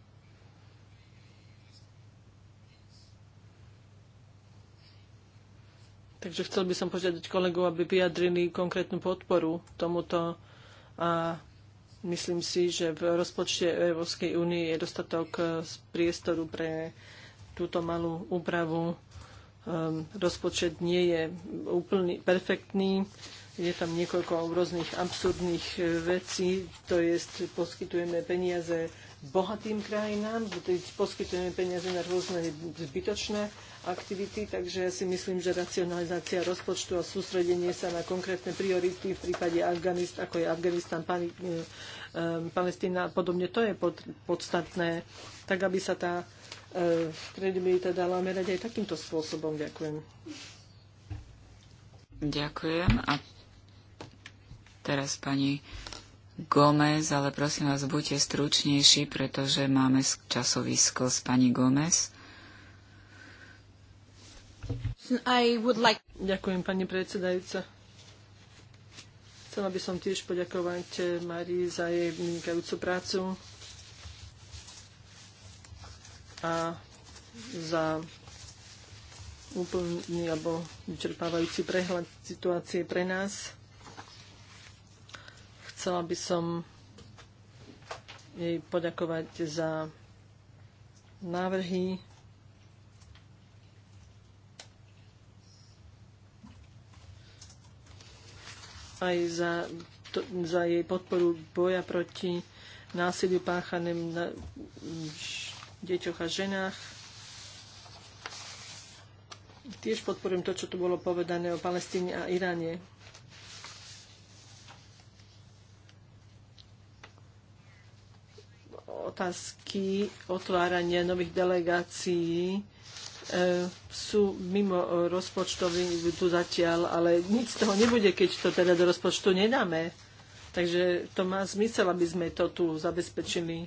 Takže chcel by som požiadať kolegov, aby vyjadrili konkrétnu podporu tomuto a myslím si, že v rozpočte Európskej únie je dostatok e, priestoru pre túto malú úpravu. E, rozpočet nie je úplne perfektný, je tam niekoľko rôznych absurdných e, vecí, to je, poskytujeme peniaze bohatým krajinám, poskytujeme peniaze na rôzne zbytočné aktivity, takže ja si myslím, že racionalizácia rozpočtu a sústredenie sa na konkrétne priority v prípade Afganist, ako je Afganistan, e, e, Palestína a podobne, to je pod, podstatné, tak aby sa tá kredibilita e, teda dala merať aj takýmto spôsobom. Ďakujem. Ďakujem. A teraz pani Gomez, ale prosím vás, buďte stručnejší, pretože máme časový s pani Gomez. Ďakujem, pani Chcela by som tiež poďakovať eh, Marii za jej vynikajúcu prácu a za úplný alebo vyčerpávajúci prehľad situácie pre nás. Chcela by som jej poďakovať za návrhy, aj za, to, za jej podporu boja proti násiliu páchaným na deťoch a ženách. Tiež podporujem to, čo tu bolo povedané o Palestíne a Iráne. Otázky otvárania nových delegácií E, sú mimo rozpočtový tu zatiaľ, ale nič z toho nebude, keď to teda do rozpočtu nedáme. Takže to má zmysel, aby sme to tu zabezpečili.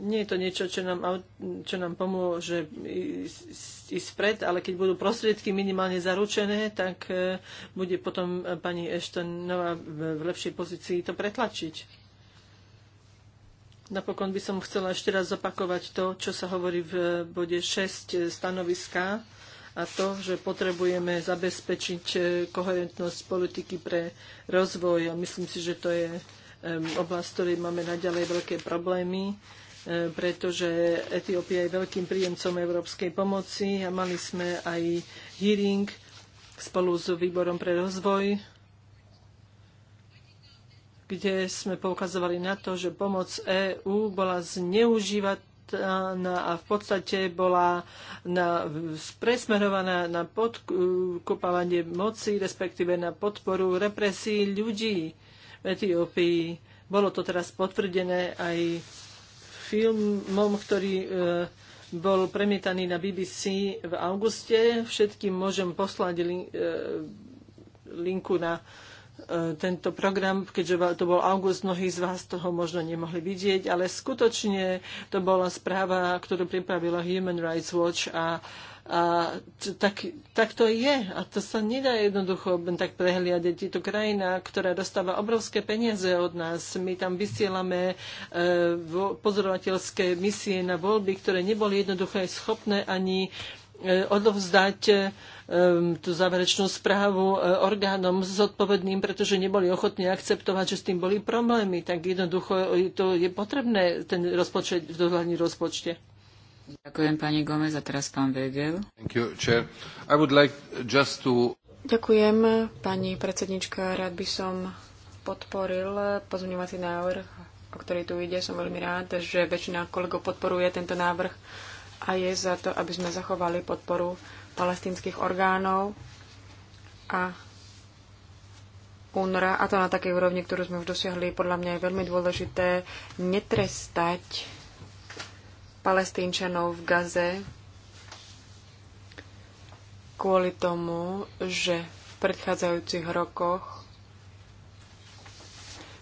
Nie je to niečo, čo nám, čo nám pomôže ísť, ísť vpred, ale keď budú prostriedky minimálne zaručené, tak e, bude potom pani Eštonová v lepšej pozícii to pretlačiť. Napokon by som chcela ešte raz zopakovať to, čo sa hovorí v bode 6 stanoviska a to, že potrebujeme zabezpečiť eh, koherentnosť politiky pre rozvoj a myslím si, že to je oblasť, ktorej máme naďalej veľké problémy eh, pretože Etiópia je veľkým príjemcom európskej pomoci a mali sme aj hearing spolu s výborom pre rozvoj kde sme poukazovali na to, že pomoc EÚ bola zneužívať a v podstate bola na, presmerovaná na podkupávanie moci, respektíve na podporu represí ľudí v Etiópii. Bolo to teraz potvrdené aj filmom, ktorý e, bol premietaný na BBC v auguste. Všetkým môžem poslať li, e, linku na E, tento program, keďže to bol august, mnohí z vás toho možno nemohli vidieť, ale skutočne to bola správa, ktorú pripravila Human Rights Watch a a tak, tak to je. A to sa nedá jednoducho tak prehliadať. Je to krajina, ktorá dostáva obrovské peniaze od nás. My tam vysielame e, pozorovateľské misie na voľby, ktoré neboli jednoduché schopné ani Eh, odovzdať eh, tú záverečnú správu eh, orgánom zodpovedným, pretože neboli ochotní akceptovať, že s tým boli problémy. Tak jednoducho to je potrebné ten rozpočet v dohľadní rozpočte. Ďakujem pani Gomez a teraz pán Vegel. You, like to... Ďakujem pani predsednička. Rád by som podporil pozmeňovací návrh, o ktorý tu ide. Som veľmi rád, že väčšina kolegov podporuje tento návrh a je za to, aby sme zachovali podporu palestinských orgánov a UNRA, a to na takej úrovni, ktorú sme už dosiahli, podľa mňa je veľmi dôležité netrestať palestínčanov v Gaze kvôli tomu, že v predchádzajúcich rokoch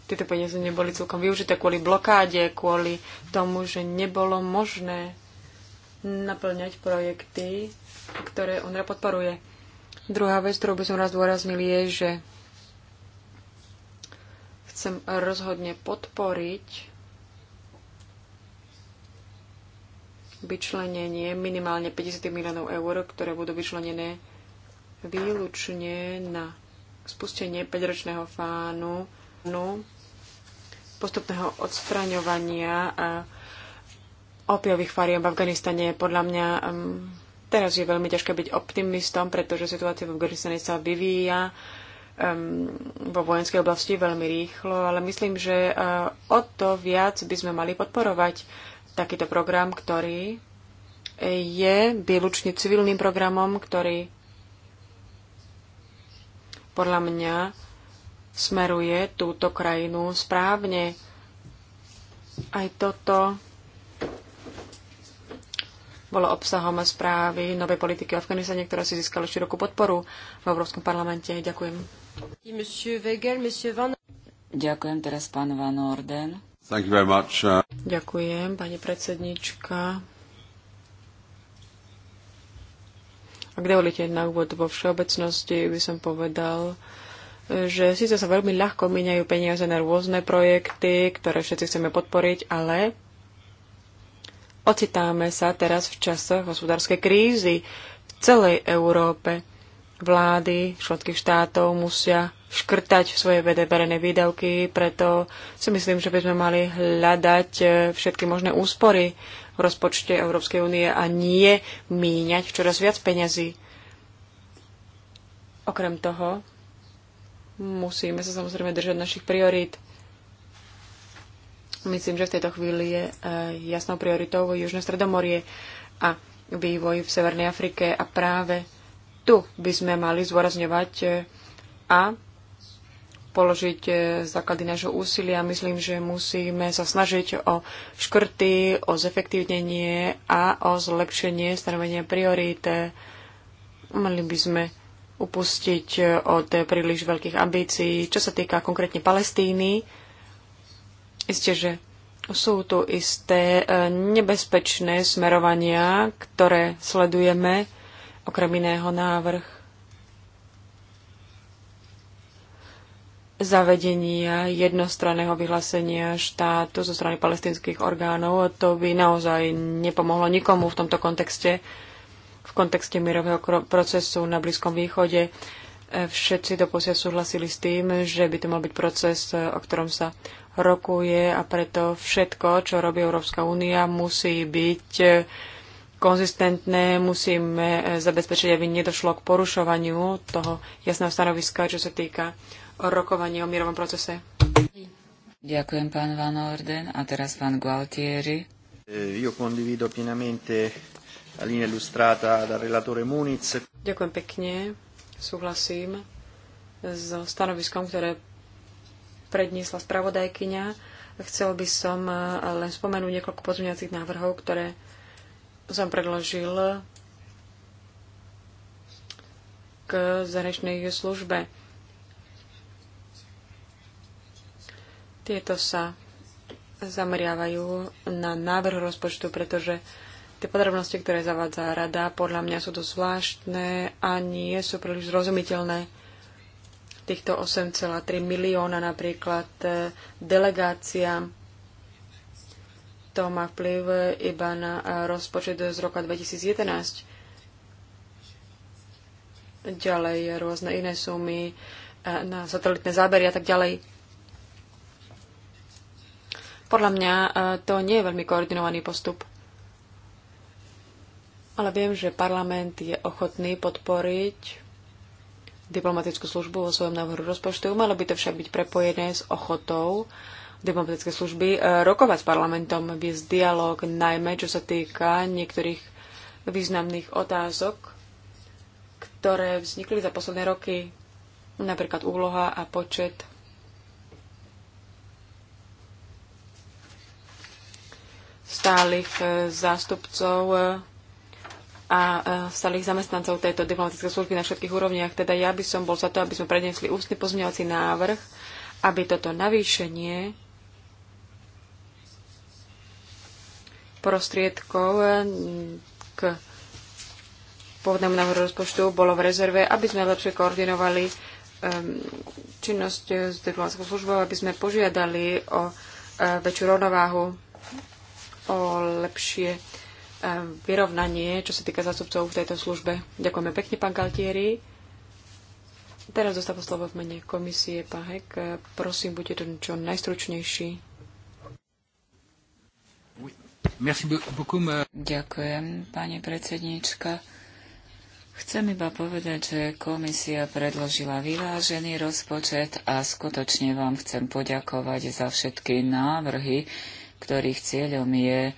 tieto peniaze neboli celkom využité kvôli blokáde, kvôli tomu, že nebolo možné naplňať projekty, ktoré UNRWA podporuje. Druhá vec, ktorú by som raz dôraznil, je, že chcem rozhodne podporiť vyčlenenie minimálne 50 miliónov eur, ktoré budú vyčlenené výlučne na spustenie 5-ročného fánu, postupného odstraňovania a opiových fariem v Afganistane. Podľa mňa um, teraz je veľmi ťažké byť optimistom, pretože situácia v Afganistane sa vyvíja um, vo vojenskej oblasti veľmi rýchlo, ale myslím, že uh, o to viac by sme mali podporovať takýto program, ktorý je výlučne civilným programom, ktorý podľa mňa smeruje túto krajinu správne. Aj toto bolo obsahom správy novej politiky v Afganistane, ktorá si získala širokú podporu v Európskom parlamente. Ďakujem. Ďakujem teraz pán Van Orden. Uh, Ďakujem, pani predsednička. Ak dovolíte na úvod vo všeobecnosti, by som povedal, že síce sa veľmi ľahko míňajú peniaze na rôzne projekty, ktoré všetci chceme podporiť, ale Ocitáme sa teraz v čase hospodárskej krízy v celej Európe. Vlády všetkých štátov musia škrtať svoje verejné výdavky, preto si myslím, že by sme mali hľadať e, všetky možné úspory v rozpočte Európskej únie a nie míňať čoraz viac peňazí. Okrem toho, musíme sa samozrejme držať našich priorít. Myslím, že v tejto chvíli je e, jasnou prioritou Južné Stredomorie a vývoj v Severnej Afrike a práve tu by sme mali zdôrazňovať e, a položiť e, základy nášho úsilia. Myslím, že musíme sa snažiť o škrty, o zefektívnenie a o zlepšenie stanovenia priorít. Mali by sme upustiť od príliš veľkých ambícií. Čo sa týka konkrétne Palestíny, Isté, že sú tu isté e, nebezpečné smerovania, ktoré sledujeme, okrem iného návrh zavedenia jednostranného vyhlásenia štátu zo strany palestinských orgánov. To by naozaj nepomohlo nikomu v tomto kontexte, v kontexte mirového procesu na Blízkom východe. E, všetci doposiaľ súhlasili s tým, že by to mal byť proces, e, o ktorom sa rokuje a preto všetko, čo robí Európska únia, musí byť eh, konzistentné, musíme eh, zabezpečiť, aby nedošlo k porušovaniu toho jasného stanoviska, čo sa týka rokovania o mierovom procese. Ďakujem, pán Van Orden. A teraz pán Gualtieri. Eh, io condivido pienamente la linea illustrata dal relatore Muniz. Ďakujem pekne. Súhlasím so stanoviskom, ktoré predniesla spravodajkyňa. Chcel by som eh, len spomenúť niekoľko pozmeňacích návrhov, ktoré som predložil k zahraničnej službe. Tieto sa zameriavajú na návrh rozpočtu, pretože tie podrobnosti, ktoré zavádza rada, podľa mňa sú dosť zvláštne a nie sú príliš zrozumiteľné týchto 8,3 milióna napríklad e, delegáciám. To má vplyv iba na e, rozpočet z roka 2011. Ďalej rôzne iné sumy e, na satelitné zábery a tak ďalej. Podľa mňa to nie je veľmi koordinovaný postup. Ale viem, že parlament je ochotný podporiť diplomatickú službu vo svojom návrhu rozpočtu. Malo by to však byť prepojené s ochotou diplomatické služby e, rokovať s parlamentom, viesť dialog, najmä čo sa týka niektorých významných otázok, ktoré vznikli za posledné roky, napríklad úloha a počet stálych e, zástupcov e, a stálych zamestnancov tejto diplomatické služby na všetkých úrovniach. Teda ja by som bol za to, aby sme prednesli ústny pozmeňovací návrh, aby toto navýšenie prostriedkov e, k pôvodnému návrhu rozpočtu bolo v rezerve, aby sme lepšie koordinovali e, činnosť s diplomatickou službou, aby sme požiadali o e, väčšiu rovnováhu, o lepšie vyrovnanie, čo sa týka zástupcov v tejto službe. Ďakujeme pekne, pán Galtieri. Teraz dostávam slovo v mene komisie Pahek. Prosím, buďte to čo najstručnejší. Ďakujem, pani predsednička. Chcem iba povedať, že komisia predložila vyvážený rozpočet a skutočne vám chcem poďakovať za všetky návrhy, ktorých cieľom je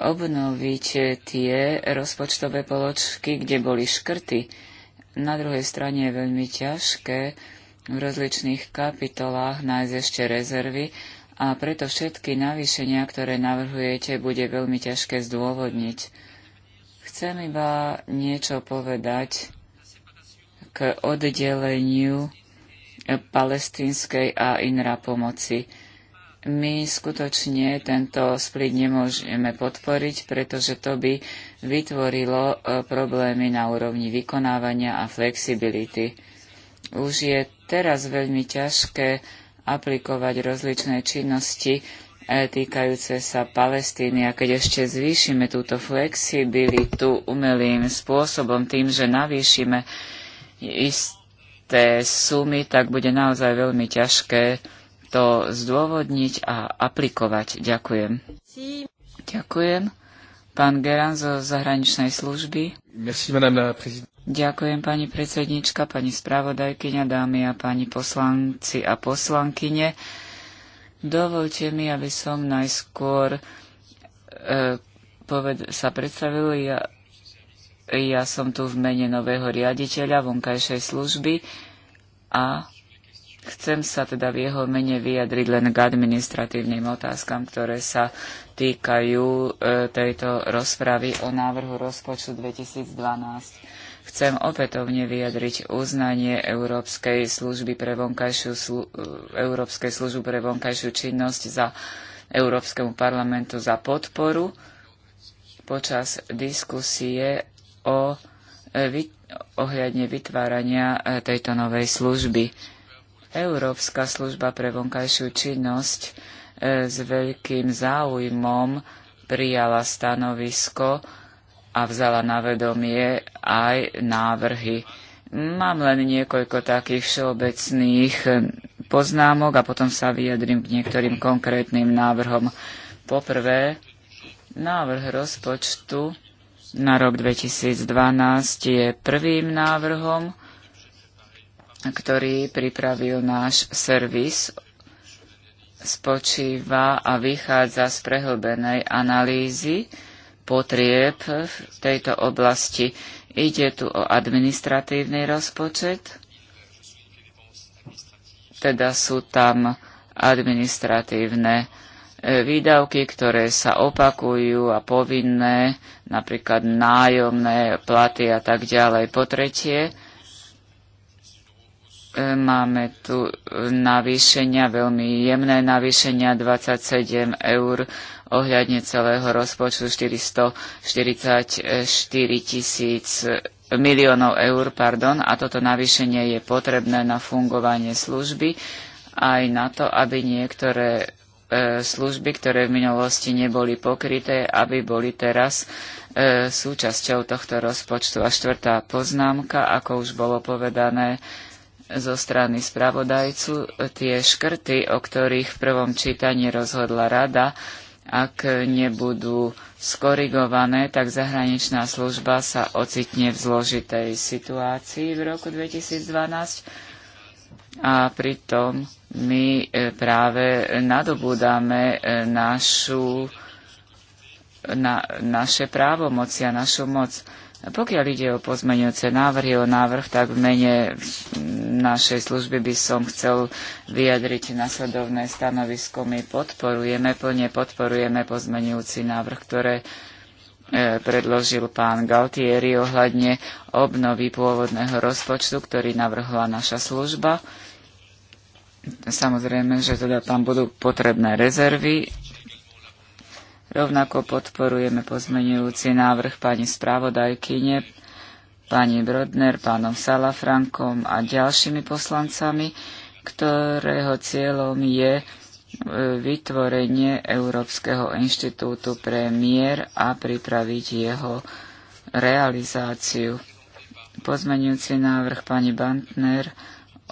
obnoviť eh, tie rozpočtové poločky, kde boli škrty. Na druhej strane je veľmi ťažké v rozličných kapitolách nájsť ešte rezervy a preto všetky navýšenia, ktoré navrhujete, bude veľmi ťažké zdôvodniť. Chcem iba niečo povedať k oddeleniu palestínskej a inra pomoci my skutočne tento split nemôžeme podporiť, pretože to by vytvorilo e, problémy na úrovni vykonávania a flexibility. Už je teraz veľmi ťažké aplikovať rozličné činnosti e, týkajúce sa Palestíny. A keď ešte zvýšime túto flexibilitu umelým spôsobom, tým, že navýšime isté sumy, tak bude naozaj veľmi ťažké to zdôvodniť a aplikovať. Ďakujem. Ďakujem. Pán Geran zo zahraničnej služby. Ďakujem, pani predsednička, pani spravodajkyňa, dámy a pani poslanci a poslankyne. Dovolte mi, aby som najskôr e, poved- sa predstavil. Ja, ja som tu v mene nového riaditeľa vonkajšej služby a Chcem sa teda v jeho mene vyjadriť len k administratívnym otázkam, ktoré sa týkajú e, tejto rozpravy o návrhu rozpočtu 2012. Chcem opätovne vyjadriť uznanie Európskej služby pre vonkajšiu, slu, e, Európskej službu pre vonkajšiu činnosť za Európskemu parlamentu za podporu počas diskusie o, e, ohľadne vytvárania tejto novej služby Európska služba pre vonkajšiu činnosť e, s veľkým záujmom prijala stanovisko a vzala na vedomie aj návrhy. Mám len niekoľko takých všeobecných e, poznámok a potom sa vyjadrím k niektorým konkrétnym návrhom. Poprvé, návrh rozpočtu na rok 2012 je prvým návrhom, ktorý pripravil náš servis, spočíva a vychádza z prehlbenej analýzy potrieb v tejto oblasti. Ide tu o administratívny rozpočet, teda sú tam administratívne e, výdavky, ktoré sa opakujú a povinné, napríklad nájomné platy a tak ďalej. Po tretie, E, máme tu e, navýšenia, veľmi jemné navýšenia, 27 eur ohľadne celého rozpočtu 444 tisíc e, miliónov eur, pardon, a toto navýšenie je potrebné na fungovanie služby aj na to, aby niektoré služby, ktoré v minulosti neboli pokryté, aby boli teraz súčasťou tohto rozpočtu. A štvrtá poznámka, ako už bolo povedané, zo strany spravodajcu tie škrty, o ktorých v prvom čítaní rozhodla rada, ak nebudú skorigované, tak zahraničná služba sa ocitne v zložitej situácii v roku 2012 a pritom my e, práve nadobúdame e, našu, na, naše právomoci a našu moc. Pokiaľ ide o pozmeňujúce návrhy, o návrh, tak v mene našej služby by som chcel vyjadriť nasledovné stanovisko. My podporujeme, plne podporujeme pozmeňujúci návrh, ktoré e, predložil pán Galtieri ohľadne obnovy pôvodného rozpočtu, ktorý navrhla naša služba. Samozrejme, že teda tam budú potrebné rezervy Rovnako podporujeme pozmenujúci návrh pani správodajkyne, pani Brodner, pánom Salafrankom a ďalšími poslancami, ktorého cieľom je e, vytvorenie Európskeho inštitútu pre mier a pripraviť jeho realizáciu. Pozmenujúci návrh pani Bantner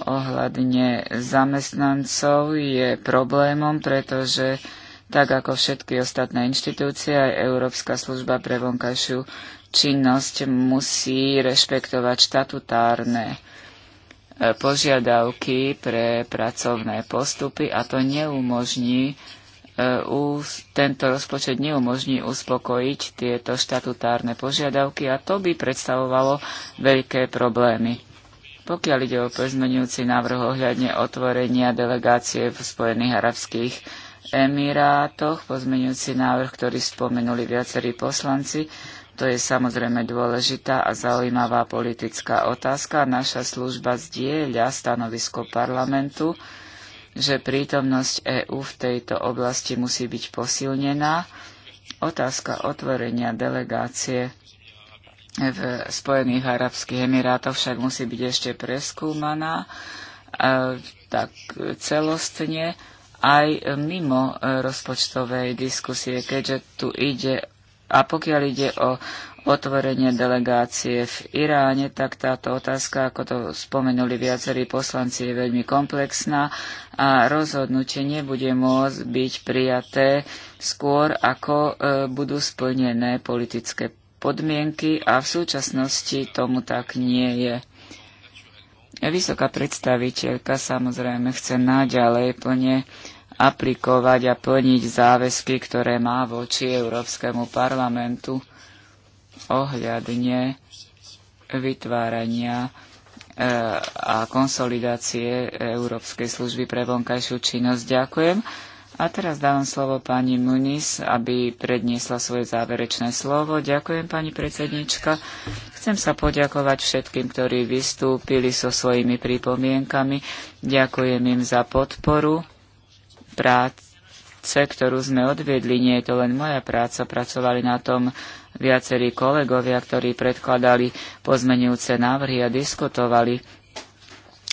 ohľadne zamestnancov je problémom, pretože tak ako všetky ostatné inštitúcie, aj Európska služba pre vonkajšiu činnosť musí rešpektovať štatutárne e, požiadavky pre pracovné postupy a to neumožní e, tento rozpočet neumožní uspokojiť tieto štatutárne požiadavky a to by predstavovalo veľké problémy. Pokiaľ ide o pozmenujúci návrh ohľadne otvorenia delegácie v Spojených arabských Emirátoch, pozmeňujúci návrh, ktorý spomenuli viacerí poslanci. To je samozrejme dôležitá a zaujímavá politická otázka. Naša služba zdieľa stanovisko parlamentu, že prítomnosť EÚ v tejto oblasti musí byť posilnená. Otázka otvorenia delegácie v Spojených arabských emirátoch však musí byť ešte preskúmaná e, tak celostne aj mimo e, rozpočtovej diskusie, keďže tu ide a pokiaľ ide o otvorenie delegácie v Iráne, tak táto otázka, ako to spomenuli viacerí poslanci, je veľmi komplexná a rozhodnutie nebude môcť byť prijaté skôr, ako e, budú splnené politické podmienky a v súčasnosti tomu tak nie je. Vysoká predstaviteľka samozrejme chce naďalej plne aplikovať a plniť záväzky, ktoré má voči Európskemu parlamentu ohľadne vytvárania eh, a konsolidácie Európskej služby pre vonkajšiu činnosť. Ďakujem. A teraz dávam slovo pani Muniz, aby predniesla svoje záverečné slovo. Ďakujem, pani predsednička. Chcem sa poďakovať všetkým, ktorí vystúpili so svojimi pripomienkami. Ďakujem im za podporu práce, ktorú sme odviedli. Nie je to len moja práca, pracovali na tom viacerí kolegovia, ktorí predkladali pozmenujúce návrhy a diskutovali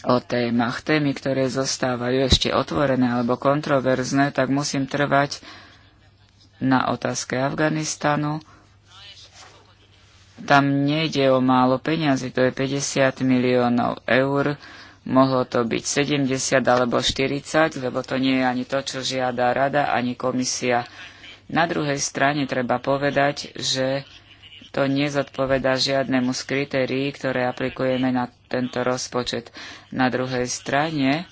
o témach. Témy, ktoré zostávajú ešte otvorené alebo kontroverzné, tak musím trvať na otázke Afganistanu tam nejde o málo peňazí, to je 50 miliónov eur, mohlo to byť 70 alebo 40, lebo to nie je ani to, čo žiada rada, ani komisia. Na druhej strane treba povedať, že to nezodpoveda žiadnemu z kritérií, ktoré aplikujeme na tento rozpočet. Na druhej strane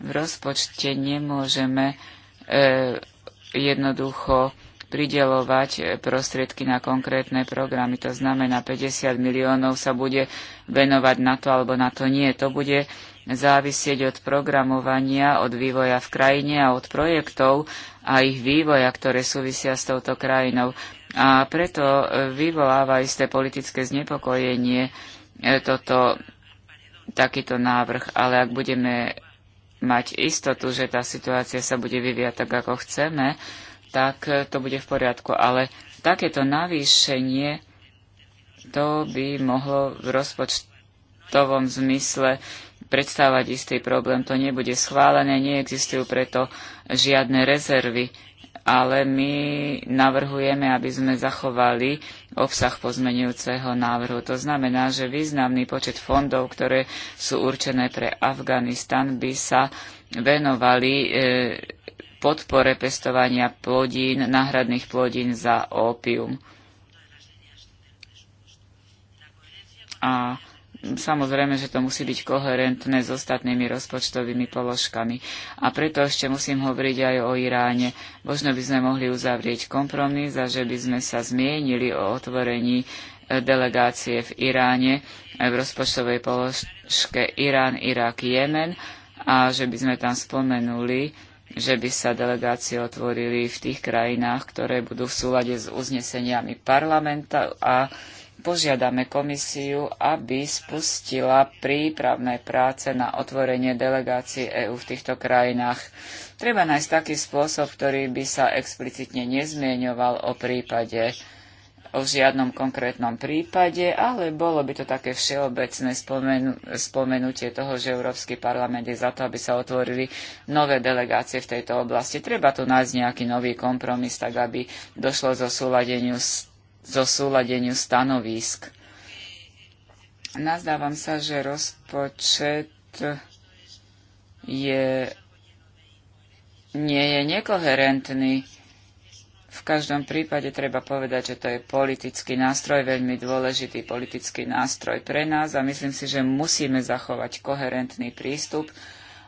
v rozpočte nemôžeme e, jednoducho pridelovať eh, prostriedky na konkrétne programy. To znamená, 50 miliónov sa bude venovať na to alebo na to nie. To bude závisieť od programovania, od vývoja v krajine a od projektov a ich vývoja, ktoré súvisia s touto krajinou. A preto eh, vyvoláva isté politické znepokojenie eh, toto, takýto návrh. Ale ak budeme mať istotu, že tá situácia sa bude vyviať tak, ako chceme, tak to bude v poriadku. Ale takéto navýšenie, to by mohlo v rozpočtovom zmysle predstávať istý problém. To nebude schválené, neexistujú preto žiadne rezervy, ale my navrhujeme, aby sme zachovali obsah pozmenujúceho návrhu. To znamená, že významný počet fondov, ktoré sú určené pre Afganistan, by sa venovali e, podpore pestovania plodín, náhradných plodín za ópium. A samozrejme, že to musí byť koherentné s ostatnými rozpočtovými položkami. A preto ešte musím hovoriť aj o Iráne. Možno by sme mohli uzavrieť kompromis a že by sme sa zmienili o otvorení e, delegácie v Iráne e, v rozpočtovej položke Irán, Irak, Jemen a že by sme tam spomenuli že by sa delegácie otvorili v tých krajinách, ktoré budú v súlade s uzneseniami parlamenta a požiadame komisiu, aby spustila prípravné práce na otvorenie delegácií EÚ v týchto krajinách. Treba nájsť taký spôsob, ktorý by sa explicitne nezmieňoval o prípade o žiadnom konkrétnom prípade, ale bolo by to také všeobecné spomenu- spomenutie toho, že Európsky parlament je za to, aby sa otvorili nové delegácie v tejto oblasti. Treba tu nájsť nejaký nový kompromis, tak aby došlo zo súladeniu, zo súladeniu stanovísk. Nazdávam sa, že rozpočet je, nie je nekoherentný v každom prípade treba povedať, že to je politický nástroj, veľmi dôležitý politický nástroj pre nás a myslím si, že musíme zachovať koherentný prístup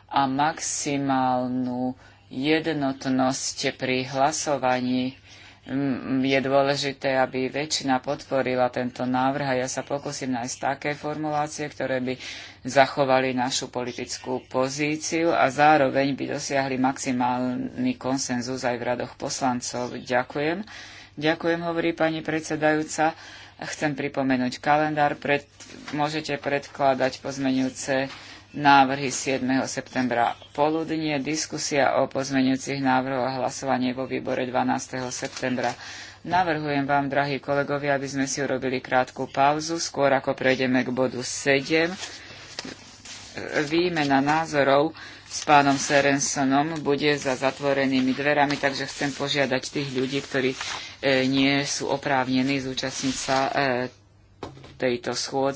a maximálnu jednotnosť pri hlasovaní Mm, je dôležité, aby väčšina podporila tento návrh a ja sa pokúsim nájsť také formulácie, ktoré by zachovali našu politickú pozíciu a zároveň by dosiahli maximálny konsenzus aj v radoch poslancov. Ďakujem. Ďakujem, hovorí pani predsedajúca. Chcem pripomenúť kalendár. Pred, môžete predkladať pozmenujúce návrhy 7. septembra poludnie, diskusia o pozmeňujúcich návrhoch a hlasovanie vo výbore 12. septembra. Navrhujem vám, drahí kolegovia, aby sme si urobili krátku pauzu, skôr ako prejdeme k bodu 7. Výmena názorov s pánom Serensonom bude za zatvorenými dverami, takže chcem požiadať tých ľudí, ktorí e, nie sú oprávnení zúčastniť sa e, tejto schôdze,